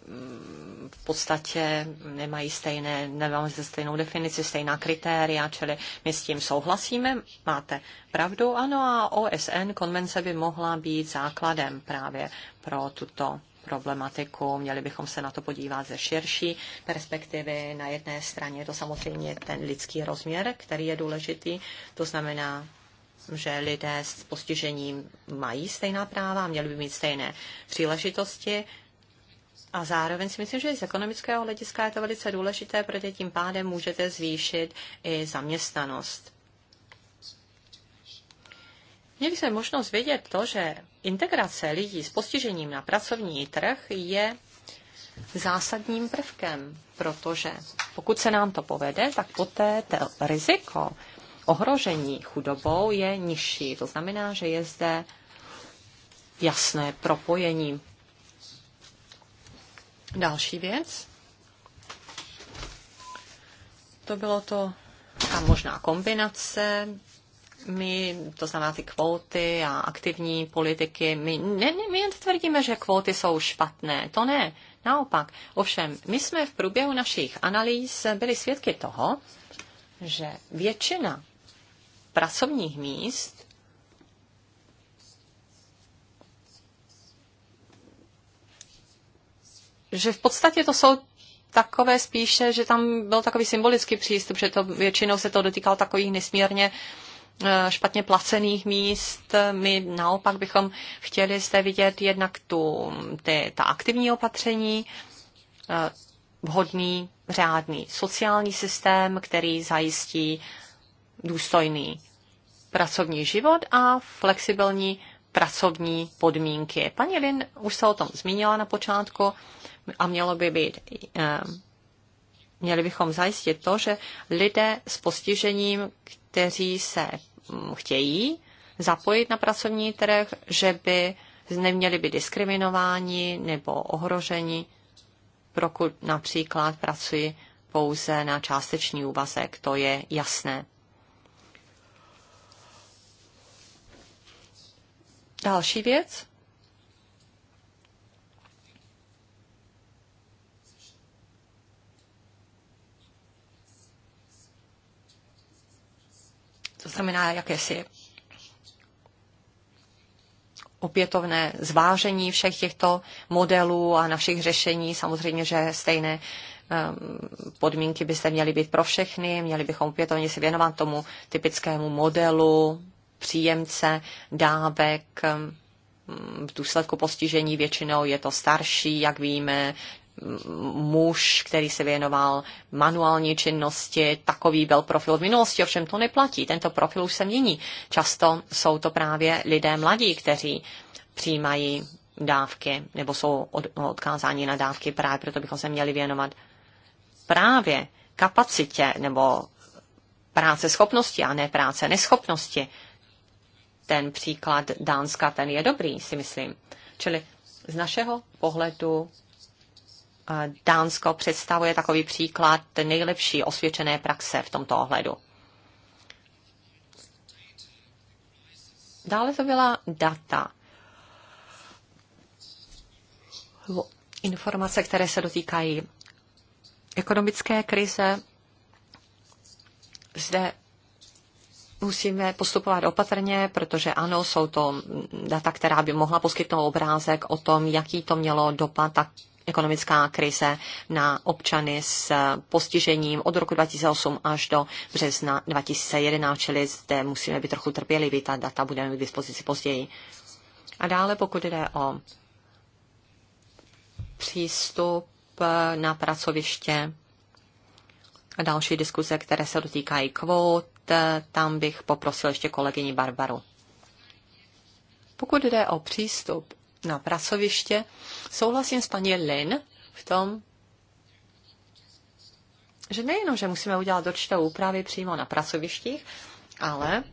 mm, v podstatě nemají stejné, nemáme se stejnou definici, stejná kritéria, čili my s tím souhlasíme, máte pravdu, ano a OSN konvence by mohla být základem právě pro tuto problematiku. Měli bychom se na to podívat ze širší perspektivy. Na jedné straně je to samozřejmě ten lidský rozměr, který je důležitý. To znamená, že lidé s postižením mají stejná práva, měli by mít stejné příležitosti. A zároveň si myslím, že i z ekonomického hlediska je to velice důležité, protože tím pádem můžete zvýšit i zaměstnanost Měli jsme možnost vědět to, že integrace lidí s postižením na pracovní trh je zásadním prvkem, protože pokud se nám to povede, tak poté to riziko ohrožení chudobou je nižší. To znamená, že je zde jasné propojení. Další věc. To bylo to, A možná kombinace my, to znamená ty kvóty a aktivní politiky, my, ne, ne, my jen tvrdíme, že kvóty jsou špatné, to ne, naopak. Ovšem, my jsme v průběhu našich analýz byli svědky toho, že většina pracovních míst že v podstatě to jsou takové spíše, že tam byl takový symbolický přístup, že to většinou se to dotýkalo takových nesmírně uh, Eh, špatně placených míst. My naopak bychom chtěli zde vidět jednak tu, ty, ta aktivní opatření, eh, vhodný, řádný sociální systém, který zajistí důstojný pracovní život a flexibilní pracovní podmínky. Paní Lin už se o tom zmínila na počátku a mělo by být, eh, měli bychom zajistit to, že lidé s postižením, kteří se chtějí zapojit na pracovní trh, že by neměli být diskriminováni nebo ohroženi, pokud například pracují pouze na částečný úvazek. To je jasné. Další věc, znamená jakési opětovné zvážení všech těchto modelů a našich řešení. Samozřejmě, že stejné ehm, podmínky byste měly být pro všechny, měli bychom opětovně se věnovat tomu typickému modelu příjemce dávek. V důsledku postižení většinou je to starší, jak víme, muž, který se věnoval manuální činnosti, takový byl profil v minulosti, ovšem to neplatí, tento profil už se mění. Často jsou to právě lidé mladí, kteří přijímají dávky nebo jsou od, odkázáni na dávky, právě proto bychom se měli věnovat právě kapacitě nebo práce schopnosti a ne práce neschopnosti. Ten příklad Dánska, ten je dobrý, si myslím. Čili z našeho pohledu Dánsko představuje takový příklad nejlepší osvědčené praxe v tomto ohledu. Dále to byla data. Informace, které se dotýkají ekonomické krize. Zde musíme postupovat opatrně, protože ano, jsou to data, která by mohla poskytnout obrázek o tom, jaký to mělo dopad tak ekonomická krize na občany s postižením od roku 2008 až do března 2011, čili zde musíme být trochu trpěliví, ta data budeme k dispozici později. A dále, pokud jde o přístup na pracoviště a další diskuze, které se dotýkají kvót, tam bych poprosil ještě kolegyni Barbaru. Pokud jde o přístup na pracoviště. Souhlasím s paní Lin v tom, že nejenom, že musíme udělat určité úpravy přímo na pracovištích, ale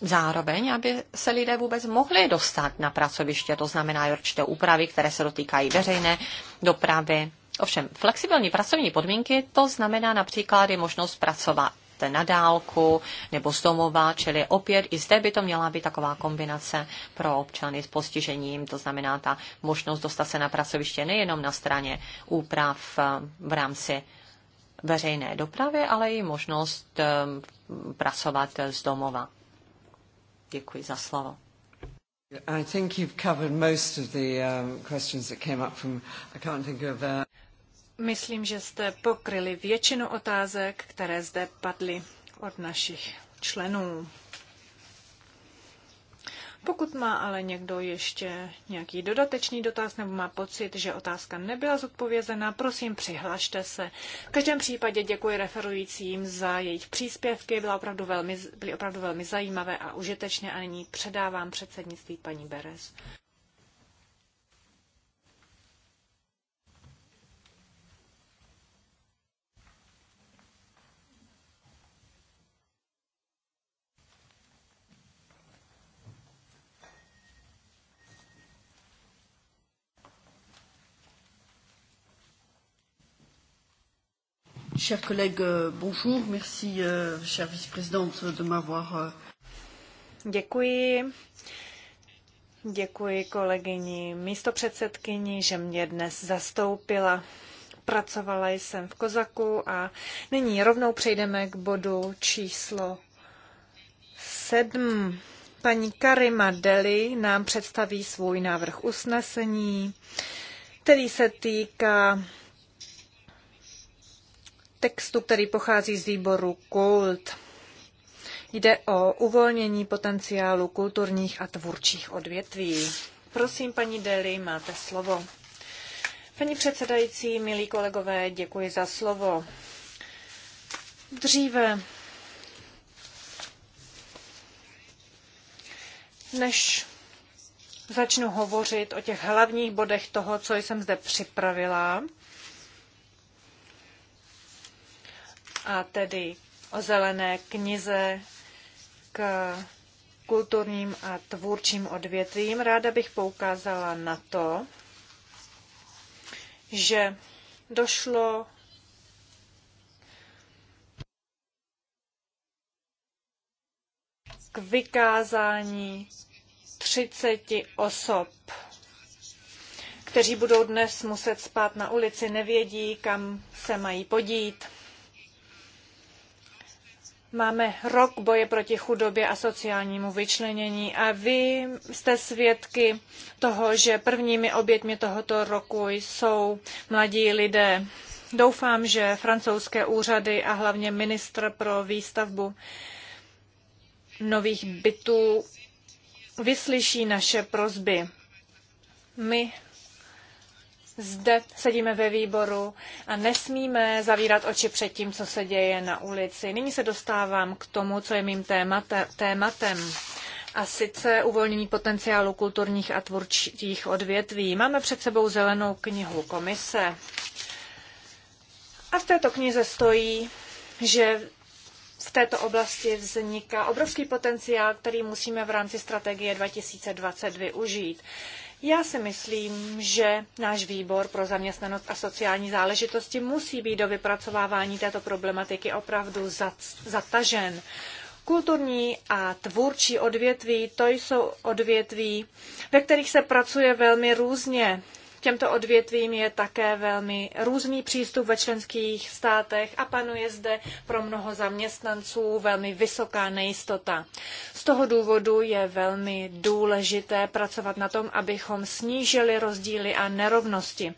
zároveň, aby se lidé vůbec mohli dostat na pracoviště, to znamená určité úpravy, které se dotýkají veřejné dopravy. Ovšem, flexibilní pracovní podmínky, to znamená například i možnost pracovat na dálku nebo z domova, čili opět i zde by to měla být taková kombinace pro občany s postižením, to znamená ta možnost dostat se na pracoviště nejenom na straně úprav eh, v rámci veřejné dopravy, ale i možnost eh, pracovat z domova. Děkuji za slovo. I think you've covered most of the um, questions that came up from, I can't think of... Uh... Myslím, že jste pokryli většinu otázek, které zde padly od našich členů. Pokud má ale někdo ještě nějaký dodatečný dotaz nebo má pocit, že otázka nebyla zodpovězena, prosím přihlašte se. V každém případě děkuji referujícím za jejich příspěvky, byly opravdu velmi, byly opravdu velmi zajímavé a užitečné a nyní předávám předsednictví paní Beres. Chers collègues, euh, bonjour. Merci, euh, chère vice-présidente, de m'avoir. Euh, Děkuji. Děkuji kolegyni místopředsedkyni, že mě dnes zastoupila. Pracovala jsem v Kozaku a nyní rovnou přejdeme k bodu číslo sedm. Paní Karima Deli nám představí svůj návrh usnesení, který se týká textu, který pochází z výboru Kult. Jde o uvolnění potenciálu kulturních a tvůrčích odvětví. Prosím, paní Deli, máte slovo. Paní předsedající, milí kolegové, děkuji za slovo. Dříve, než začnu hovořit o těch hlavních bodech toho, co jsem zde připravila, a tedy o zelené knize k kulturním a tvůrčím odvětvím. Ráda bych poukázala na to, že došlo k vykázání 30 osob, kteří budou dnes muset spát na ulici, nevědí, kam se mají podít. Máme rok boje proti chudobě a sociálnímu vyčlenění a vy jste svědky toho, že prvními oběťmi tohoto roku jsou mladí lidé. Doufám, že francouzské úřady a hlavně ministr pro výstavbu nových bytů vyslyší naše prozby. My zde sedíme ve výboru a nesmíme zavírat oči před tím, co se děje na ulici. Nyní se dostávám k tomu, co je mým témate, tématem a sice uvolnění potenciálu kulturních a tvůrčích odvětví. Máme před sebou zelenou knihu komise. A v této knize stojí, že v této oblasti vzniká obrovský potenciál, který musíme v rámci strategie 2020 využít. Já si myslím, že náš výbor pro zaměstnanost a sociální záležitosti musí být do vypracovávání této problematiky opravdu zatažen. Kulturní a tvůrčí odvětví, to jsou odvětví, ve kterých se pracuje velmi různě těmto odvětvím je také velmi různý přístup ve členských státech a panuje zde pro mnoho zaměstnanců velmi vysoká nejistota. Z toho důvodu je velmi důležité pracovat na tom, abychom snížili rozdíly a nerovnosti.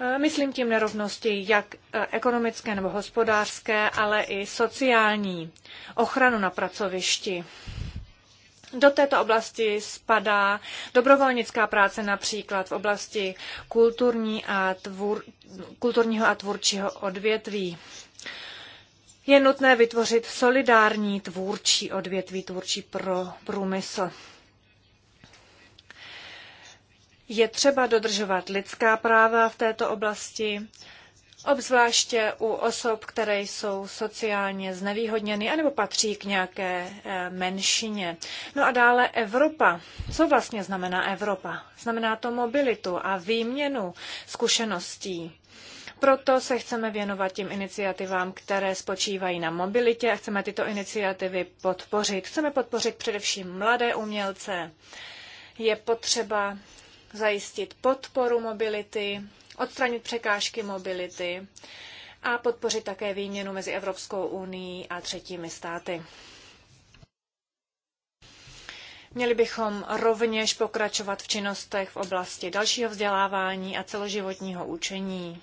E, myslím tím nerovnosti jak e, ekonomické nebo hospodářské, ale i sociální, ochranu na pracovišti. Do této oblasti spadá dobrovolnická práce například v oblasti kulturní a tvůr, kulturního a tvůrčího odvětví. Je nutné vytvořit solidární tvůrčí odvětví, tvůrčí pro průmysl. Je třeba dodržovat lidská práva v této oblasti obzvláště u osob, které jsou sociálně znevýhodněny anebo patří k nějaké eh, menšině. No a dále Evropa. Co vlastně znamená Evropa? Znamená to mobilitu a výměnu zkušeností. Proto se chceme věnovat těm iniciativám, které spočívají na mobilitě a chceme tyto iniciativy podpořit. Chceme podpořit především mladé umělce. Je potřeba zajistit podporu mobility, odstranit překážky mobility a podpořit také výměnu mezi Evropskou unii a třetími státy. Měli bychom rovněž pokračovat v činnostech v oblasti dalšího vzdělávání a celoživotního učení.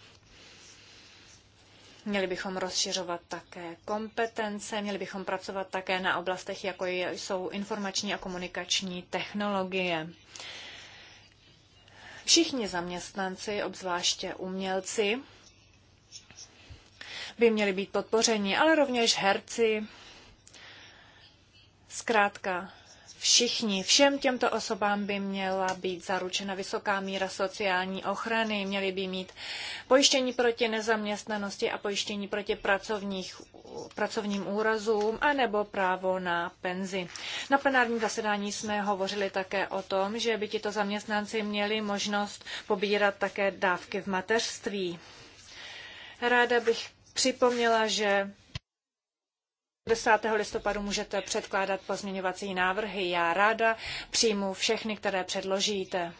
Měli bychom rozšiřovat také kompetence, měli bychom pracovat také na oblastech, jako jsou informační a komunikační technologie. Všichni zaměstnanci, obzvláště umělci, by měli být podpořeni, ale rovněž herci, zkrátka všichni, všem těmto osobám by měla být zaručena vysoká míra sociální ochrany, měli by mít pojištění proti nezaměstnanosti a pojištění proti pracovních pracovním úrazům a nebo právo na penzi. Na plenárním zasedání jsme hovořili také o tom, že by tito zaměstnanci měli možnost pobírat také dávky v mateřství. Ráda bych připomněla, že 10. listopadu můžete předkládat pozměňovací návrhy. Já ráda přijmu všechny, které předložíte.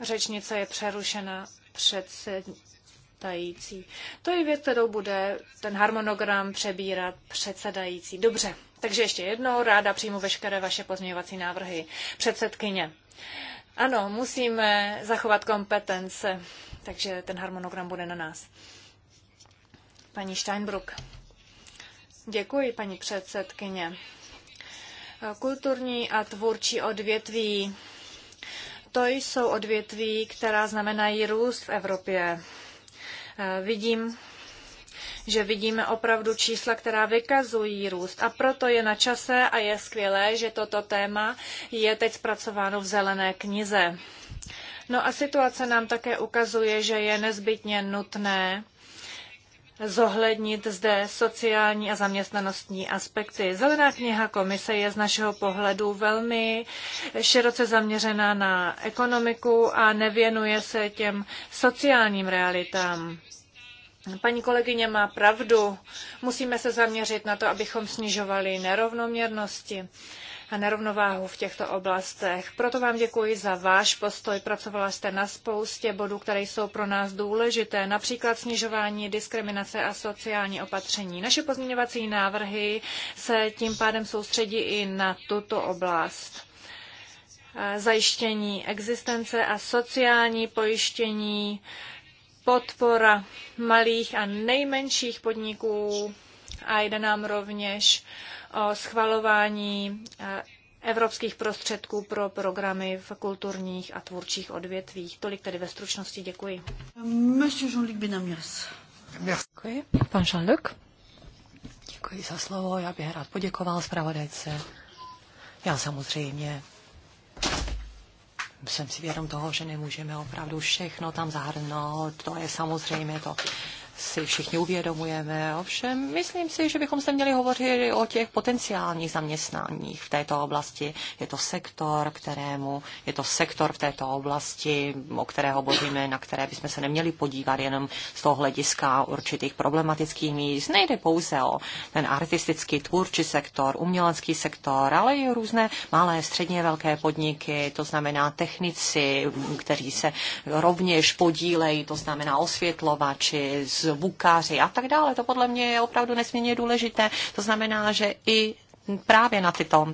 Řečnice je přerušena předsednictvím tající. To je věc, kterou bude ten harmonogram přebírat předsedající. Dobře, takže ještě jednou ráda přijmu veškeré vaše pozměňovací návrhy. Předsedkyně. Ano, musíme zachovat kompetence, takže ten harmonogram bude na nás. Paní Steinbruck. Děkuji, paní předsedkyně. Kulturní a tvůrčí odvětví. To jsou odvětví, která znamenají růst v Evropě. Eh, vidím, že vidíme opravdu čísla, která vykazují růst. A proto je na čase a je skvělé, že toto téma je teď zpracováno v zelené knize. No a situace nám také ukazuje, že je nezbytně nutné zohlednit zde sociální a zaměstnanostní aspekty. Zelená kniha komise je z našeho pohledu velmi široce zaměřená na ekonomiku a nevěnuje se těm sociálním realitám. Paní kolegyně má pravdu. Musíme se zaměřit na to, abychom snižovali nerovnoměrnosti a nerovnováhu v těchto oblastech. Proto vám děkuji za váš postoj. Pracovala jste na spoustě bodů, které jsou pro nás důležité, například snižování diskriminace a sociální opatření. Naše pozměňovací návrhy se tím pádem soustředí i na tuto oblast zajištění existence a sociální pojištění, podpora malých a nejmenších podniků, a jde nám rovněž o schvalování eh, evropských prostředků pro programy v kulturních a tvůrčích odvětvích. Tolik tedy ve stručnosti děkuji. Monsieur Jean-Luc Benamias. Děkuji. Pan Jean-Luc. Děkuji za slovo. Já bych rád poděkoval zpravodajce. Já samozřejmě jsem si vědom toho, že nemůžeme opravdu všechno tam zahrnout. To je samozřejmě to si všichni uvědomujeme. Ovšem, myslím si, že bychom se měli hovořit o těch potenciálních zaměstnáních v této oblasti. Je to sektor, kterému, je to sektor v této oblasti, o které hovoříme, na které bychom se neměli podívat jenom z toho hlediska určitých problematických míst. Nejde pouze o ten artistický, tvůrčí sektor, umělecký sektor, ale i různé malé, středně velké podniky, to znamená technici, kteří se rovněž podílejí, to znamená osvětlovači, z zvukáři a tak dále. To podle mě je opravdu nesmírně důležité. To znamená, že i právě na, tyto,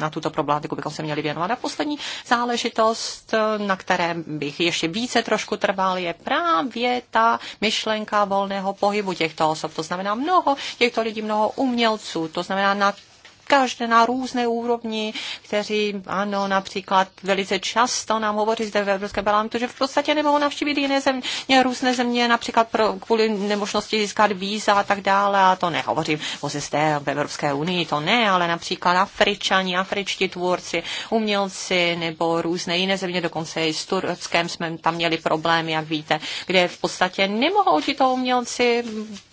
na tuto problematiku bychom se měli věnovat. A poslední záležitost, na které bych ještě více trošku trval, je právě ta myšlenka volného pohybu těchto osob. To znamená mnoho těchto lidí, mnoho umělců, to znamená na každé na různé úrovni, kteří, ano, například velice často nám hovoří zde v Evropském parlamentu, že v podstatě nemohou navštívit jiné země, různé země, například pro, kvůli nemožnosti získat víza a tak dále. A to nehovořím o zde v Evropské unii, to ne, ale například Afričani, afričtí tvůrci, umělci nebo různé jiné země, dokonce i s Tureckem jsme tam měli problémy, jak víte, kde v podstatě nemohou tito umělci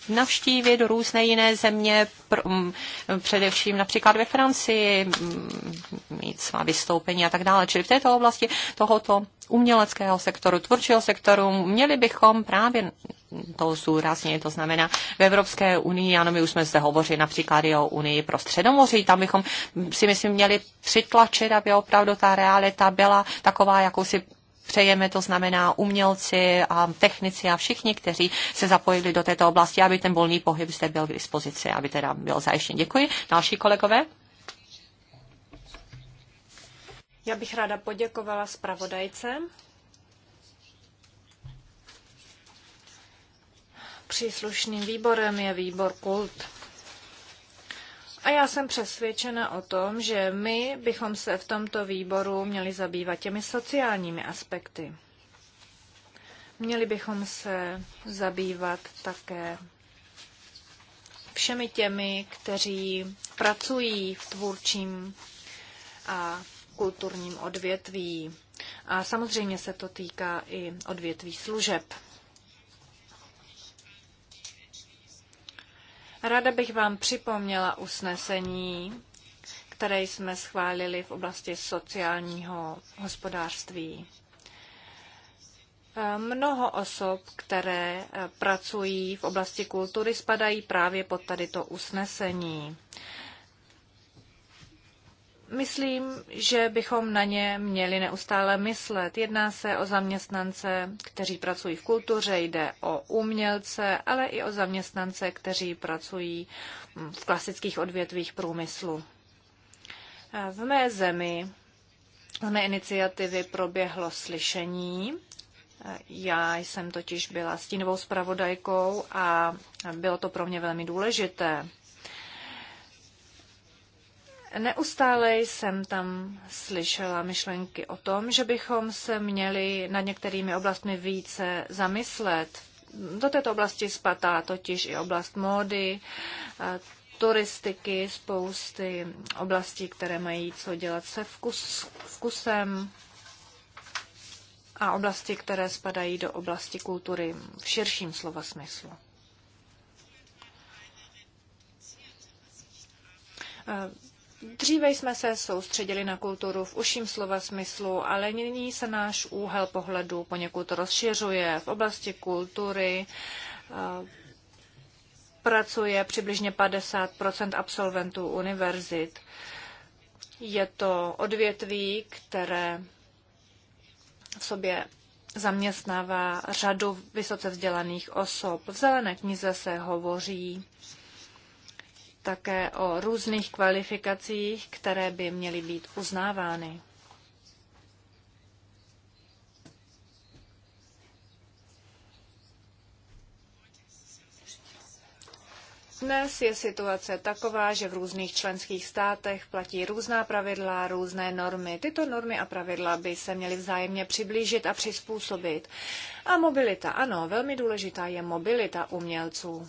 navštívit různé jiné země, pr- především například například ve Francii, mít svá vystoupení a tak dále. Čili v této oblasti tohoto uměleckého sektoru, tvůrčího sektoru, měli bychom právě to zúrazně, to znamená v Evropské unii, ano, my už jsme zde hovořili například i o unii pro středomoří, tam bychom si myslím měli přitlačit, aby opravdu ta realita byla taková, jakou si přejeme, to znamená umělci a technici a všichni, kteří se zapojili do této oblasti, aby ten volný pohyb zde byl k dispozici, aby teda byl zajištěn. Děkuji. Další kolegové? Já bych ráda poděkovala zpravodajce. Příslušným výborem je výbor KULT. A já jsem přesvědčena o tom, že my bychom se v tomto výboru měli zabývat těmi sociálními aspekty. Měli bychom se zabývat také všemi těmi, kteří pracují v tvůrčím a kulturním odvětví. A samozřejmě se to týká i odvětví služeb. Ráda bych vám připomněla usnesení, které jsme schválili v oblasti sociálního hospodářství. E, mnoho osob, které e, pracují v oblasti kultury, spadají právě pod tady to usnesení. Myslím, že bychom na ně měli neustále myslet. Jedná se o zaměstnance, kteří pracují v kultuře, jde o umělce, ale i o zaměstnance, kteří pracují v klasických odvětvích průmyslu. V mé zemi z mé iniciativy proběhlo slyšení. Já jsem totiž byla stínovou zpravodajkou a bylo to pro mě velmi důležité. Neustále jsem tam slyšela myšlenky o tom, že bychom se měli nad některými oblastmi více zamyslet. Do této oblasti spadá totiž i oblast módy, turistiky, spousty oblastí, které mají co dělat se vkus, vkusem a oblasti, které spadají do oblasti kultury v širším slova smyslu. Dříve jsme se soustředili na kulturu v uším slova smyslu, ale nyní se náš úhel pohledu poněkud rozšiřuje. V oblasti kultury eh, pracuje přibližně 50 absolventů univerzit. Je to odvětví, které v sobě zaměstnává řadu vysoce vzdělaných osob. V zelené knize se hovoří také o různých kvalifikacích, které by měly být uznávány. Dnes je situace taková, že v různých členských státech platí různá pravidla, různé normy. Tyto normy a pravidla by se měly vzájemně přiblížit a přizpůsobit. A mobilita, ano, velmi důležitá je mobilita umělců.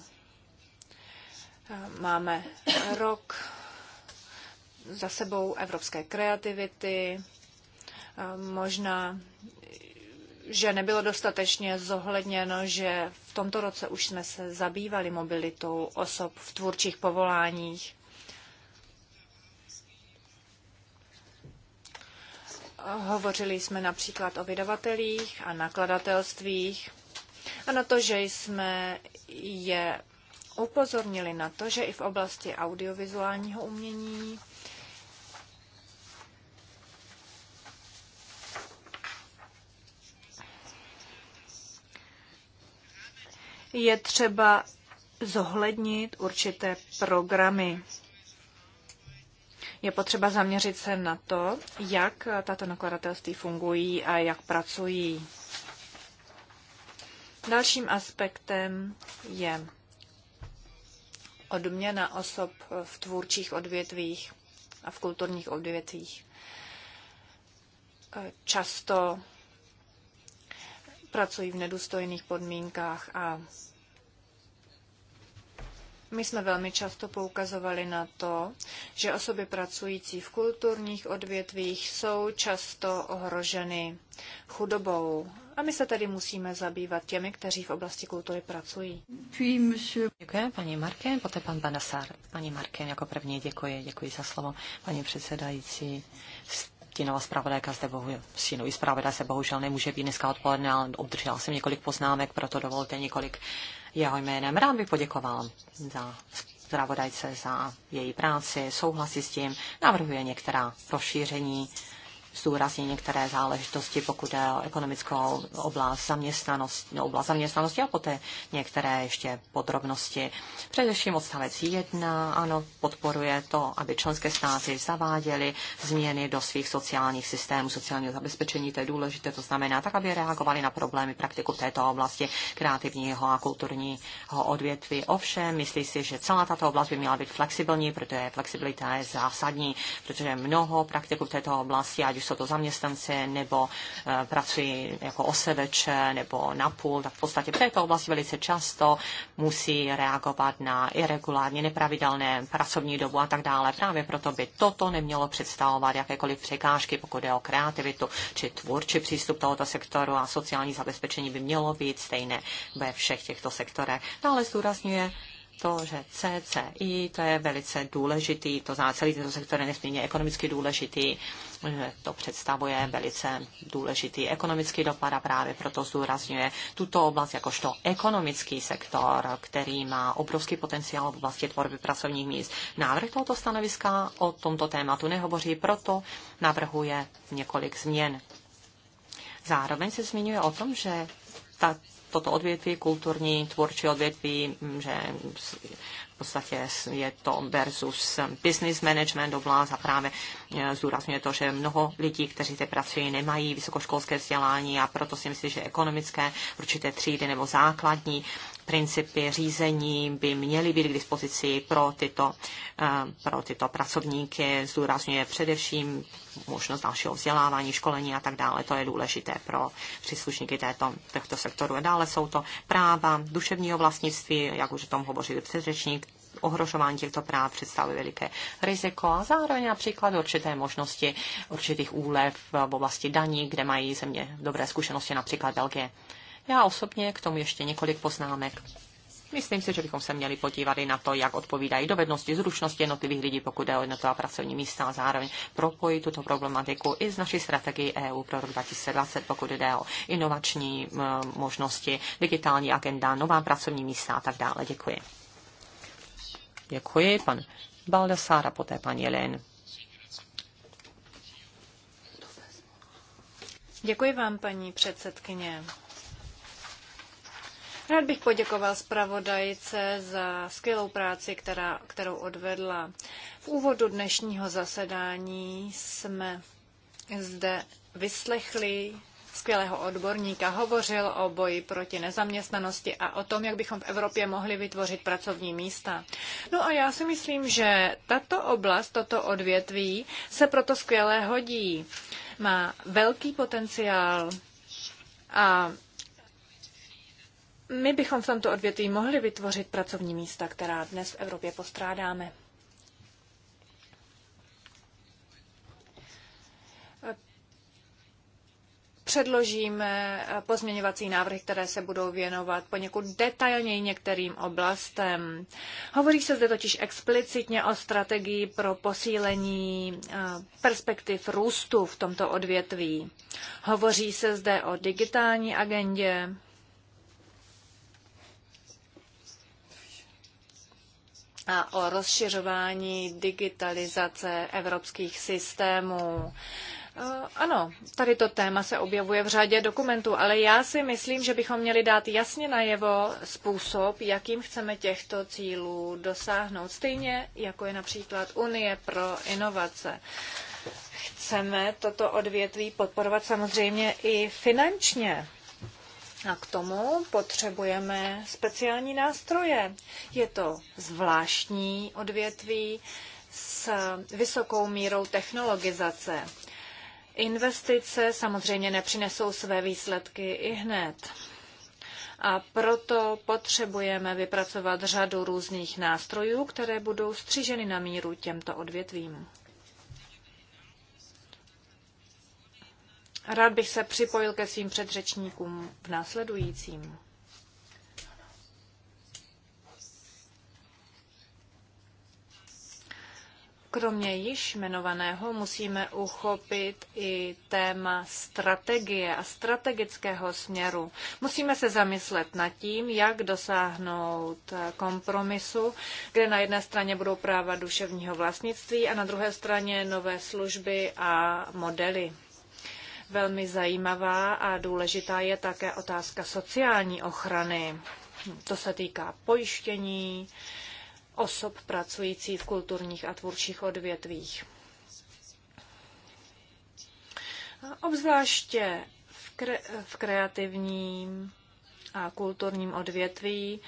Máme rok za sebou evropské kreativity, možná, že nebylo dostatečně zohledněno, že v tomto roce už jsme se zabývali mobilitou osob v tvůrčích povoláních. Hovořili jsme například o vydavatelích a nakladatelstvích a na to, že jsme je upozornili na to, že i v oblasti audiovizuálního umění je třeba zohlednit určité programy. Je potřeba zaměřit se na to, jak tato nakladatelství fungují a jak pracují. Dalším aspektem je odměna osob v tvůrčích odvětvích a v kulturních odvětvích. Eh, často pracují v nedůstojných podmínkách a my jsme velmi často poukazovali na to, že osoby pracující v kulturních odvětvích jsou často ohroženy chudobou. A my se tedy musíme zabývat těmi, kteří v oblasti kultury pracují. Děkuji, paní Marken, poté pan Banasar. Paní Marken, jako první děkuji, děkuji za slovo. Paní předsedající, stínová zpravodajka zde bohužel, stínový zpravodaj se bohužel nemůže být dneska odpoledne, ale obdržela jsem několik poznámek, proto dovolte několik jeho jménem. Rád bych poděkoval za zpravodajce za její práci, souhlasí s tím, navrhuje některá rozšíření zdůrazní některé záležitosti, pokud je o ekonomickou oblast zaměstnanosti, no, oblast zaměstnanosti a poté některé ještě podrobnosti. Především odstavec 1, ano, podporuje to, aby členské státy zaváděly změny do svých sociálních systémů, sociálního zabezpečení, to je důležité, to znamená tak, aby reagovali na problémy praktiku v této oblasti kreativního a kulturního odvětví. Ovšem, myslí si, že celá tato oblast by měla být flexibilní, protože flexibilita je zásadní, protože mnoho praktiků v této oblasti, ať už jsou to zaměstnanci nebo eh, pracují jako oseveče eh, nebo na půl, tak v podstatě v této oblasti velice často musí reagovat na irregulárně nepravidelné pracovní dobu a tak dále. Právě proto by toto nemělo představovat jakékoliv překážky, pokud je o kreativitu či tvůrčí přístup tohoto sektoru a sociální zabezpečení by mělo být stejné ve všech těchto sektorech. Dále zdůrazňuje to, že CCI, to je velice důležitý, to znamená celý tento sektor je nesmírně ekonomicky důležitý, že to představuje velice důležitý ekonomický dopad a právě proto zdůrazňuje tuto oblast jakožto ekonomický sektor, který má obrovský potenciál v oblasti tvorby pracovních míst. Návrh tohoto stanoviska o tomto tématu nehovoří, proto navrhuje několik změn. Zároveň se zmiňuje o tom, že ta, toto odvětví, kulturní, tvůrčí odvětví, mm, že v podstatě je to versus mm, business management oblast a právě e, zdůrazňuje to, že mnoho lidí, kteří se pracují, nemají vysokoškolské vzdělání a proto si myslím, že ekonomické určité třídy nebo základní principy řízení by měly být k dispozici pro tyto, eh, pro tyto pracovníky. Zdůrazňuje především možnost dalšího vzdělávání, školení a tak dále. To je důležité pro příslušníky této, těchto sektorů. A dále jsou to práva duševního vlastnictví, jak už o tom hovořil předřečník, ohrožování těchto práv představuje veliké riziko a zároveň například určité možnosti určitých úlev v oblasti daní, kde mají země dobré zkušenosti, například Belgie. Já osobně k tomu ještě několik poznámek. Myslím si, že bychom se měli podívat i na to, jak odpovídají dovednosti, zručnosti jednotlivých lidí, pokud jde o jednotlivá pracovní místa a zároveň propojit tuto problematiku i z naší strategii EU pro rok 2020, pokud jde o inovační možnosti, digitální agenda, nová pracovní místa a tak dále. Děkuji. Děkuji, pan Baldassar a poté paní Jelen. Děkuji vám, paní předsedkyně. Rád bych poděkoval zpravodajce za skvělou práci, která, kterou odvedla. V úvodu dnešního zasedání jsme zde vyslechli skvělého odborníka. Hovořil o boji proti nezaměstnanosti a o tom, jak bychom v Evropě mohli vytvořit pracovní místa. No a já si myslím, že tato oblast, toto odvětví se proto skvěle hodí. Má velký potenciál a my bychom v tomto odvětví mohli vytvořit pracovní místa, která dnes v Evropě postrádáme. Předložíme pozměňovací návrhy, které se budou věnovat poněkud detailněji některým oblastem. Hovoří se zde totiž explicitně o strategii pro posílení eh, perspektiv růstu v tomto odvětví. Hovoří se zde o digitální agendě, a o rozšiřování digitalizace evropských systémů. E, ano, tady to téma se objevuje v řadě dokumentů, ale já si myslím, že bychom měli dát jasně najevo způsob, jakým chceme těchto cílů dosáhnout. Stejně jako je například Unie pro inovace. Chceme toto odvětví podporovat samozřejmě i finančně. A k tomu potřebujeme speciální nástroje. Je to zvláštní odvětví s vysokou mírou technologizace. Investice samozřejmě nepřinesou své výsledky i hned. A proto potřebujeme vypracovat řadu různých nástrojů, které budou střiženy na míru těmto odvětvím. Rád bych se připojil ke svým předřečníkům v následujícím. Kromě již jmenovaného musíme uchopit i téma strategie a strategického směru. Musíme se zamyslet nad tím, jak dosáhnout kompromisu, kde na jedné straně budou práva duševního vlastnictví a na druhé straně nové služby a modely. Velmi zajímavá a důležitá je také otázka sociální ochrany. To se týká pojištění osob pracující v kulturních a tvůrčích odvětvích. Obzvláště v, kre- v kreativním a kulturním odvětví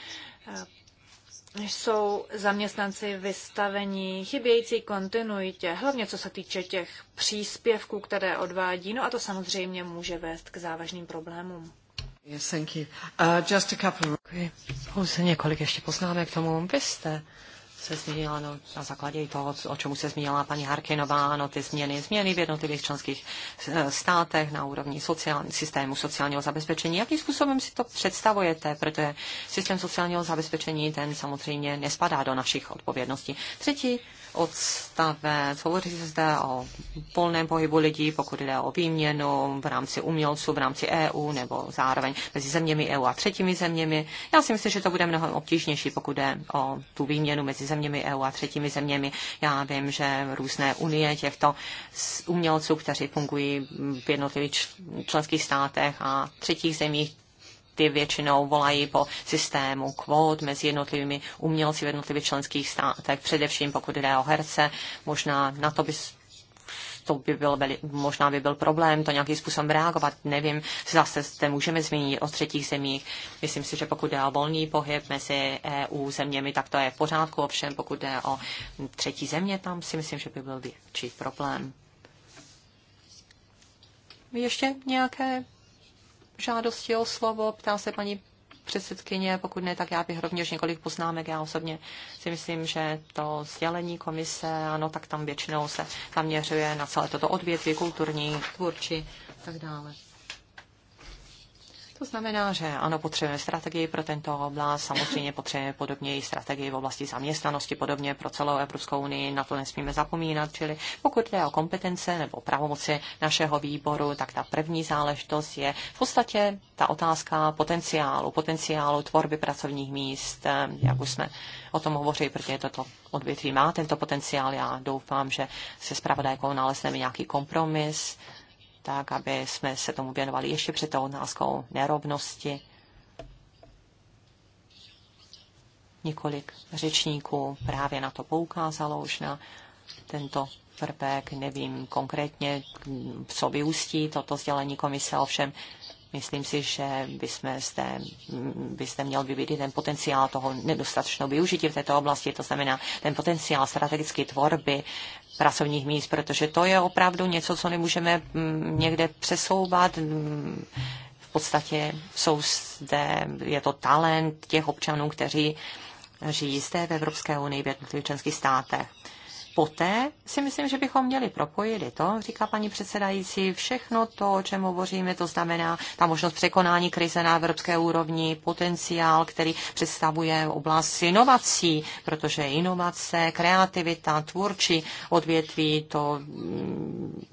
jsou zaměstnanci vystavení chybějící kontinuitě, hlavně co se týče těch příspěvků, které odvádí, no a to samozřejmě může vést k závažným problémům. Yes, thank you. Uh, just a couple... Pouze několik ještě poznámek k tomu. Vy jste se zmínila no, na základě toho, o čemu se zmínila paní Harkinová, no, ty změny, změny v jednotlivých členských eh, státech na úrovni sociál, systému sociálního zabezpečení. Jakým způsobem si to představujete? Protože systém sociálního zabezpečení, ten samozřejmě nespadá do našich odpovědností. Třetí odstavec. Hovoří se zde o polném pohybu lidí, pokud jde o výměnu v rámci umělců, v rámci EU nebo zároveň mezi zeměmi EU a třetími zeměmi. Já si myslím, že to bude mnohem obtížnější, pokud jde o tu výměnu mezi zeměmi EU a třetími zeměmi. Já vím, že různé unie těchto umělců, kteří fungují v jednotlivých členských státech a třetích zemích, ty většinou volají po systému kvót mezi jednotlivými umělci v jednotlivých členských státech, především pokud jde o herce. Možná na to by to by byl, možná by byl problém to nějakým způsobem reagovat. Nevím, Zase se zde můžeme zmínit o třetích zemích. Myslím si, že pokud jde o volný pohyb mezi EU zeměmi, tak to je v pořádku, ovšem pokud jde o třetí země, tam si myslím, že by byl větší problém. Ještě nějaké žádosti o slovo? Ptá se paní předsedkyně, pokud ne, tak já bych rovněž několik poznámek. Já osobně si myslím, že to sdělení komise, ano, tak tam většinou se zaměřuje na celé toto odvětví, kulturní, tvůrčí a tak dále. To znamená, že ano, potřebujeme strategii pro tento oblast, samozřejmě potřebujeme podobně i strategii v oblasti zaměstnanosti, podobně pro celou Evropskou unii, na to nesmíme zapomínat, čili pokud jde o kompetence nebo pravomoci našeho výboru, tak ta první záležitost je v podstatě ta otázka potenciálu, potenciálu tvorby pracovních míst, jak už jsme o tom hovořili, protože toto odvětví má tento potenciál. Já doufám, že se spravodajkou nalezneme nějaký kompromis tak aby jsme se tomu věnovali ještě před tou otázkou nerovnosti. Několik řečníků právě na to poukázalo už na tento prvek. Nevím konkrétně, co vyústí toto sdělení komise, ovšem Myslím si, že bychom zde, byste měl vyvíjet ten potenciál toho nedostatečného využití v této oblasti, to znamená ten potenciál strategické tvorby pracovních míst, protože to je opravdu něco, co nemůžeme mm, někde přesouvat. Mm, v podstatě jsou zde, je to talent těch občanů, kteří žijí zde v Evropské unii, v jednotlivých členských státech poté si myslím, že bychom měli propojit i to, říká paní předsedající, všechno to, o čem hovoříme, to znamená ta možnost překonání krize na evropské úrovni, potenciál, který představuje oblast inovací, protože inovace, kreativita, tvůrčí odvětví, to mm,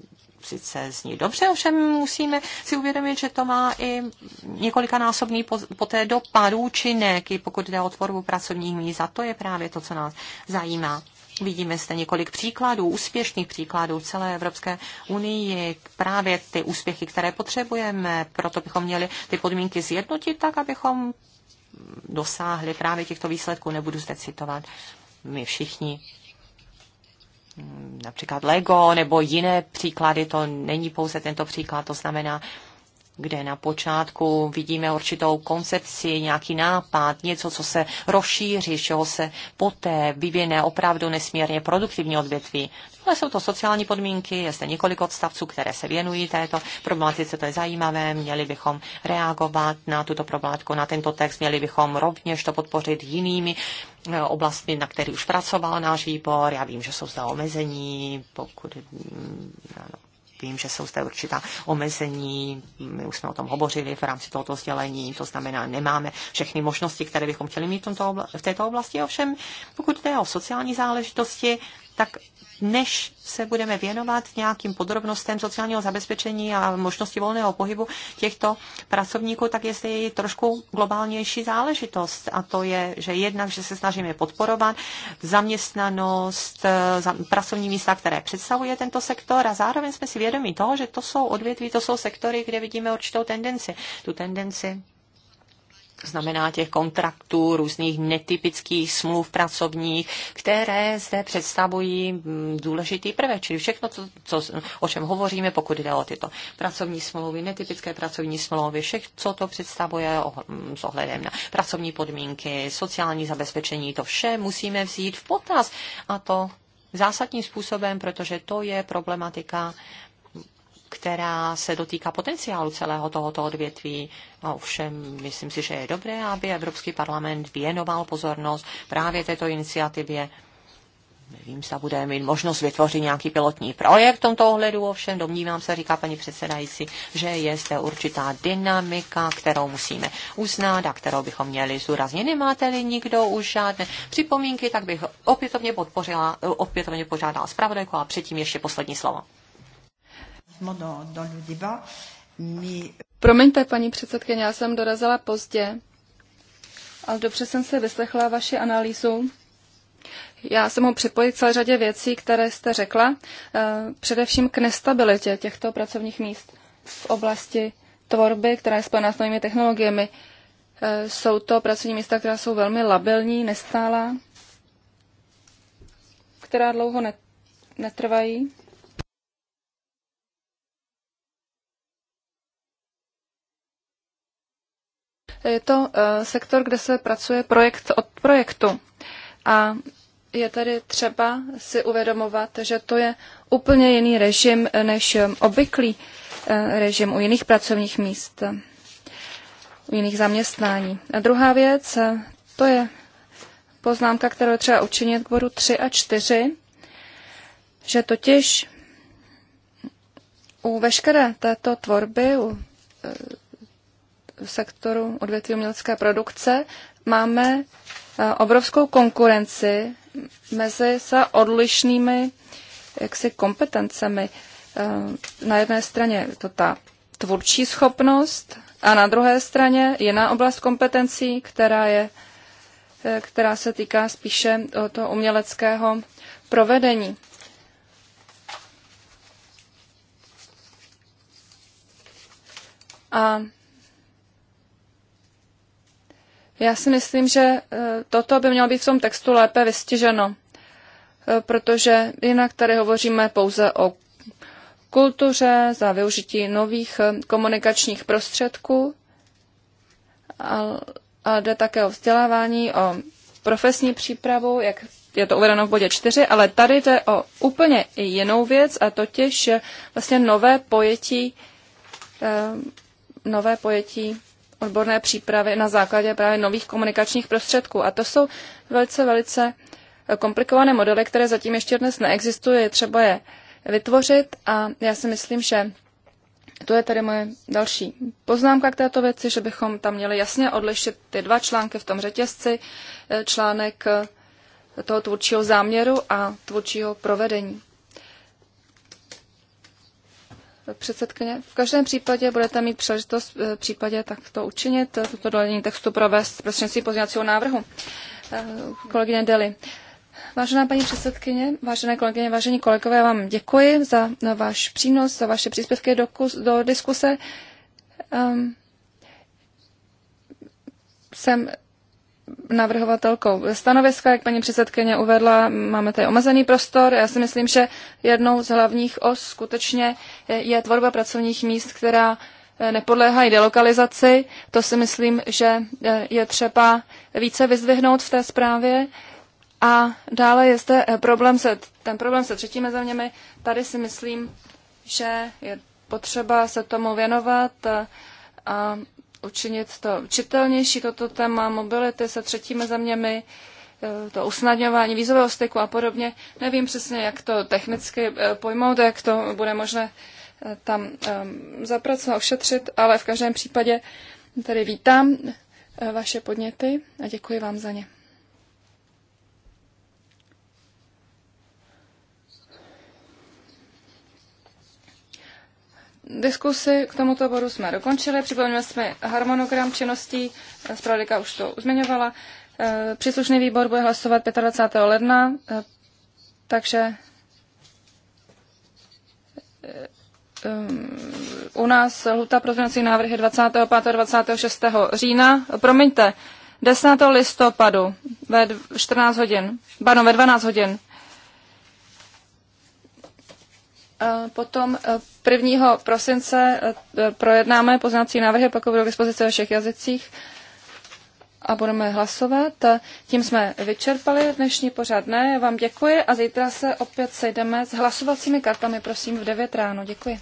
sice zní dobře, ovšem musíme si uvědomit, že to má i několikanásobný poté dopadů činek, i pokud jde o tvorbu pracovních míst. A to je právě to, co nás zajímá. Vidíme zde několik příkladů, úspěšných příkladů celé Evropské unii, právě ty úspěchy, které potřebujeme, proto bychom měli ty podmínky zjednotit tak, abychom dosáhli právě těchto výsledků, nebudu zde citovat my všichni například Lego nebo jiné příklady, to není pouze tento příklad, to znamená, kde na počátku vidíme určitou koncepci, nějaký nápad, něco, co se rozšíří, z čeho se poté vyvine opravdu nesmírně produktivní odvětví. Ale jsou to sociální podmínky, je zde několik odstavců, které se věnují této problematice, to je zajímavé, měli bychom reagovat na tuto problematiku, na tento text, měli bychom rovněž to podpořit jinými eh, oblastmi, na které už pracoval náš výbor. Já vím, že jsou zde omezení, pokud mm, ano, Vím, že jsou zde určitá omezení, my už jsme o tom hovořili v rámci tohoto sdělení, to znamená, nemáme všechny možnosti, které bychom chtěli mít v, tomto obla- v této oblasti. Ovšem, pokud jde o sociální záležitosti, tak než se budeme věnovat nějakým podrobnostem sociálního zabezpečení a možnosti volného pohybu těchto pracovníků, tak je zde i trošku globálnější záležitost. A to je, že jednak, že se snažíme podporovat zaměstnanost, eh, pracovní místa, které představuje tento sektor a zároveň jsme si vědomi toho, že to jsou odvětví, to jsou sektory, kde vidíme určitou tendenci. Tu tendenci to znamená těch kontraktů, různých netypických smluv pracovních, které zde představují mm, důležitý prvek. Čili všechno, co, co, o čem hovoříme, pokud jde o tyto pracovní smlouvy, netypické pracovní smlouvy, všechno, co to představuje o, mm, s ohledem na pracovní podmínky, sociální zabezpečení, to vše musíme vzít v potaz. A to zásadním způsobem, protože to je problematika která se dotýká potenciálu celého tohoto odvětví. A no, ovšem, myslím si, že je dobré, aby Evropský parlament věnoval pozornost právě této iniciativě. Nevím, zda bude mít možnost vytvořit nějaký pilotní projekt v tomto ohledu, ovšem domnívám se, říká paní předsedající, že je zde určitá dynamika, kterou musíme uznat a kterou bychom měli zúrazně. Nemáte-li nikdo už žádné připomínky, tak bych opětovně podpořila, opětovně požádala zpravodajku a předtím ještě poslední slovo. Euh, Promiňte, paní předsedkyně, já jsem dorazila pozdě, ale dobře jsem se vyslechla vaši analýzu. Já se mohu připojit celé řadě věcí, které jste řekla, eh, především k nestabilitě těchto pracovních míst v oblasti tvorby, která je spojená s novými technologiemi. Eh, jsou to pracovní místa, která jsou velmi labilní, nestálá, která dlouho netrvají. Je to eh, sektor, kde se pracuje projekt od projektu. A je tady třeba si uvědomovat, že to je úplně jiný režim eh, než obvyklý eh, režim u jiných pracovních míst, u jiných zaměstnání. A druhá věc, to je poznámka, kterou je třeba učinit k bodu 3 a 4, že totiž u veškeré této tvorby, u v sektoru odvětví umělecké produkce máme eh, obrovskou konkurenci mezi se odlišnými jaksi kompetencemi. Eh, na jedné straně je to ta tvůrčí schopnost a na druhé straně jiná oblast kompetencí, která, je, eh, která se týká spíše toho uměleckého provedení. A já si myslím, že eh, toto by mělo být v tom textu lépe vystiženo, eh, protože jinak tady hovoříme pouze o kultuře za využití nových eh, komunikačních prostředků, ale jde také o vzdělávání, o profesní přípravu, jak je to uvedeno v bodě 4, ale tady jde o úplně jinou věc a totiž vlastně nové pojetí, nové pojetí odborné přípravy na základě právě nových komunikačních prostředků. A to jsou velice, velice komplikované modely, které zatím ještě dnes neexistují, je třeba je vytvořit a já si myslím, že to je tady moje další poznámka k této věci, že bychom tam měli jasně odlišit ty dva články v tom řetězci, eh, článek eh, toho tvůrčího záměru a tvůrčího provedení předsedkyně. V každém případě budete mít příležitost eh, v případě takto učinit, eh, toto dodění textu provést prostřednictvím pozměňovacího návrhu. Eh, kolegyně Deli. Vážená paní předsedkyně, vážené kolegyně, vážení kolegové, já vám děkuji za váš přínos, za vaše příspěvky do, kus, do diskuse. Um, jsem navrhovatelkou stanoviska, jak paní předsedkyně uvedla, máme tady omezený prostor. Já si myslím, že jednou z hlavních os skutečně je tvorba pracovních míst, která eh, nepodléhají delokalizaci. To si myslím, že eh, je třeba více vyzdvihnout v té zprávě. A dále je zde eh, problém se, ten problém se třetími zeměmi. Tady si myslím, že je potřeba se tomu věnovat a učinit to čitelnější, toto téma mobility se třetími zeměmi, e, to usnadňování vízového styku a podobně. Nevím přesně, jak to technicky e, pojmout, jak to bude možné e, tam zapracovat, ošetřit, ale v každém případě tady vítám vaše podněty a děkuji vám za ně. Diskusy k tomuto bodu jsme dokončili. Připomněli jsme harmonogram činností. Zpravodajka už to zmiňovala. Eh, příslušný výbor bude hlasovat 25. ledna, eh, takže eh, u nás lhuta pro změnací návrhy 25. a 26. října. Promiňte, 10. listopadu ve 14 hodin, bano, ve 12 hodin. E, potom 1. E, prosince e, projednáme poznací návrhy, pak budou k dispozici ve všech jazycích a budeme hlasovat. Tím jsme vyčerpali dnešní Ne, Já vám děkuji a zítra se opět sejdeme s hlasovacími kartami, prosím, v 9 ráno. Děkuji.